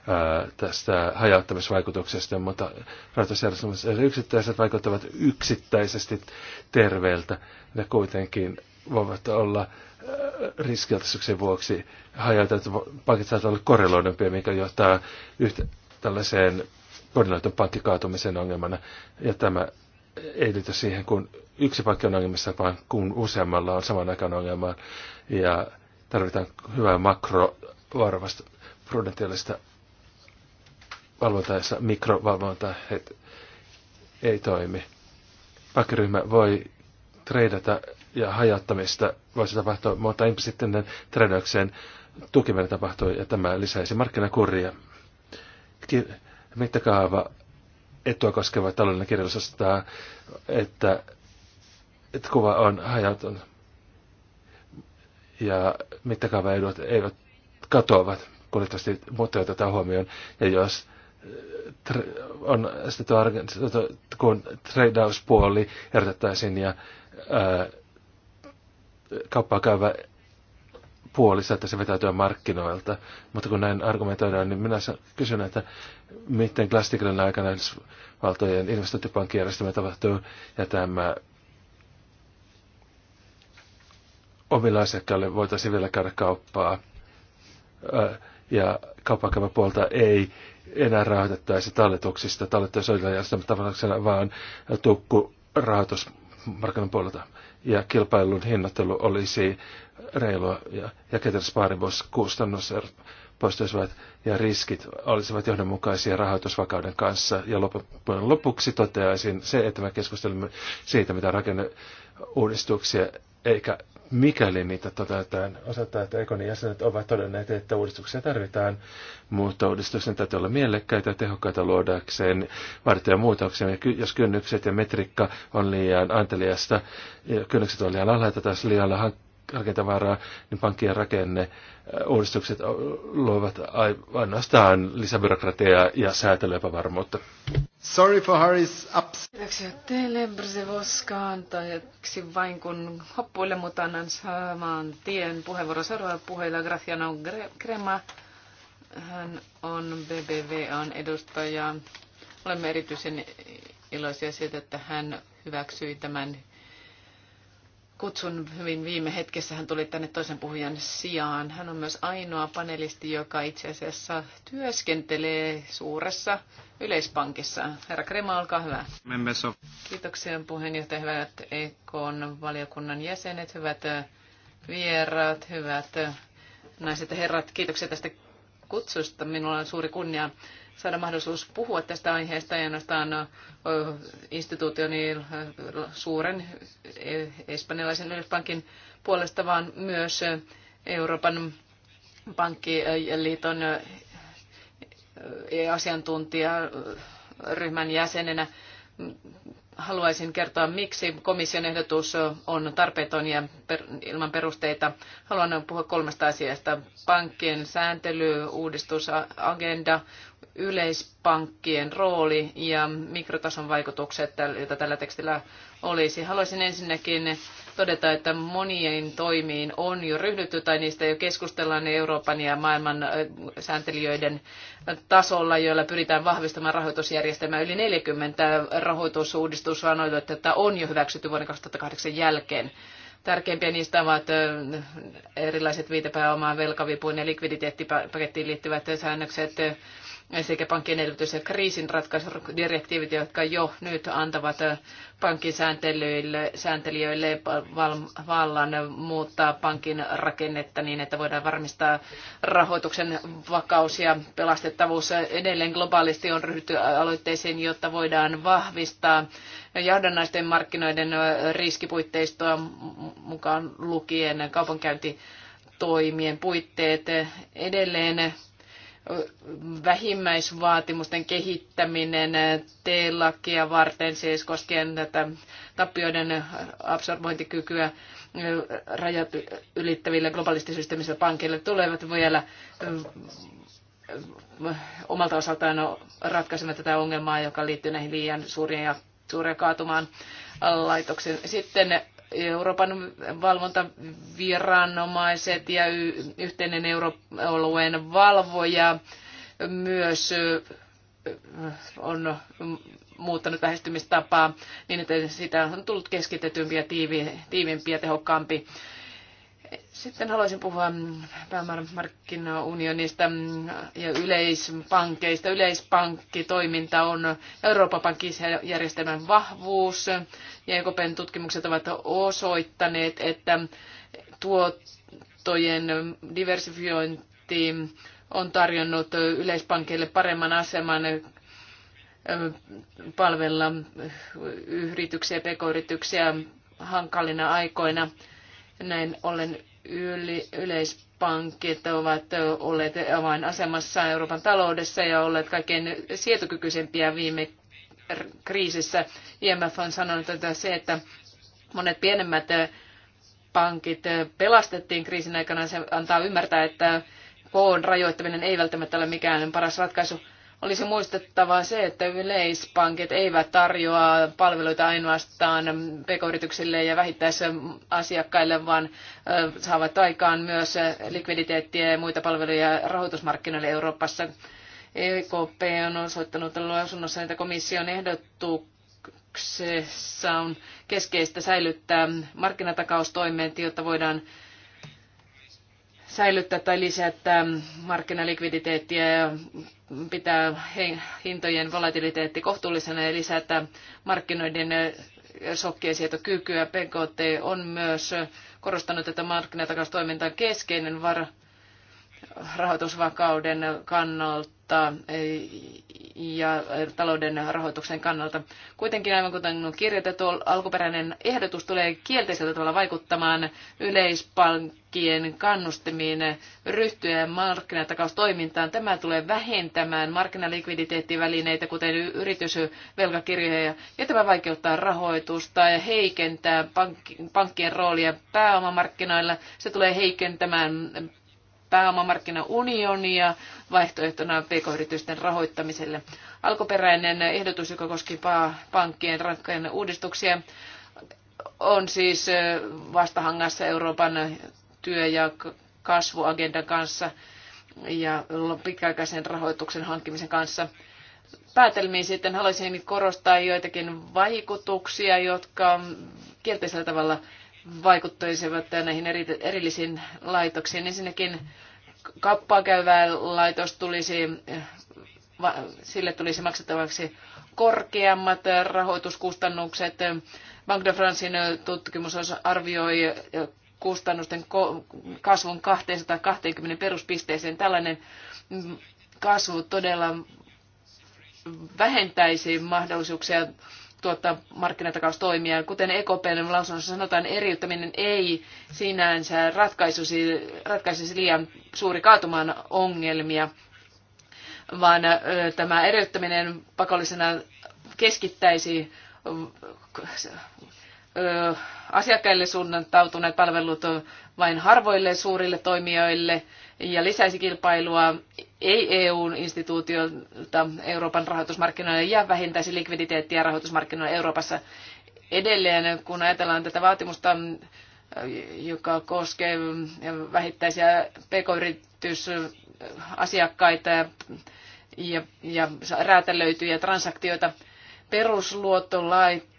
ää, tästä hajauttamisvaikutuksesta, mutta rahoitusjärjestelmässä yksittäiset vaikuttavat yksittäisesti terveeltä. Ne kuitenkin voivat olla riskialtaisuuksien vuoksi hajautetut pankit saattavat olla korreloidumpia, mikä johtaa yhtä, tällaiseen koordinoitu pankki kaatumisen ongelmana. Ja tämä ei liity siihen, kun yksi pankki on ongelmissa, vaan kun useammalla on saman aikaan ongelma. Ja tarvitaan hyvää makrovarovasta prudentiaalista valvontaa, jossa mikrovalvonta ei toimi. Pankkiryhmä voi treidata ja hajattamista voisi tapahtua, mutta enpä sitten treidaukseen tukiminen tapahtui ja tämä lisäisi markkinakuria mittakaava etua koskeva taloudellinen kirjallisuus osoittaa, että, että kuva on hajautunut ja mittakaavaedut eivät katoavat, kuljettavasti muut otetaan huomioon. Ja jos eh, on sitten kun trade-offs-puoli erotettaisiin ja ää, eh, kauppaa käyvä että se vetäytyy markkinoilta. Mutta kun näin argumentoidaan, niin minä kysyn, että miten glass aikana valtojen investointipankkijärjestelmä tapahtuu ja tämä omilla asiakkaille voitaisiin vielä käydä kauppaa ja kaupan puolta ei enää rahoitettaisi talletuksista, talletuksista, vaan tukku rahoitusmarkkinan puolelta ja kilpailun hinnattelu olisi reilua ja, ja keterspaarivuus kustannus poistuisivat ja riskit olisivat johdonmukaisia rahoitusvakauden kanssa. Ja loppujen lopuksi toteaisin se, että me keskustelemme siitä, mitä rakenneuudistuksia, eikä mikäli niitä toteutetaan. Osoittaa, että Ekonin jäsenet ovat todenneet, että uudistuksia tarvitaan, mutta uudistusten täytyy olla mielekkäitä ja tehokkaita luodakseen vartija muutoksia. Jos kynnykset ja metrikka on liian anteliasta, kynnykset on liian alhaita tai liian rakentavaraa, niin pankkien rakenne uudistukset luovat ainoastaan lisäbyrokratiaa ja säätelyepävarmuutta. Sorry for Harris ups. Kiitoksia teille, Brzevoska, antajaksi vain kun hoppuille, mutta saamaan tien puheenvuoron seuraava puheilla Graciano Crema. Hän on BBVAn edustaja. Olemme erityisen iloisia siitä, että hän hyväksyi tämän kutsun hyvin viime hetkessä. Hän tuli tänne toisen puhujan sijaan. Hän on myös ainoa panelisti, joka itse asiassa työskentelee suuressa yleispankissa. Herra Krema, olkaa hyvä. Kiitoksia puheenjohtaja, hyvät EKn valiokunnan jäsenet, hyvät äh, vieraat, hyvät äh, naiset ja herrat. Kiitoksia tästä kutsusta. Minulla on suuri kunnia saada mahdollisuus puhua tästä aiheesta ja ainoastaan instituutioni suuren e, espanjalaisen yleispankin puolesta, vaan myös Euroopan pankkiliiton e, asiantuntijaryhmän jäsenenä haluaisin kertoa, miksi komission ehdotus on tarpeeton ja ilman perusteita. Haluan puhua kolmesta asiasta. Pankkien sääntely, uudistusagenda, yleispankkien rooli ja mikrotason vaikutukset, joita tällä tekstillä olisi. Haluaisin ensinnäkin todeta, että monien toimiin on jo ryhdytty tai niistä jo keskustellaan Euroopan ja maailman sääntelijöiden tasolla, joilla pyritään vahvistamaan rahoitusjärjestelmää. Yli 40 tämä on jo hyväksytty vuoden 2008 jälkeen. Tärkeimpiä niistä ovat erilaiset viitepääomaan velkavipuun ja likviditeettipakettiin liittyvät säännökset, sekä pankkien elvytys- ja kriisinratkaisudirektiivit, jotka jo nyt antavat pankkisääntelijöille sääntelijöille vallan muuttaa pankin rakennetta niin, että voidaan varmistaa rahoituksen vakaus ja pelastettavuus. Edelleen globaalisti on ryhdytty aloitteisiin, jotta voidaan vahvistaa johdannaisten markkinoiden riskipuitteistoa mukaan lukien kaupankäyntitoimien puitteet. Edelleen vähimmäisvaatimusten kehittäminen T-lakia varten, siis koskien tätä tappioiden absorbointikykyä rajat ylittäville globaalisti systeemisille pankeille tulevat vielä omalta osaltaan ratkaisemaan tätä ongelmaa, joka liittyy näihin liian suuriin ja suureen kaatumaan laitoksiin. Sitten Euroopan valvontaviranomaiset ja yhteinen euroalueen valvoja myös on muuttanut lähestymistapaa niin, että sitä on tullut keskitetympi ja tiivi, tiiviimpi ja tehokkaampi sitten haluaisin puhua pääomamarkkinaunionista ja yleispankkeista. Yleispankkitoiminta on Euroopan pankkijärjestelmän vahvuus ja EKPn tutkimukset ovat osoittaneet, että tuottojen diversifiointi on tarjonnut yleispankille paremman aseman palvella yrityksiä, pk-yrityksiä hankalina aikoina näin ollen yleispankit ovat olleet avainasemassa Euroopan taloudessa ja olleet kaikkein sietokykyisempiä viime kriisissä. IMF on sanonut, että se, että monet pienemmät pankit pelastettiin kriisin aikana, se antaa ymmärtää, että koon rajoittaminen ei välttämättä ole mikään paras ratkaisu. Olisi muistettava se, että yleispankit eivät tarjoa palveluita ainoastaan pk-yrityksille ja vähittäisasiakkaille, vaan saavat aikaan myös likviditeettiä ja muita palveluja rahoitusmarkkinoille Euroopassa. EKP on osoittanut lausunnossa, että komission ehdotuksessa on keskeistä säilyttää markkinatakaustoimet, jotta voidaan säilyttää tai lisätä markkinalikviditeettiä ja pitää hintojen volatiliteetti kohtuullisena ja lisätä markkinoiden sokkiesietokykyä. PKT on myös korostanut, että markkinatakaustoiminta on keskeinen var- rahoitusvakauden kannalta vakautta ja talouden rahoituksen kannalta. Kuitenkin aivan kuten on kirjoitettu, alkuperäinen ehdotus tulee kielteisellä tavalla vaikuttamaan yleispankkien kannustimiin ryhtyä markkinatakaustoimintaan. Tämä tulee vähentämään markkinaliikviditeettivälineitä, kuten yritysvelkakirjoja, ja tämä vaikeuttaa rahoitusta ja heikentää pankkien roolia pääomamarkkinoilla. Se tulee heikentämään pääomamarkkinaunionia vaihtoehtona pk-yritysten rahoittamiselle. Alkuperäinen ehdotus, joka koski pankkien rankkojen uudistuksia, on siis vastahangassa Euroopan työ- ja kasvuagendan kanssa ja pitkäaikaisen rahoituksen hankkimisen kanssa. Päätelmiin sitten haluaisin korostaa joitakin vaikutuksia, jotka kielteisellä tavalla vaikuttaisivat näihin eri, erillisiin laitoksiin. Ensinnäkin kauppaa käyvää laitos tulisi, sille tulisi maksettavaksi korkeammat rahoituskustannukset. Bank de Francein tutkimus arvioi kustannusten kasvun 220 peruspisteeseen. Tällainen kasvu todella vähentäisi mahdollisuuksia tuottaa markkinatakaustoimia. Kuten EKPn lausunnossa sanotaan, eriyttäminen ei sinänsä ratkaisusi, ratkaisisi liian suuri kaatumaan ongelmia, vaan tämä eriyttäminen pakollisena keskittäisi asiakkaille suuntautuneet palvelut vain harvoille suurille toimijoille ja lisäisi kilpailua ei eu instituutioilta Euroopan rahoitusmarkkinoille ja vähentäisi likviditeettiä rahoitusmarkkinoilla Euroopassa. Edelleen, kun ajatellaan tätä vaatimusta, joka koskee vähittäisiä pk-yritysasiakkaita ja, ja, ja räätälöityjä transaktioita, perusluottolait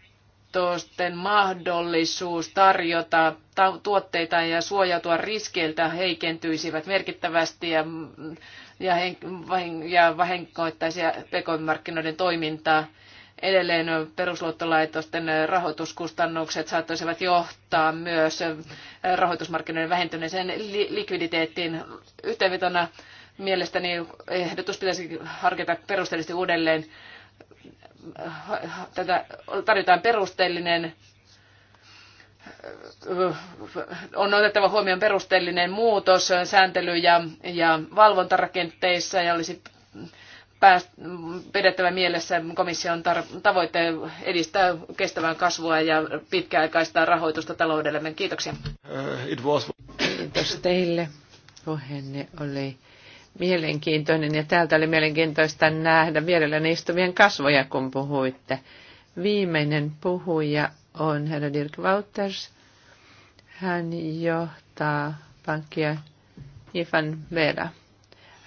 yritysten mahdollisuus tarjota tuotteita ja suojautua riskeiltä heikentyisivät merkittävästi ja, ja, ja vahinkoittaisi pk-markkinoiden toimintaa. Edelleen perusluottolaitosten rahoituskustannukset saattaisivat johtaa myös rahoitusmarkkinoiden vähentyneeseen likviditeettiin. Yhteenvetona mielestäni ehdotus pitäisi harkita perusteellisesti uudelleen tätä, tarjotaan perusteellinen on otettava huomioon perusteellinen muutos sääntely- ja, ja valvontarakenteissa ja olisi pääst, pidettävä mielessä komission tar- tavoite edistää kestävää kasvua ja pitkäaikaista rahoitusta taloudellemme. Kiitoksia. Uh, Kiitos teille. Puheenne oli mielenkiintoinen ja täältä oli mielenkiintoista nähdä vierelläni istuvien kasvoja, kun puhuitte. Viimeinen puhuja on herra Dirk Wouters. Hän johtaa pankkia Ifan Vera.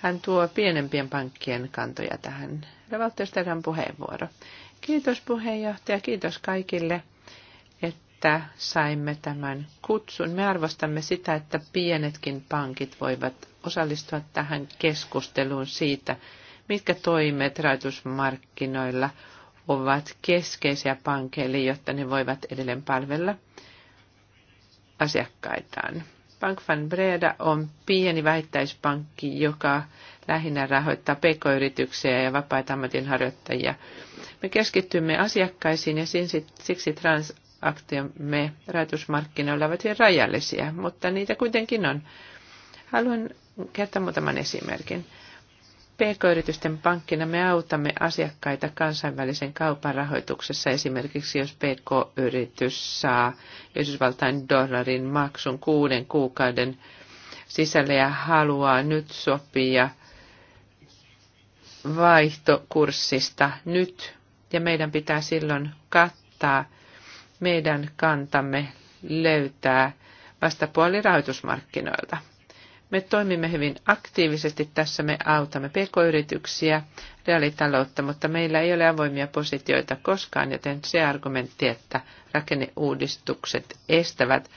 Hän tuo pienempien pankkien kantoja tähän. Herra Wouters, tehdään puheenvuoro. Kiitos puheenjohtaja, kiitos kaikille, että saimme tämän kutsun. Me arvostamme sitä, että pienetkin pankit voivat osallistua tähän keskusteluun siitä, mitkä toimet rahoitusmarkkinoilla ovat keskeisiä pankeille, jotta ne voivat edelleen palvella asiakkaitaan. Bank van Breda on pieni vähittäispankki, joka lähinnä rahoittaa pk-yrityksiä ja vapaita ammatinharjoittajia. Me keskittymme asiakkaisiin ja siksi transaktiomme rahoitusmarkkinoilla ovat hyvin rajallisia, mutta niitä kuitenkin on. Haluan kertoa muutaman esimerkin. PK-yritysten pankkina me autamme asiakkaita kansainvälisen kaupan rahoituksessa esimerkiksi, jos PK-yritys saa Yhdysvaltain dollarin maksun kuuden kuukauden sisällä ja haluaa nyt sopia vaihtokurssista nyt, ja meidän pitää silloin kattaa meidän kantamme löytää vastapuoli rahoitusmarkkinoilta. Me toimimme hyvin aktiivisesti tässä, me autamme pk-yrityksiä, reaalitaloutta, mutta meillä ei ole avoimia positioita koskaan, joten se argumentti, että rakenneuudistukset estävät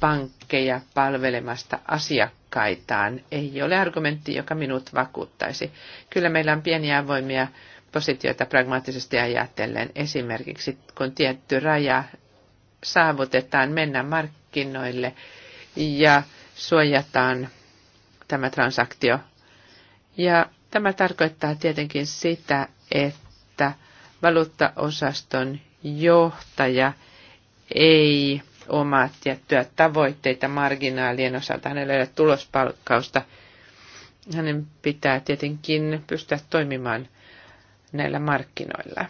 pankkeja palvelemasta asiakkaitaan, ei ole argumentti, joka minut vakuuttaisi. Kyllä meillä on pieniä avoimia positioita pragmaattisesti ajatellen. Esimerkiksi kun tietty raja saavutetaan, mennään markkinoille ja suojataan tämä transaktio. Ja tämä tarkoittaa tietenkin sitä, että valuuttaosaston johtaja ei omaa tiettyjä tavoitteita marginaalien osalta. Hänellä ei ole tulospalkkausta. Hänen pitää tietenkin pystyä toimimaan näillä markkinoilla.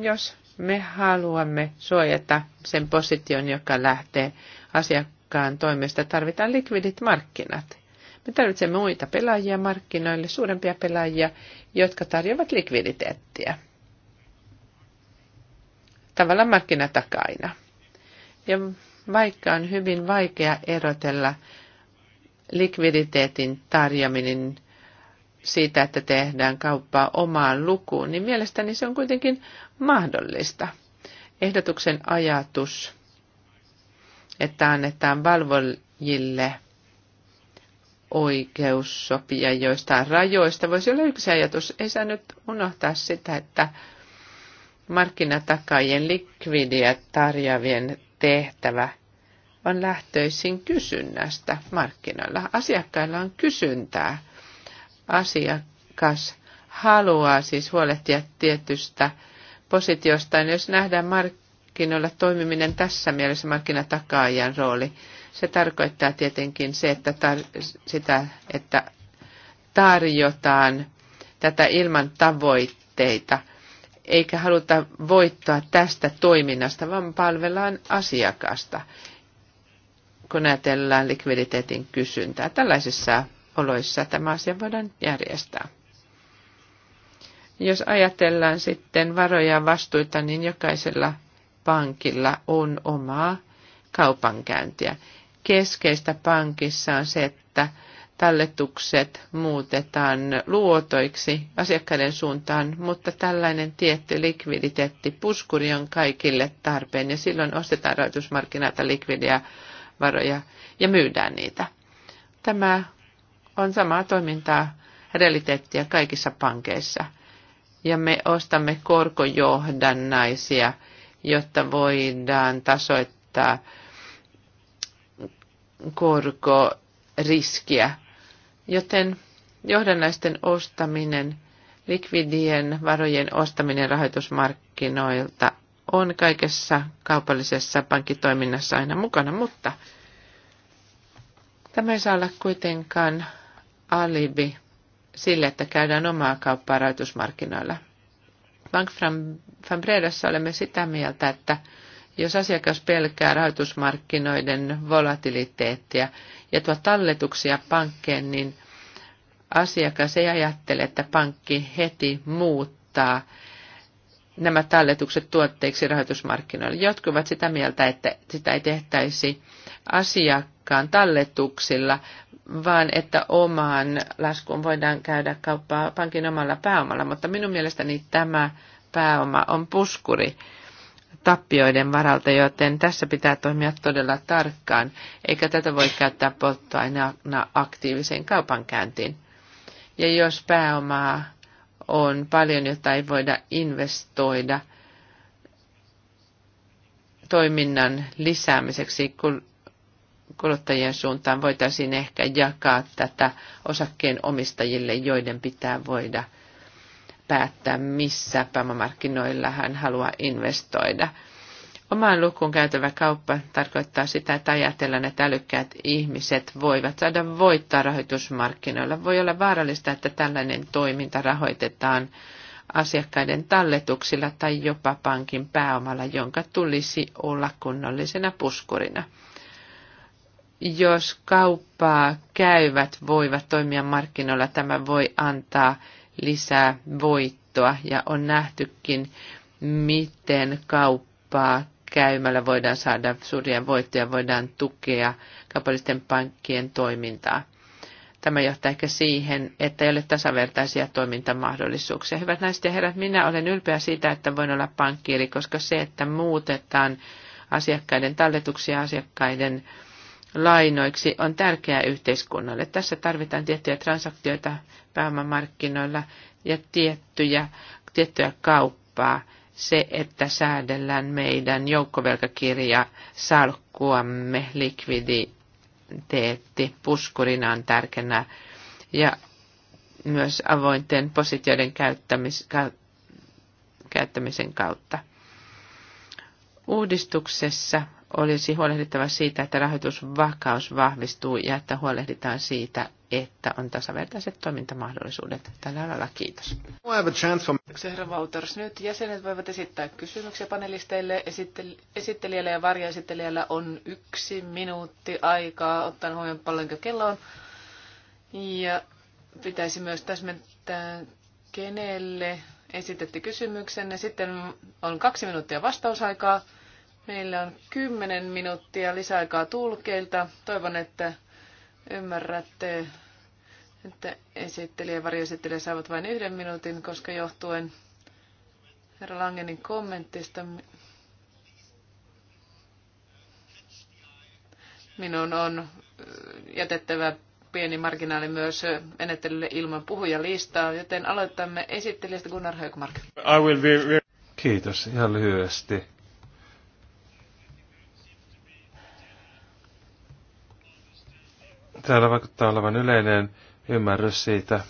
Jos me haluamme suojata sen position, joka lähtee asiakkaan toimesta, tarvitaan likvidit markkinat. Me tarvitsemme muita pelaajia markkinoille, suurempia pelaajia, jotka tarjoavat likviditeettiä. Tavallaan markkinatakaina. Ja vaikka on hyvin vaikea erotella likviditeetin tarjoaminen siitä, että tehdään kauppaa omaan lukuun, niin mielestäni se on kuitenkin mahdollista. Ehdotuksen ajatus, että annetaan valvojille – oikeus sopia joistain rajoista. Voisi olla yksi ajatus. Ei saa nyt unohtaa sitä, että markkinatakaajien likvidiä tarjavien tehtävä on lähtöisin kysynnästä markkinoilla. Asiakkailla on kysyntää. Asiakas haluaa siis huolehtia tietystä positiosta, jos nähdään markkinoilla toimiminen tässä mielessä markkinatakaajan rooli – se tarkoittaa tietenkin se, että tar- sitä, että tarjotaan tätä ilman tavoitteita, eikä haluta voittoa tästä toiminnasta, vaan palvellaan asiakasta, kun ajatellaan likviditeetin kysyntää. Tällaisissa oloissa tämä asia voidaan järjestää. Jos ajatellaan sitten varoja ja vastuita, niin jokaisella pankilla on omaa kaupankäyntiä keskeistä pankissa on se, että talletukset muutetaan luotoiksi asiakkaiden suuntaan, mutta tällainen tietty likviditeettipuskuri on kaikille tarpeen ja silloin ostetaan rahoitusmarkkinoilta likvidiä varoja ja myydään niitä. Tämä on samaa toimintaa, realiteettia kaikissa pankeissa. Ja me ostamme korkojohdannaisia, jotta voidaan tasoittaa korkoriskiä, joten johdannaisten ostaminen, likvidien varojen ostaminen rahoitusmarkkinoilta on kaikessa kaupallisessa pankkitoiminnassa aina mukana, mutta tämä ei saa olla kuitenkaan alibi sille, että käydään omaa kauppaa rahoitusmarkkinoilla. Bank Fambredassa olemme sitä mieltä, että jos asiakas pelkää rahoitusmarkkinoiden volatiliteettia ja tuo talletuksia pankkeen, niin asiakas ei ajattele, että pankki heti muuttaa nämä talletukset tuotteiksi rahoitusmarkkinoille. Jotkut ovat sitä mieltä, että sitä ei tehtäisi asiakkaan talletuksilla, vaan että omaan laskuun voidaan käydä kauppaa pankin omalla pääomalla. Mutta minun mielestäni tämä pääoma on puskuri, tappioiden varalta, joten tässä pitää toimia todella tarkkaan, eikä tätä voi käyttää polttoaineena aktiiviseen kaupankäyntiin. Ja jos pääomaa on paljon, jota ei voida investoida toiminnan lisäämiseksi kuluttajien suuntaan, voitaisiin ehkä jakaa tätä osakkeen omistajille, joiden pitää voida – päättää, missä pääomamarkkinoilla hän haluaa investoida. Omaan lukuun käytävä kauppa tarkoittaa sitä, että ajatellaan, että älykkäät ihmiset voivat saada voittaa rahoitusmarkkinoilla. Voi olla vaarallista, että tällainen toiminta rahoitetaan asiakkaiden talletuksilla tai jopa pankin pääomalla, jonka tulisi olla kunnollisena puskurina. Jos kauppaa käyvät voivat toimia markkinoilla, tämä voi antaa lisää voittoa ja on nähtykin, miten kauppaa käymällä voidaan saada suuria voittoja, voidaan tukea kaupallisten pankkien toimintaa. Tämä johtaa ehkä siihen, että ei ole tasavertaisia toimintamahdollisuuksia. Hyvät naiset ja herrat, minä olen ylpeä siitä, että voin olla pankkiiri, koska se, että muutetaan asiakkaiden talletuksia, asiakkaiden äh, lainoiksi on tärkeää yhteiskunnalle. Tässä tarvitaan tiettyjä transaktioita pääomamarkkinoilla ja tiettyjä, tiettyä kauppaa. Se, että säädellään meidän joukkovelkakirja salkkuamme likviditeetti puskurina on tärkeänä ja myös avointen positioiden käyttämis, ka, käyttämisen kautta. Uudistuksessa olisi huolehdittava siitä, että rahoitusvakaus vahvistuu ja että huolehditaan siitä, että on tasavertaiset toimintamahdollisuudet tällä alalla. Kiitos. herra Wouters. Nyt jäsenet voivat esittää kysymyksiä panelisteille. esittelijällä ja varjaesittelijällä on yksi minuutti aikaa, ottaen huomioon paljonko kello on. Ja pitäisi myös täsmentää, kenelle esitetti kysymyksenne. Sitten on kaksi minuuttia vastausaikaa. Meillä on kymmenen minuuttia lisäaikaa tulkeilta. Toivon, että ymmärrätte, että esittelijä ja varjoesittelijä saavat vain yhden minuutin, koska johtuen herra Langenin kommentista minun on jätettävä pieni marginaali myös menettelylle ilman puhujalistaa, joten aloitamme esittelijästä Gunnar Högmark. I will be... Kiitos ihan lyhyesti Täällä vaikuttaa olevan yleinen ymmärrys siitä,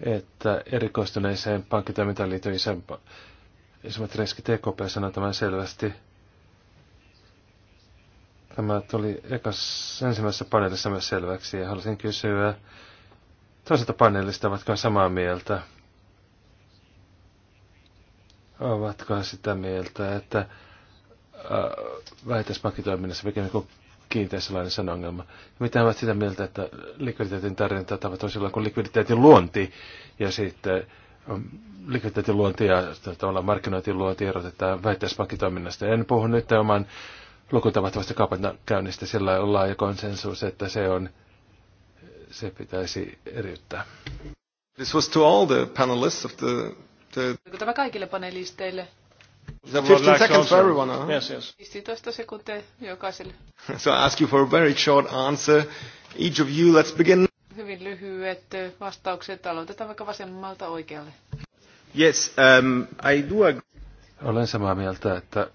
että erikoistuneeseen pankkitoimintaan liittyy isommat riskit. EKP sanoi tämän selvästi. Tämä tuli ekas, ensimmäisessä paneelissa myös selväksi ja halusin kysyä toiselta paneelista, ovatko samaa mieltä? Ovatko sitä mieltä, että äh, vähittäispankkitoiminnassa mikä niin kiinteä sellainen sanongelma. Mitä ovat sitä mieltä, että likviditeetin tavat on silloin, kun likviditeetin luonti ja sitten um, likviditeetin luonti ja tavallaan markkinoitin luonti erotetaan väittäispankkitoiminnasta. En puhu nyt oman lukutapahtuvasta kaupankäynnistä, sillä on laaja konsensus, että se, on, se pitäisi eriyttää. This was to all the panelists of the, the... Tämä kaikille panelisteille 15 seconds for everyone, huh? Yes, yes. 15 sekuntia jokaiselle. so I ask you for a very short answer. Each of you, let's begin. Hyvin lyhyet eh, vastaukset. Aloitetaan vaikka vasemmalta oikealle. Yes, um, I do agree. Olen samaa mieltä, että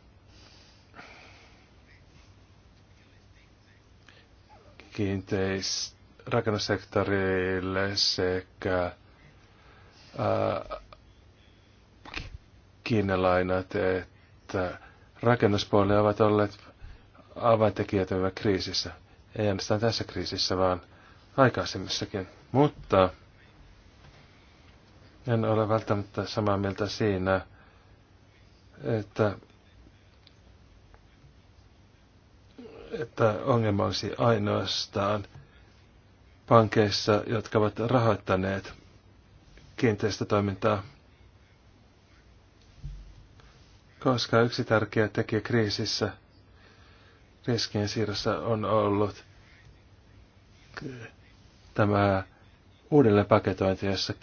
kiinteis rakennussektorille sekä ää, kiinalainat, että rakennuspuolella ovat olleet avaintekijöitä kriisissä. Ei ainoastaan tässä kriisissä, vaan aikaisemmissakin. Mutta en ole välttämättä samaa mieltä siinä, että, että ongelma olisi ainoastaan pankeissa, jotka ovat rahoittaneet toimintaa. koska yksi tärkeä tekijä kriisissä riskien siirrossa on ollut tämä uudelleen paketointi, jossa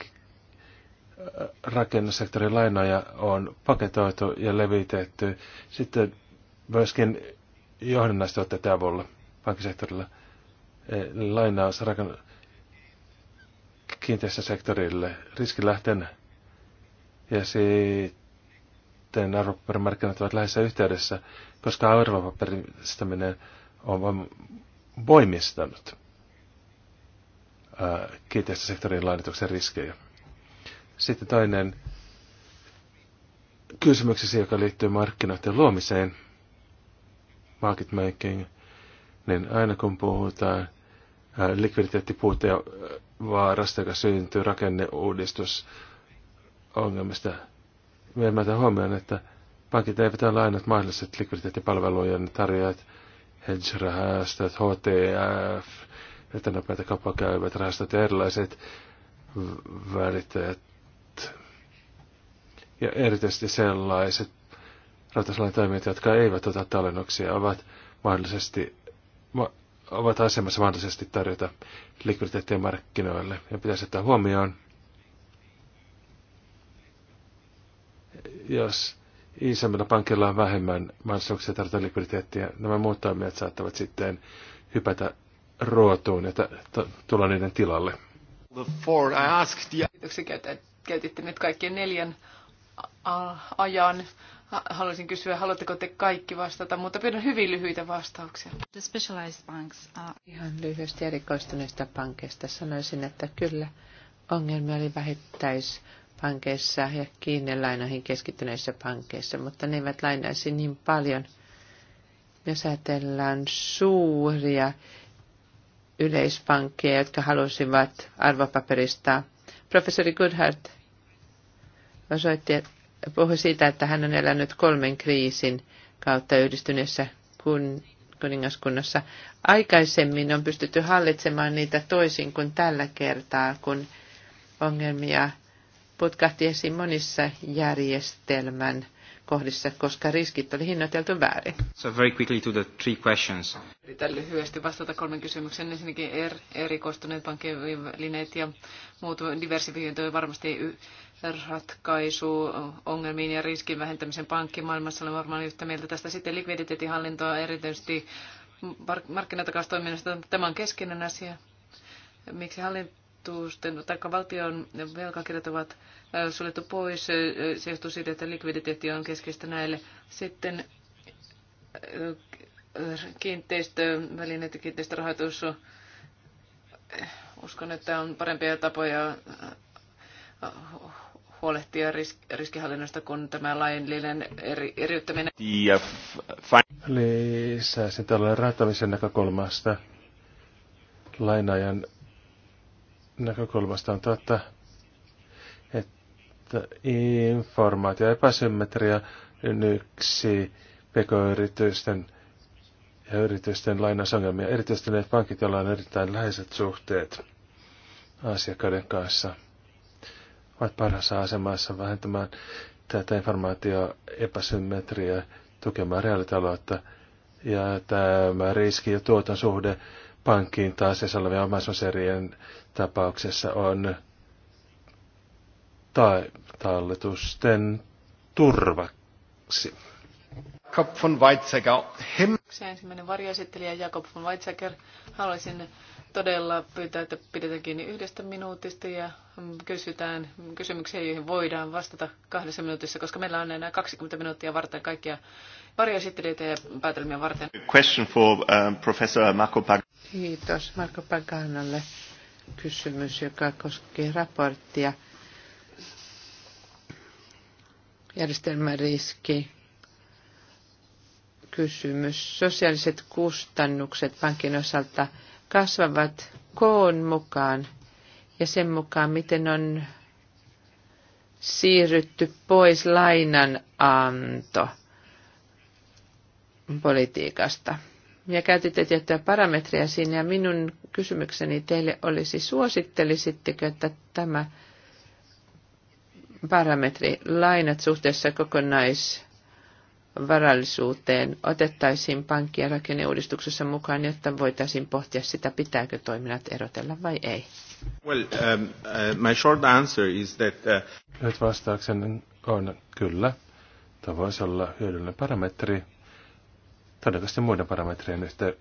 rakennussektorin lainoja on paketoitu ja levitetty. Sitten myöskin johdannaistuotteiden avulla pankkisektorilla e, lainaus rakenn... kiinteistösektorille riskilähtenä. Ja sitten sitten arvopaperimarkkinat ovat läheisessä yhteydessä, koska arvopaperistaminen on voimistanut kiinteästä sektorin lainatuksen riskejä. Sitten toinen kysymyksesi, joka liittyy markkinoiden luomiseen, market making, niin aina kun puhutaan likviditeettipuuteen vaarasta, joka syntyy rakenneuudistus ongelmista, viemään huomioon, että pankit eivät ole aina mahdolliset likviditeettipalvelujen tarjoajat, hedge-rahastot, HTF, että nopeita käyvät rahastot ja erilaiset välittäjät ja erityisesti sellaiset rahoitusalan toimijat, jotka eivät ota tallennuksia, ovat mahdollisesti ovat asemassa mahdollisesti tarjota likviditeettiä markkinoille. Ja pitäisi ottaa huomioon, jos isommilla pankilla on vähemmän mahdollisuuksia tarjota likviditeettiä, nämä muut toimijat saattavat sitten hypätä ruotuun ja tulla niiden tilalle. Kiitoksia, käytitte nyt kaikkien neljän ajan. Haluaisin kysyä, haluatteko te kaikki vastata, mutta pyydän hyvin lyhyitä vastauksia. The specialized banks are... Ihan lyhyesti erikoistuneista pankeista sanoisin, että kyllä ongelmia oli vähittäis pankeissa ja kiinnelainoihin keskittyneissä pankeissa, mutta ne eivät lainaisi niin paljon. Jos ajatellaan suuria yleispankkeja, jotka halusivat arvopaperista. Professori Goodhart osoitti, puhui siitä, että hän on elänyt kolmen kriisin kautta yhdistyneessä kun, kuningaskunnassa. Aikaisemmin on pystytty hallitsemaan niitä toisin kuin tällä kertaa, kun ongelmia putkahti esiin monissa järjestelmän kohdissa, koska riskit oli hinnoiteltu väärin. So very quickly to the three questions. Yritän lyhyesti vastata kolmen kysymykseen. Ensinnäkin er, erikoistuneet pankkivälineet ja muut diversifiointi on varmasti ratkaisu ongelmiin ja riskin vähentämisen pankkimaailmassa. Olen varmaan yhtä mieltä tästä sitten likviditeettihallintoa erityisesti markkinatakaustoiminnasta. Tämä on keskeinen asia. Miksi hallinto valtuusten tai valtion velkakirjat ovat äh, suljettu pois. Äh, se johtuu siitä, että likviditeetti on keskeistä näille. Sitten äh, kiinteistövälineet ja kiinteistörahoitus uskon, että on parempia tapoja huolehtia risk- riskihallinnasta kuin tämä lainlinen eri- eriyttäminen. Uh, Lisäisin tällainen rahoittamisen näkökulmasta lainajan näkökulmasta on totta, että informaatio epäsymmetria on yksi pk-yritysten ja yritysten lainasongelmia. erityisesti ne pankit, joilla on erittäin läheiset suhteet asiakkaiden kanssa, ovat parhaassa asemassa vähentämään tätä informaatio epäsymmetriä tukemaan reaalitaloutta ja tämä riski ja tuoton suhde pankkiin taas olevien omaisuuserien tapauksessa on ta- talletusten turvaksi. Jakob von Weizsäcker. Hem- Ensimmäinen varjoesittelijä Jakob von Weizsäcker. Haluaisin todella pyytää, että pidetään kiinni yhdestä minuutista ja kysytään kysymyksiä, joihin voidaan vastata kahdessa minuutissa, koska meillä on enää 20 minuuttia varten kaikkia varjoesittelijöitä ja päätelmiä varten. Question for um, professor Marco Pag- Kiitos Marko Paganalle kysymys, joka koskee raporttia. riski. kysymys. Sosiaaliset kustannukset pankin osalta kasvavat koon mukaan ja sen mukaan, miten on siirrytty pois lainananto politiikasta ja käytitte tiettyjä parametreja siinä. Ja minun kysymykseni teille olisi, suosittelisitteko, että tämä parametri lainat suhteessa kokonaisvarallisuuteen otettaisiin pankki- rakenneuudistuksessa mukaan, jotta voitaisiin pohtia sitä, pitääkö toiminnat erotella vai ei? Well, um, uh, my short answer is that... Uh... Nyt vastauksen on kyllä. Tämä voisi olla hyödyllinen parametri, todennäköisesti muiden parametrien yhtä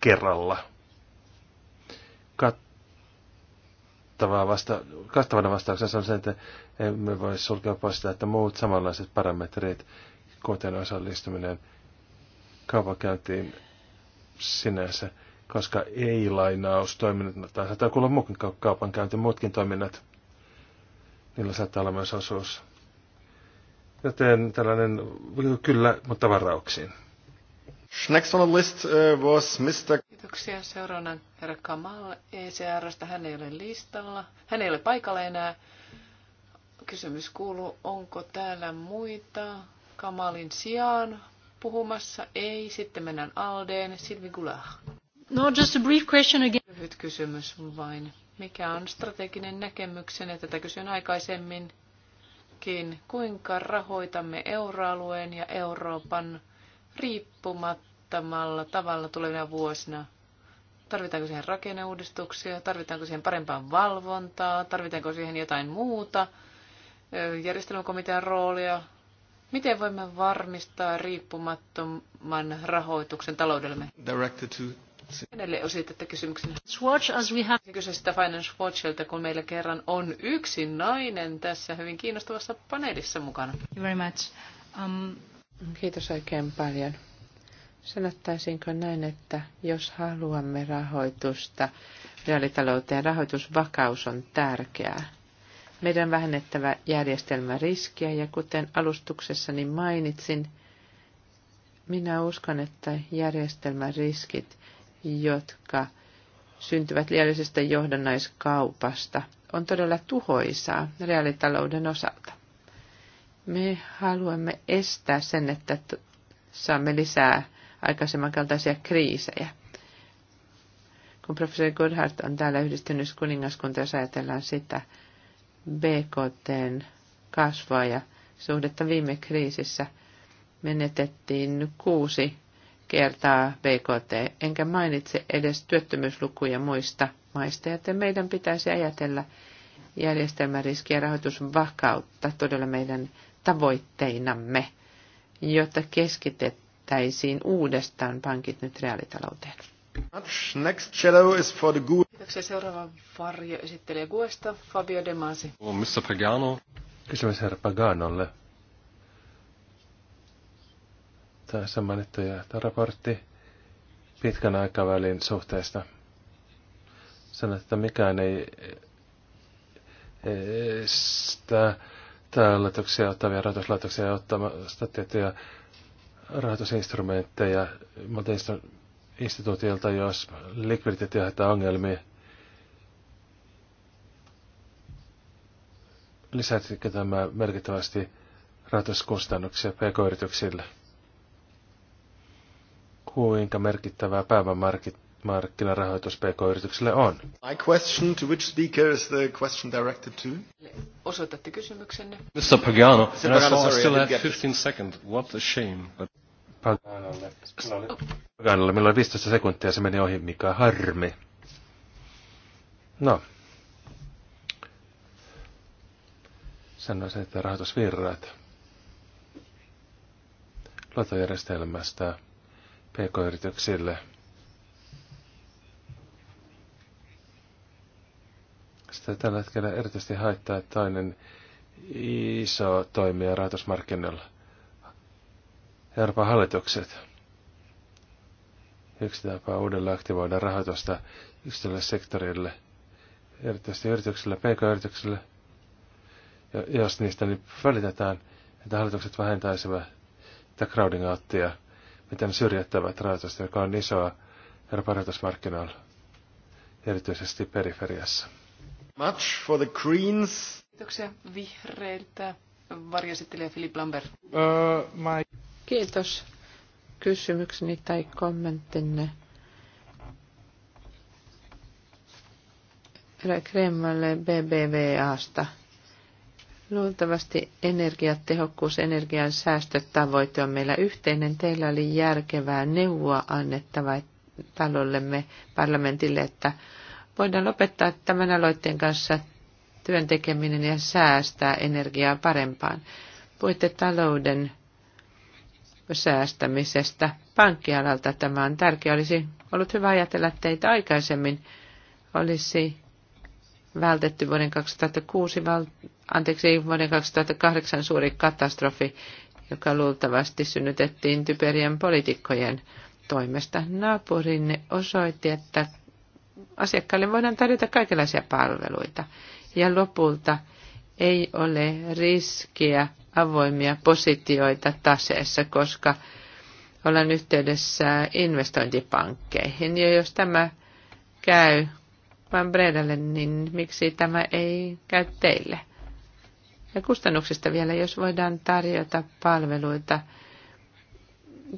kerralla. Kattavaa vasta, kattavana vastauksena on se, että emme voi sulkea pois sitä, että muut samanlaiset parametrit, kuten osallistuminen kaupankäyntiin sinänsä, koska ei-lainaus toiminnat, no, tai saattaa kuulla muukin kaupankäynti, muutkin toiminnat, niillä saattaa olla myös osuus. Joten tällainen kyllä, mutta varauksiin. Next on the list uh, was Mr. Kiitoksia. Seuraavana herra Kamal ECRstä. Hän ei ole listalla. Hän ei ole paikalla enää. Kysymys kuuluu, onko täällä muita Kamalin sijaan puhumassa? Ei. Sitten mennään Aldeen. Silvi Gulah. No, just a brief question again. Lyhyt kysymys vain. Mikä on strateginen näkemyksenne? Tätä kysyn aikaisemminkin. Kuinka rahoitamme euroalueen ja Euroopan riippumattomalla tavalla tulevina vuosina? Tarvitaanko siihen rakenneuudistuksia? Tarvitaanko siihen parempaa valvontaa? Tarvitaanko siihen jotain muuta? Järjestelmäkomitean roolia? Miten voimme varmistaa riippumattoman rahoituksen taloudellemme? Directed to... kysymyksen. Swatch as we have... sitä Finance Watchilta, kun meillä kerran on yksi nainen tässä hyvin kiinnostavassa paneelissa mukana. Thank you very much. Um... Kiitos oikein paljon. Sanottaisinko näin, että jos haluamme rahoitusta reaalitalouteen, rahoitusvakaus on tärkeää. Meidän vähennettävä järjestelmä riskiä ja kuten alustuksessani niin mainitsin, minä uskon, että järjestelmän riskit, jotka syntyvät liiallisesta johdannaiskaupasta, on todella tuhoisaa reaalitalouden osalta. Me haluamme estää sen, että saamme lisää aikaisemman kaltaisia kriisejä. Kun professori Goodhart on täällä yhdistynyt kuningaskunta, jos ajatellaan sitä BKTn kasvua ja suhdetta viime kriisissä menetettiin kuusi kertaa BKT, enkä mainitse edes työttömyyslukuja muista maista, joten meidän pitäisi ajatella järjestelmäriskiä ja rahoitusvakautta todella meidän tavoitteinamme, jotta keskitettäisiin uudestaan pankit nyt reaalitalouteen. Next shadow is for the Kiitoksia. Seuraava varjo esittelee GUEsta, Fabio De Masi. Oh, missä Pagano. Kysymys herra Paganolle. Tässä mainittu ja raportti pitkän aikavälin suhteesta. Sanoit, että mikään ei sitä rahoituslaitoksia ottavia rahoituslaitoksia ottamasta tiettyjä rahoitusinstrumentteja monta instituutiolta, jos likviditeetti aiheuttaa ongelmia. Lisäisikö tämä merkittävästi rahoituskustannuksia pk-yrityksille? Kuinka merkittävää pääomamarkkinoilla markkinarahoitus PK-yrityksille on. My question to which speaker is the question directed to? Osoitatte kysymyksenne. Mr. Pagano, Mr. Pagano sorry, I still have 15 seconds. What a shame. But... Paganolle. Paganolle. Meillä oli 15 sekuntia ja se meni ohi, mikä harmi. No. Sanoisin, että rahoitusvirrat luotojärjestelmästä pk-yrityksille – Sitä tällä hetkellä erityisesti haittaa toinen iso toimija rahoitusmarkkinoilla. Euroopan hallitukset. Yksi tapa uudelleen aktivoida rahoitusta yksityiselle sektorille, erityisesti yrityksille, pk-yrityksille. Ja jos niistä niin välitetään, että hallitukset vähentäisivät tätä crowding outtia, miten syrjättävät rahoitusta, joka on isoa Euroopan rahoitusmarkkinoilla, erityisesti periferiassa. Much for the Greens. Kiitoksia vihreiltä. Varjosittelijä Philip Lambert. Uh, my... Kiitos kysymykseni tai kommenttinne. Kremmalle BBVAsta. Luultavasti energiatehokkuus, energian säästötavoite on meillä yhteinen. Teillä oli järkevää neuvoa annettava talollemme parlamentille, että voidaan lopettaa tämän aloitteen kanssa työn tekeminen ja säästää energiaa parempaan. Puhuitte talouden säästämisestä. Pankkialalta tämä on tärkeä Olisi ollut hyvä ajatella teitä aikaisemmin. Olisi vältetty vuoden 2006, anteeksi, vuoden 2008 suuri katastrofi, joka luultavasti synnytettiin typerien poliitikkojen toimesta. Naapurinne osoitti, että asiakkaille voidaan tarjota kaikenlaisia palveluita. Ja lopulta ei ole riskiä avoimia positioita taseessa, koska ollaan yhteydessä investointipankkeihin. Ja jos tämä käy vain Bredalle, niin miksi tämä ei käy teille? Ja kustannuksista vielä, jos voidaan tarjota palveluita,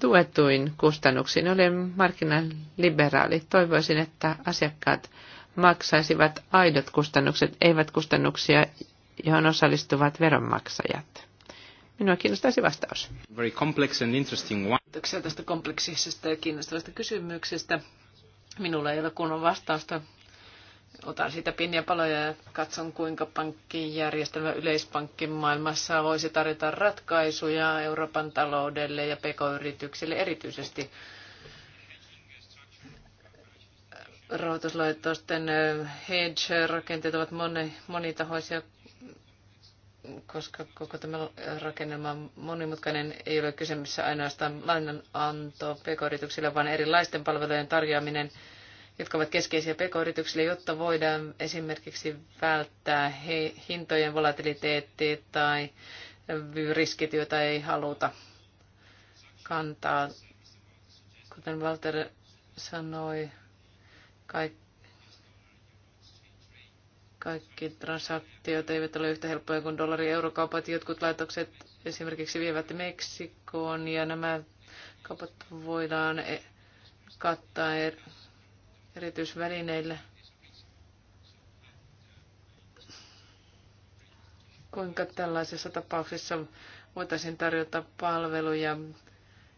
tuetuin kustannuksiin. Olen markkinaliberaali. Toivoisin, että asiakkaat maksaisivat aidot kustannukset, eivät kustannuksia, johon osallistuvat veronmaksajat. Minua kiinnostaisi vastaus. Very complex and interesting one. Kiitoksia tästä kompleksisesta ja kiinnostavasta kysymyksestä. Minulla ei ole kunnon vastausta otan siitä pieniä paloja ja katson, kuinka pankkijärjestelmä yleispankkin maailmassa voisi tarjota ratkaisuja Euroopan taloudelle ja pk-yrityksille erityisesti rahoituslaitosten hedge-rakenteet ovat moni, monitahoisia, koska koko tämä rakennelma on monimutkainen. Ei ole kysymys ainoastaan lainananto pk-yrityksille, vaan erilaisten palvelujen tarjoaminen – jotka ovat keskeisiä pk-yrityksille, jotta voidaan esimerkiksi välttää he, hintojen volatiliteetti tai riskit, joita ei haluta kantaa. Kuten Walter sanoi, kaikki kaikki transaktiot eivät ole yhtä helppoja kuin dollari eurokaupat. Jotkut laitokset esimerkiksi vievät Meksikoon ja nämä kaupat voidaan e- kattaa er- erityisvälineillä. Kuinka tällaisessa tapauksessa voitaisiin tarjota palveluja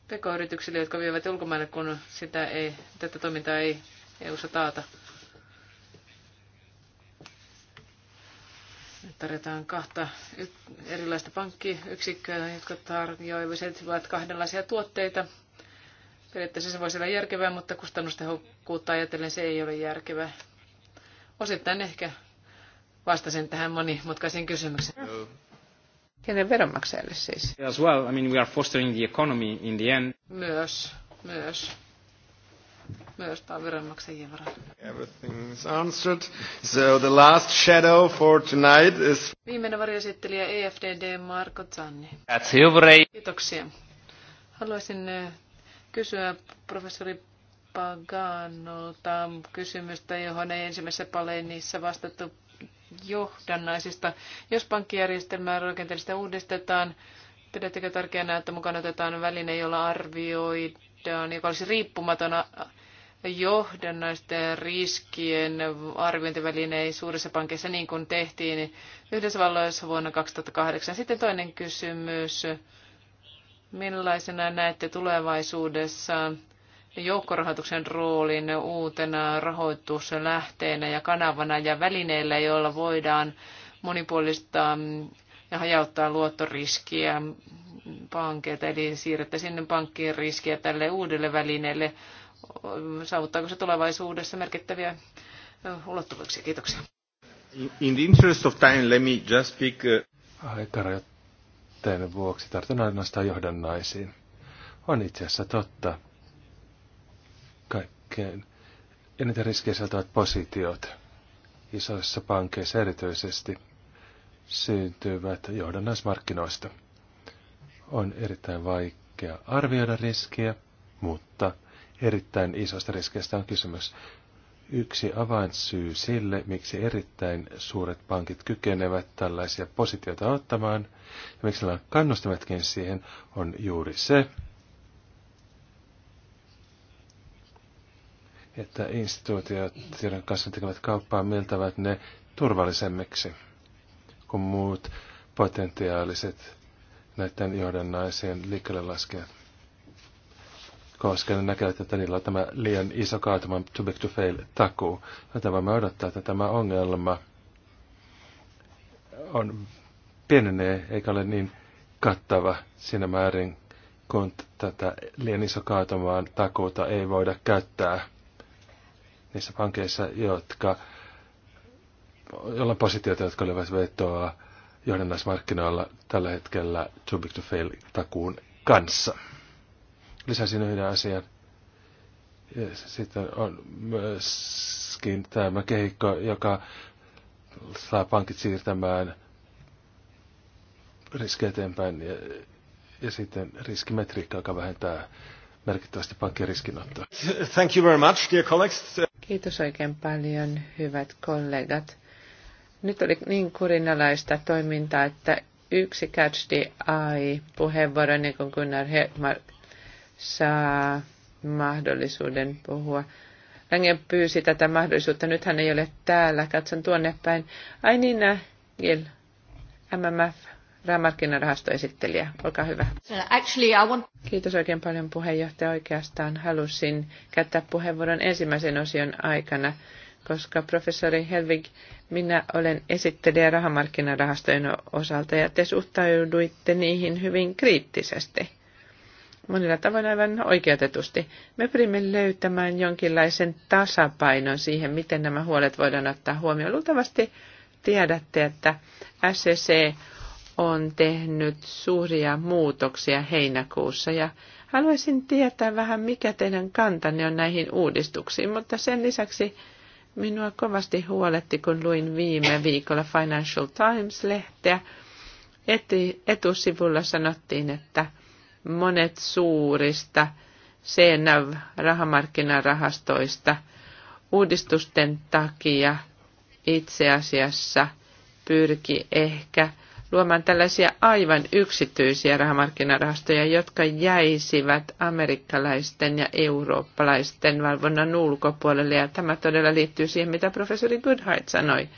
pk-yrityksille, jotka vievät ulkomaille, kun sitä ei, tätä toimintaa ei EU-ssa taata? Nyt tarjotaan kahta erilaista pankkiyksikköä, jotka tarjoavat kahdenlaisia tuotteita Periaatteessa se voisi olla järkevää, mutta kustannustehokkuutta ajatellen se ei ole järkevää. Osittain ehkä vastasin tähän monimutkaisiin kysymykseen. Kenen veronmaksajalle siis? As well, I mean, we are fostering the economy in the end. Myös, myös. Myös tämä on veronmaksajien varaa. Everything is answered. So the last shadow for tonight is... Viimeinen varjoesittelijä EFDD Marko Zanni. That's Kiitoksia. Haluaisin eh, kysyä professori Paganolta kysymystä, johon ei ensimmäisessä paleenissa vastattu johdannaisista. Jos pankkijärjestelmää rakenteellisesti uudistetaan, pidättekö tärkeänä, että mukana otetaan väline, jolla arvioidaan, joka olisi riippumatona johdannaisten riskien ei suurissa pankeissa, niin kuin tehtiin Yhdysvalloissa vuonna 2008. Sitten toinen kysymys Millaisena näette tulevaisuudessa joukkorahoituksen roolin uutena rahoituslähteenä ja kanavana ja välineellä, joilla voidaan monipuolistaa ja hajauttaa luottoriskiä pankeilta, eli sinne pankkien riskiä tälle uudelle välineelle. Saavuttaako se tulevaisuudessa merkittäviä ulottuvuuksia? Kiitoksia. In the interest of time, let me just speak... Uh, käsitteiden vuoksi tartun ainoastaan johdannaisiin. On itse asiassa totta. Kaikkein eniten riskejä sisältävät positiot, isoissa pankeissa erityisesti, syntyvät johdannaismarkkinoista. On erittäin vaikea arvioida riskiä, mutta erittäin isosta riskeistä on kysymys yksi avainsyy sille, miksi erittäin suuret pankit kykenevät tällaisia positioita ottamaan ja miksi on kannustimetkin siihen, on juuri se, että instituutiot, joiden kanssa tekevät kauppaa, mieltävät ne turvallisemmiksi kuin muut potentiaaliset näiden johdannaisien liikkeelle laskijat koska ne näkevät, että niillä on tämä liian iso kaatuma too big to fail takuu. Joten voimme odottaa, että tämä ongelma on pienenee eikä ole niin kattava siinä määrin, kun tätä liian iso kaatumaan takuuta ei voida käyttää niissä pankeissa, jotka jollain positioita, jotka olivat vetoa johdannaismarkkinoilla tällä hetkellä too big to fail takuun kanssa. Lisäsin yhden asian. Ja sitten on myöskin tämä kehikko, joka saa pankit siirtämään riskejä eteenpäin ja, ja sitten riskimetriikka, joka vähentää merkittävästi pankkien riskinottoa. Thank you very much, dear colleagues. Kiitos oikein paljon, hyvät kollegat. Nyt oli niin kurinalaista toimintaa, että yksi catch the eye puheenvuoro, niin kuin Gunnar Hedmark saa mahdollisuuden puhua. Lange pyysi tätä mahdollisuutta. Nyt hän ei ole täällä. Katson tuonne päin. Ai niin, Gil, MMF, esittelijä, Olkaa hyvä. Actually, I want... Kiitos oikein paljon puheenjohtaja. Oikeastaan halusin käyttää puheenvuoron ensimmäisen osion aikana, koska professori Helvig, minä olen esittelijä rahamarkkinarahastojen osalta ja te suhtauduitte niihin hyvin kriittisesti monilla tavoin aivan oikeutetusti. Me pyrimme löytämään jonkinlaisen tasapainon siihen, miten nämä huolet voidaan ottaa huomioon. Luultavasti tiedätte, että SEC on tehnyt suuria muutoksia heinäkuussa ja haluaisin tietää vähän, mikä teidän kantanne on näihin uudistuksiin, mutta sen lisäksi minua kovasti huoletti, kun luin viime viikolla Financial Times-lehteä. etusivulla sanottiin, että – Monet suurista CNAV-rahamarkkinarahastoista uudistusten takia itse asiassa pyrki ehkä luomaan tällaisia aivan yksityisiä rahamarkkinarahastoja, jotka jäisivät amerikkalaisten ja eurooppalaisten valvonnan ulkopuolelle. Ja tämä todella liittyy siihen, mitä professori Goodhart sanoi,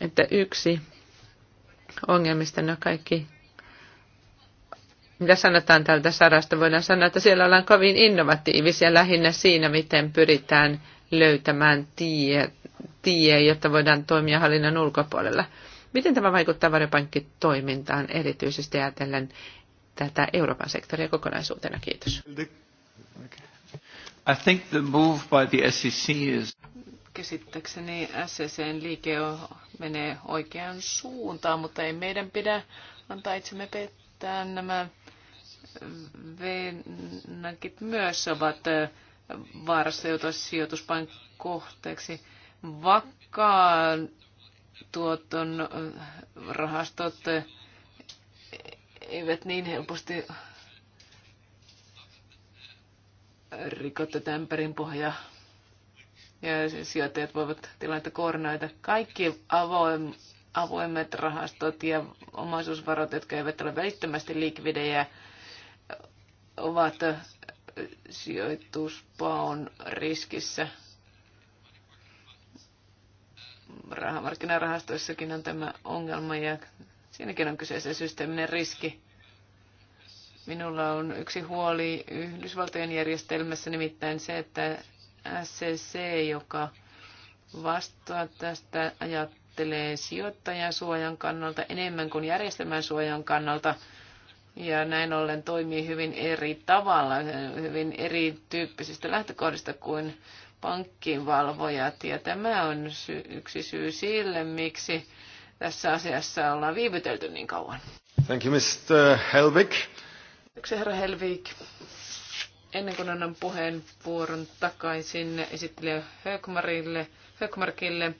että yksi ongelmista, no kaikki mitä sanotaan tältä sarasta, voidaan sanoa, että siellä ollaan kovin innovatiivisia lähinnä siinä, miten pyritään löytämään tie, tie jotta voidaan toimia hallinnan ulkopuolella. Miten tämä vaikuttaa varjopankkitoimintaan erityisesti ajatellen tätä Euroopan sektoria kokonaisuutena? Kiitos. I think the move by the SEC is... Käsittääkseni SECn liike menee oikeaan suuntaan, mutta ei meidän pidä antaa itsemme pettää nämä venäkit myös ovat vaarassa joutua sijoituspain kohteeksi. Vakkaan tuoton rahastot eivät niin helposti rikotte tämperin pohja Ja sijoittajat voivat tilannetta koordinoida. Kaikki avoim, avoimet rahastot ja omaisuusvarat, jotka eivät ole välittömästi likvidejä, ovat sijoituspaon riskissä. Rahamarkkinarahastoissakin on tämä ongelma ja siinäkin on kyseessä systeeminen riski. Minulla on yksi huoli Yhdysvaltojen järjestelmässä, nimittäin se, että SCC, joka vastaa tästä, ajattelee sijoittajan suojan kannalta enemmän kuin järjestelmän suojan kannalta – ja näin ollen toimii hyvin eri tavalla, hyvin erityyppisistä lähtökohdista kuin pankkivalvojat. Ja tämä on sy- yksi syy sille, miksi tässä asiassa ollaan viivytelty niin kauan. Thank you, Mr. Helvik. Yksi herra Helvik. Ennen kuin annan puheenvuoron takaisin esittelijä Högmarille, Högmarkille,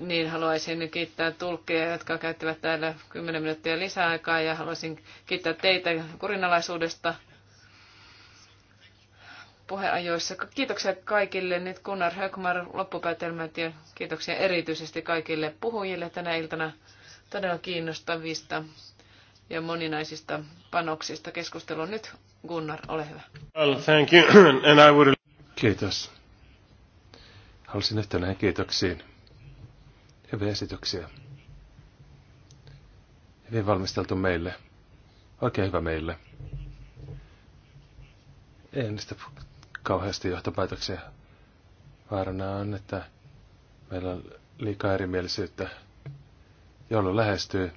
niin haluaisin kiittää tulkkeja, jotka käyttävät täällä 10 minuuttia lisäaikaa ja haluaisin kiittää teitä kurinalaisuudesta puheajoissa. Kiitoksia kaikille. Nyt Gunnar Högmar loppupäätelmät ja kiitoksia erityisesti kaikille puhujille tänä iltana todella kiinnostavista ja moninaisista panoksista keskusteluun. Nyt Gunnar, ole hyvä. Well, thank you. And I would... Kiitos. Haluaisin yhtä näihin kiitoksiin hyviä esityksiä. Hyvin valmisteltu meille. Oikein hyvä meille. Ei niistä kauheasti johtopäätöksiä. Vaarana on, että meillä on liikaa erimielisyyttä. Joulu lähestyy.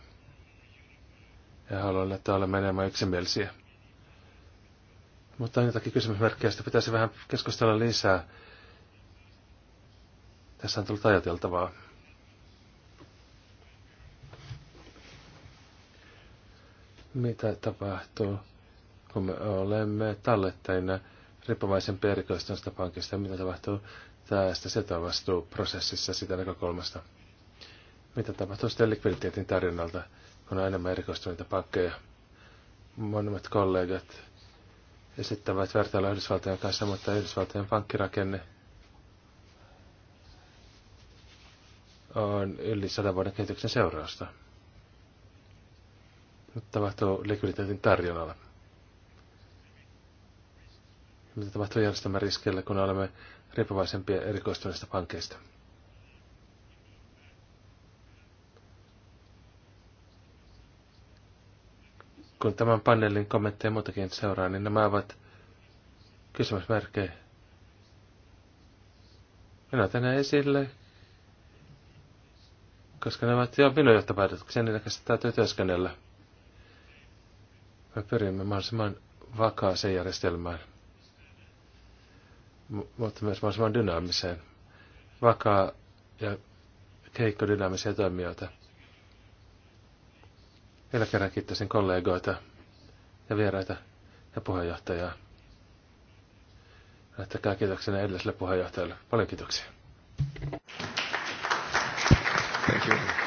Ja haluan, että olemme enemmän yksimielisiä. Mutta on jotakin kysymysmerkkejä, josta pitäisi vähän keskustella lisää. Tässä on tullut ajateltavaa. mitä tapahtuu, kun me olemme tallettajina riippuvaisen erikoistuneesta pankista, mitä tapahtuu tästä setovastuuprosessissa sitä näkökulmasta. Mitä tapahtuu sitten likviditeetin tarjonnalta, kun on enemmän erikoistuneita pankkeja. Monimmat kollegat esittävät vertailla Yhdysvaltojen kanssa, mutta Yhdysvaltojen pankkirakenne on yli sadan vuoden kehityksen seurausta. Nyt tapahtuu likviditeetin tarjonnalla. Mitä tapahtuu järjestelmän riskeillä, kun olemme riippuvaisempia erikoistuneista pankeista? Kun tämän paneelin kommentteja muutakin seuraa, niin nämä ovat kysymysmerkkejä. Minä ne esille, koska ne ovat jo minun johtopäätökseni, niin täytyy työskennellä. Me pyrimme mahdollisimman vakaaseen järjestelmään, mutta myös mahdollisimman dynaamiseen. Vakaa ja keikko dynaamisia toimijoita. Vielä kerran kiittäisin kollegoita ja vieraita ja puheenjohtajaa. Lähettäkää kiitoksena edelliselle puheenjohtajalle. Paljon kiitoksia. Thank you.